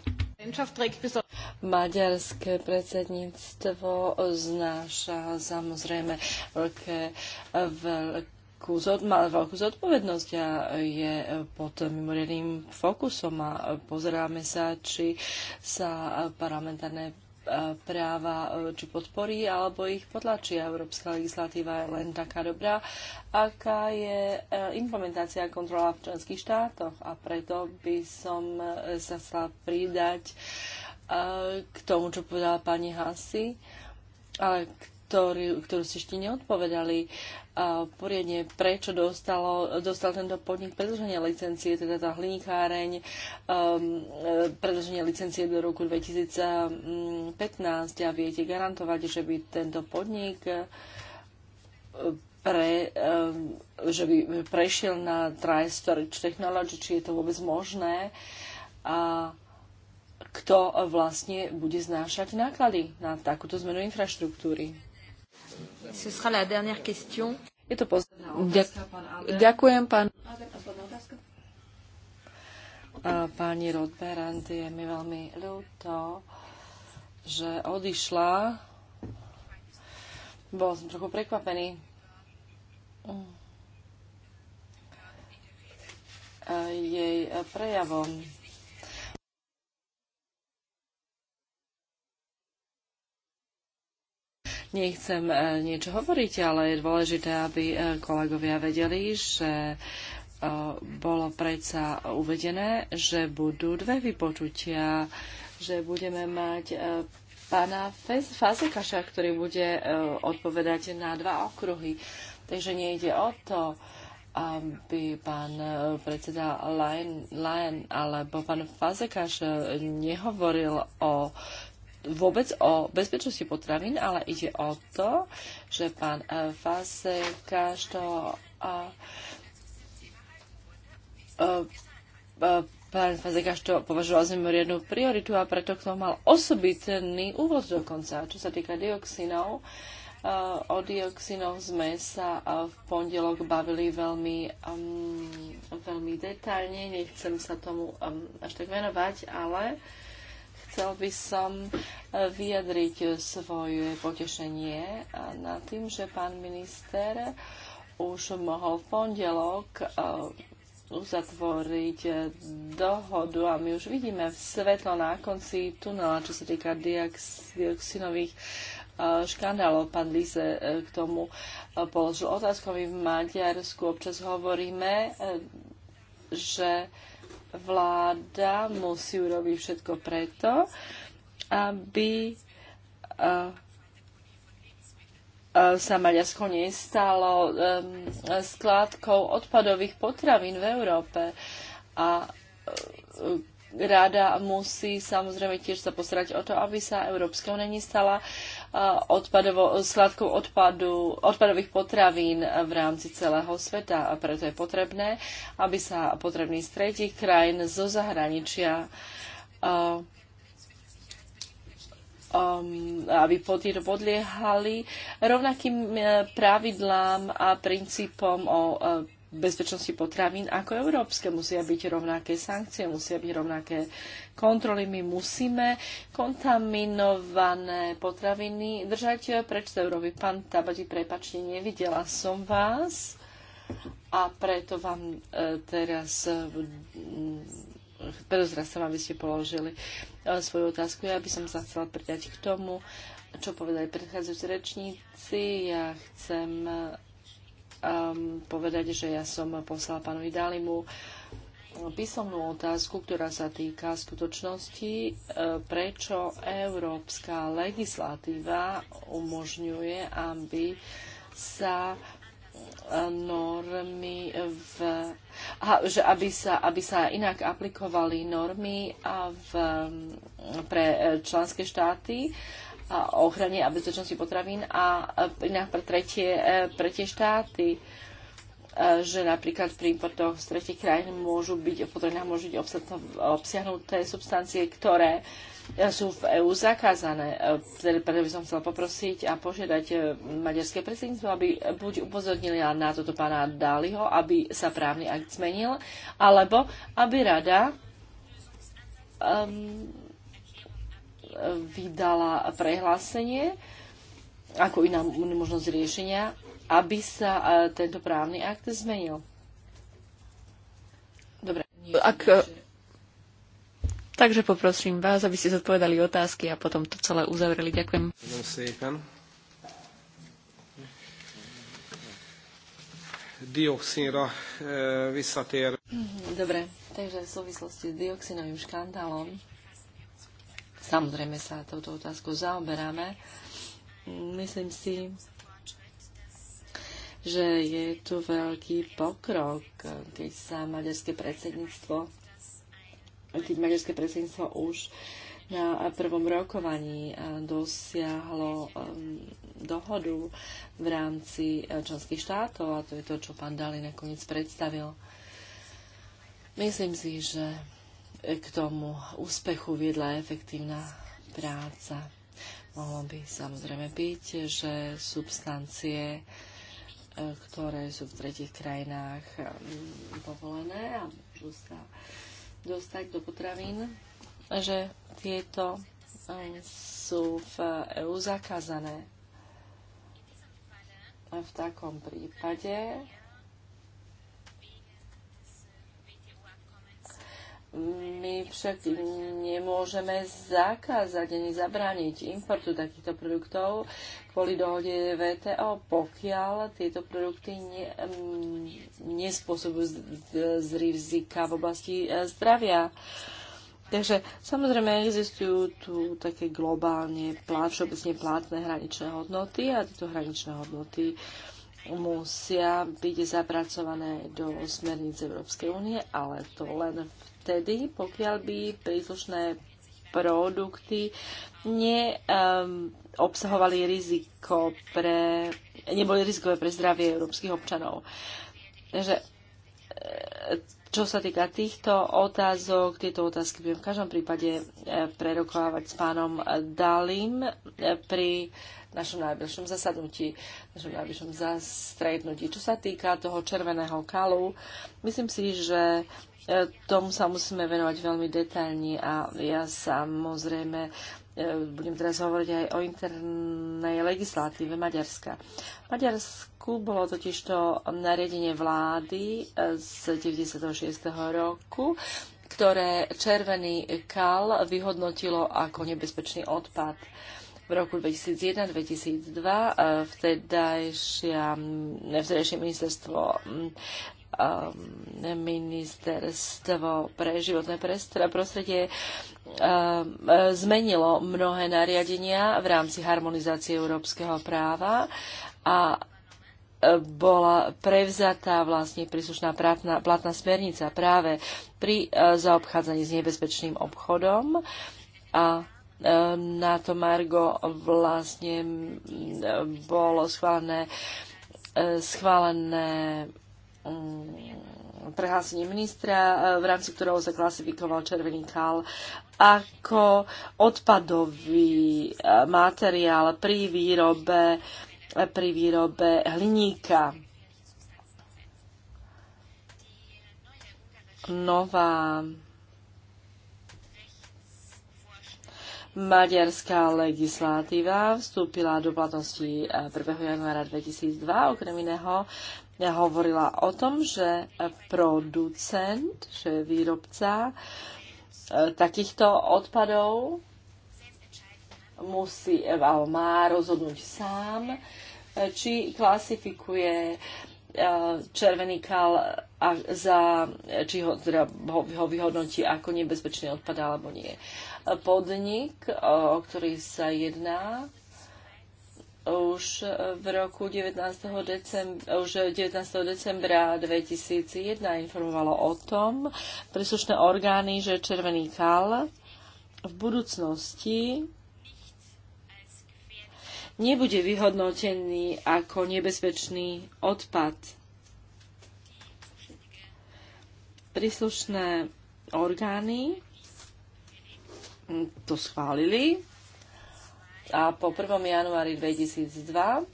Maďarské predsedníctvo znáša samozrejme veľké, veľké zod, má veľkú zodpovednosť a je pod mimoriadným fokusom a pozeráme sa, či sa parlamentárne e, práva e, či podporí, alebo ich potlačí. Európska legislatíva je len taká dobrá, aká je e, implementácia a kontrola v členských štátoch. A preto by som sa chcela pridať k tomu, čo povedala pani Hasi, ale ktorú, ktorú ste ešte neodpovedali poriadne, prečo dostalo, dostal tento podnik predlženie licencie, teda tá hliníkáreň, um, predlženie licencie do roku 2015 a viete garantovať, že by tento podnik uh, pre, um, že by prešiel na try storage technology, či je to vôbec možné a kto vlastne bude znášať náklady na takúto zmenu infraštruktúry. Ce sera la dernière question. Je to Ďakujem, pán... Pani Rodberant, je mi veľmi ľúto, že odišla. Bol som trochu prekvapený. Mm. Jej prejavom nechcem e, niečo hovoriť, ale je dôležité, aby e, kolegovia vedeli, že e, bolo predsa uvedené, že budú dve vypočutia, že budeme mať pána Fazekaša, ktorý bude odpovedať na dva okruhy. Takže nejde o to, aby pán predseda Lajen alebo pán Fazekaš nehovoril o vôbec o bezpečnosti potravín, ale ide o to, že pán Vaseka, e, što a, a, e, a, e, pán Fazekáš to považoval za mimoriadnú prioritu a preto k tomu mal osobitný úvod dokonca. Čo sa týka dioxinov, o dioxinoch sme sa v pondelok bavili veľmi, um, veľmi detailne, nechcem sa tomu um, až tak venovať, ale uh, chcel by som e, vyjadriť e, svoje potešenie e, nad tým, že pán minister už mohol v pondelok uzatvoriť dohodu a my už vidíme svetlo na konci tunela, čo sa týka dioxinových škandálov. Pán Lise k tomu položil otázku. My v Maďarsku občas hovoríme, že vláda musí urobiť všetko preto, aby sa Maďarsko nestalo skládkou odpadových potravín v Európe. A e, rada musí samozrejme tiež sa postarať o to, aby sa Európska únia nestala Eh, skládkou odpadu, odpadových potravín v rámci celého sveta. A preto je potrebné, aby sa potrební z tretich krajín zo zahraničia eh, eh, aby potýr podliehali rovnakým pravidlám a princípom o bezpečnosti potravín ako európske. Musia byť rovnaké sankcie, musia byť rovnaké kontroly. My musíme kontaminované potraviny držať preč z Európy. Pán Tabadi, prepačte, nevidela som vás a preto vám e, teraz e, teraz sa, aby ste položili e, svoju otázku. Ja by som sa chcela pridať k tomu, čo povedali predchádzajúci rečníci. Ja chcem um, povedať, že ja som poslala pánovi Dalimu um, písomnú otázku, ktorá sa týka skutočnosti, um, prečo európska legislatíva umožňuje, aby sa um, normy v, aha, že aby sa, aby sa inak aplikovali normy a v, pre eh, členské štáty a ochrane a bezpečnosti potravín a inak pre tretie, pre e, tie štáty e, že napríklad pri importoch z tretich krajín môžu byť, v potravinách môžu byť obsiahnuté substancie, ktoré e, sú v EÚ zakázané. Preto by som chcela poprosiť a požiadať maďarské predsedníctvo, aby buď upozornili na toto pána Dáliho, aby sa právny akt zmenil, alebo aby rada um, vydala prehlásenie ako iná možnosť riešenia, aby sa e, tento právny akt zmenil. Dobre. Ak, e, takže poprosím vás, aby ste zodpovedali otázky a potom to celé uzavreli. Ďakujem. Dioxínra e, visszatér. Mhm, dobre, takže v súvislosti s dioxinovým škandálom Samozrejme sa touto otázkou zaoberáme. Myslím si, že je tu veľký pokrok, keď sa maďarské predsedníctvo, keď maďarské predsedníctvo už na prvom rokovaní eh, dosiahlo eh, dohodu v rámci eh, členských štátov a to je to, čo pán Dali nakoniec predstavil. Myslím si, že k tomu úspechu viedla efektívna práca. Mohlo by samozrejme byť, že substancie, e, ktoré sú v tretich krajinách e, povolené a môžu sa dostať do potravín, že tieto e, sú v EU zakázané. V takom prípade my však nemôžeme zakázať ani zabrániť importu takýchto produktov kvôli dohode VTO, pokiaľ tieto produkty ne, mm, nespôsobujú z, rizika v oblasti e, zdravia. Takže samozrejme existujú tu také globálne, všeobecne plátne hraničné hodnoty a tieto hraničné hodnoty musia byť zapracované do smerníc Európskej únie, ale to len v vtedy, pokiaľ by príslušné produkty neobsahovali um, riziko pre, neboli rizikové pre zdravie európskych občanov. Takže čo sa týka týchto otázok, tieto otázky budem v každom prípade e, prerokovávať s pánom Dalim e, pri našom najbližšom zasadnutí, našom najbližšom zastretnutí. Čo sa týka toho červeného kalu, myslím si, že e, tomu sa musíme venovať veľmi detailne a ja samozrejme budem teraz hovoriť aj o internej legislatíve Maďarska. V Maďarsku bolo totiž to nariadenie vlády e, z 96. roku, ktoré červený kal vyhodnotilo ako nebezpečný odpad. V roku 2001-2002 e, e, vtedajšie ministerstvo Um, ministerstvo pre životné prostredie um, zmenilo mnohé nariadenia v rámci harmonizácie európskeho práva a e, bola prevzatá vlastne príslušná platná, platná smernica práve pri e, zaobchádzaní s nebezpečným obchodom a e, na to Margo vlastne bolo schválené, schválené Mm, prehlásenie ministra, e, v rámci ktorého sa klasifikoval červený kal ako odpadový e, materiál pri výrobe, e, pri výrobe hliníka. Nová Maďarská legislatíva vstúpila do platnosti 1. januára 2002. Okrem iného ja hovorila o tom, že producent, že výrobca e, takýchto odpadov musí, e, alebo má rozhodnúť sám, e, či klasifikuje červený kal a za, či ho, teda ho, ho vyhodnotí ako nebezpečný odpad alebo nie. Podnik, o ktorý sa jedná, už v roku 19. Decembra, už 19. decembra 2001 informovalo o tom príslušné orgány, že červený kal v budúcnosti nebude vyhodnotený ako nebezpečný odpad. Príslušné orgány to schválili a po 1. januári 2002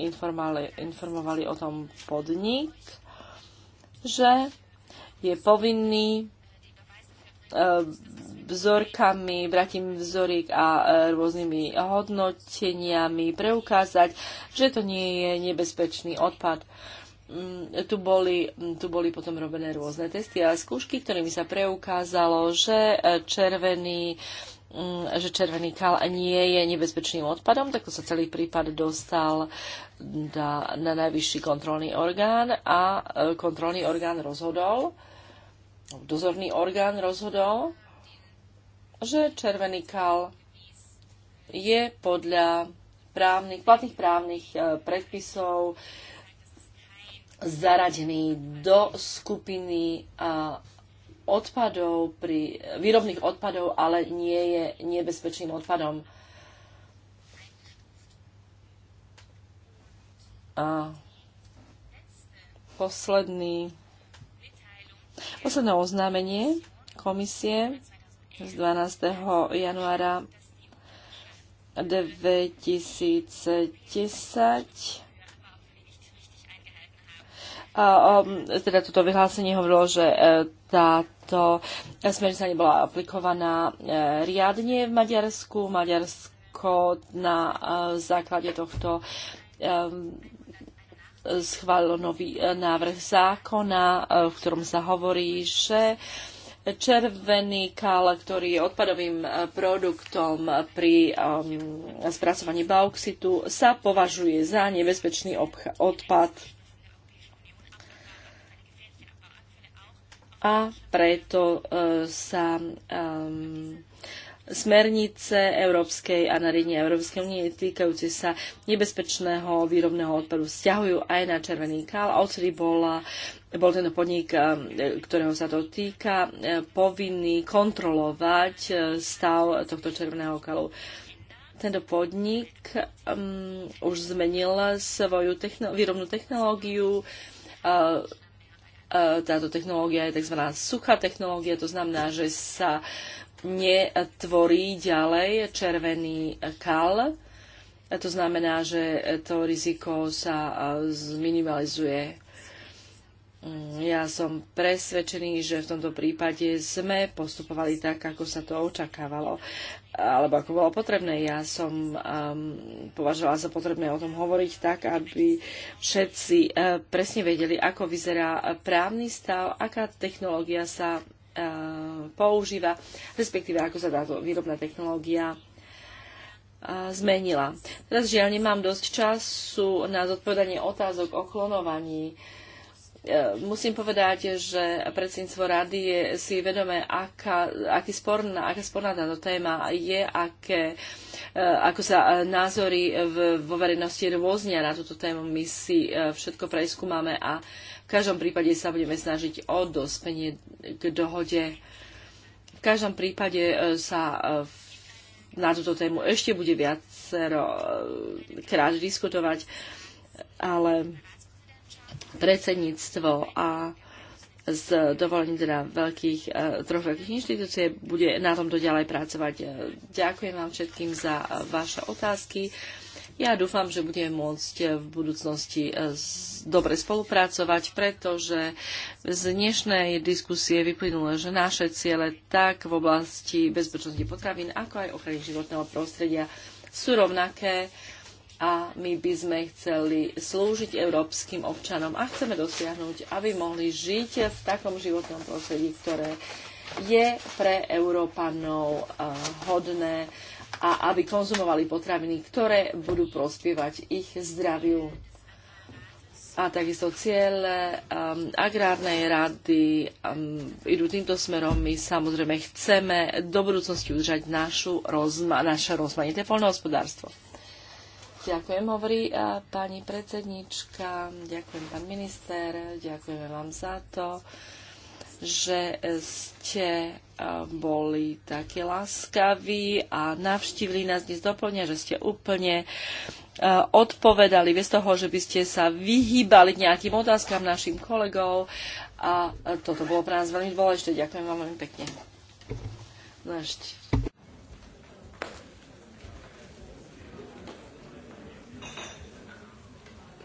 informovali, informovali o tom podnik, že je povinný e, vzorkami, bratím vzoriek a e, rôznymi hodnoteniami preukázať, že to nie je nebezpečný odpad. Mm, tu boli, mm, tu boli potom robené rôzne testy a skúšky, ktorými sa preukázalo, že e, červený Mm, že červený kal nie je nebezpečným odpadom, tak to sa celý prípad dostal na, na najvyšší kontrolný orgán a e, kontrolný orgán rozhodol, dozorný orgán rozhodol, že červený kal je podľa právnych, platných právnych e, predpisov zaradený do skupiny a odpadov, pri výrobných odpadov, ale nie je nebezpečným odpadom. A posledný, posledné oznámenie komisie z 12. januára 2010 a, a, um, teda toto vyhlásenie hovorilo, že e, tá, táto smernica nebola aplikovaná e, riadne v Maďarsku. Maďarsko na e, základe tohto e, schválilo nový návrh zákona, v ktorom sa hovorí, že červený kal, ktorý je odpadovým produktom pri um, spracovaní bauxitu, sa považuje za nebezpečný odpad. a preto e, sa um, smernice Európskej a nariadenia Európskej únie týkajúce sa nebezpečného výrobného odpadu vzťahujú aj na červený kál. A odtedy bola, bol tento podnik, ktorého sa to týka, e, povinný kontrolovať e, stav tohto červeného kalu. Tento podnik um, už zmenil svoju techno- výrobnú technológiu, uh, táto technológia je tzv. suchá technológia, to znamená, že sa netvorí ďalej červený kal. To znamená, že to riziko sa zminimalizuje. Ja som presvedčený, že v tomto prípade sme postupovali tak, ako sa to očakávalo, alebo ako bolo potrebné. Ja som um, považovala za potrebné o tom hovoriť tak, aby všetci uh, presne vedeli, ako vyzerá právny stav, aká technológia sa uh, používa, respektíve ako sa táto výrobná technológia uh, zmenila. Teraz žiaľ nemám dosť času na zodpovedanie otázok o klonovaní. Uh, E, musím povedať, že predsedníctvo rady je si vedomé, aká, aký sporná, aká sporná táto téma je, aké, e, ako sa e, názory v, vo verejnosti rôznia na túto tému. My si všetko preskúmame a v každom prípade sa budeme snažiť o dospenie k dohode. V každom prípade sa na túto tému ešte bude viacero krát diskutovať, ale predsedníctvo a z dovolení teda veľkých, e, troch veľkých inštitúcií bude na tomto ďalej pracovať. E, ďakujem vám všetkým za e, vaše otázky. Ja dúfam, že budeme môcť v budúcnosti dobre spolupracovať, pretože z dnešnej diskusie vyplynulo, že naše ciele tak v oblasti bezpečnosti potravín, ako aj ochrany životného prostredia sú rovnaké a my by sme chceli slúžiť európskym občanom a chceme dosiahnuť, aby mohli žiť v takom životnom prostredí, ktoré je pre Európanov eh, hodné a aby konzumovali potraviny, ktoré budú prospievať ich zdraviu a takisto ciele um, agrárnej rady um, idú týmto smerom. My samozrejme chceme do budúcnosti udržať našu rozma- naše rozmanité poľnohospodárstvo. Ďakujem, hovorí e, pani predsednička, ďakujem pán minister, ďakujeme vám za to, že ste e, boli také láskaví a navštívili nás dnes doplne, že ste úplne e, odpovedali bez toho, že by ste sa vyhýbali nejakým otázkam našim kolegov a toto bolo pre nás veľmi dôležité. Ďakujem vám veľmi pekne.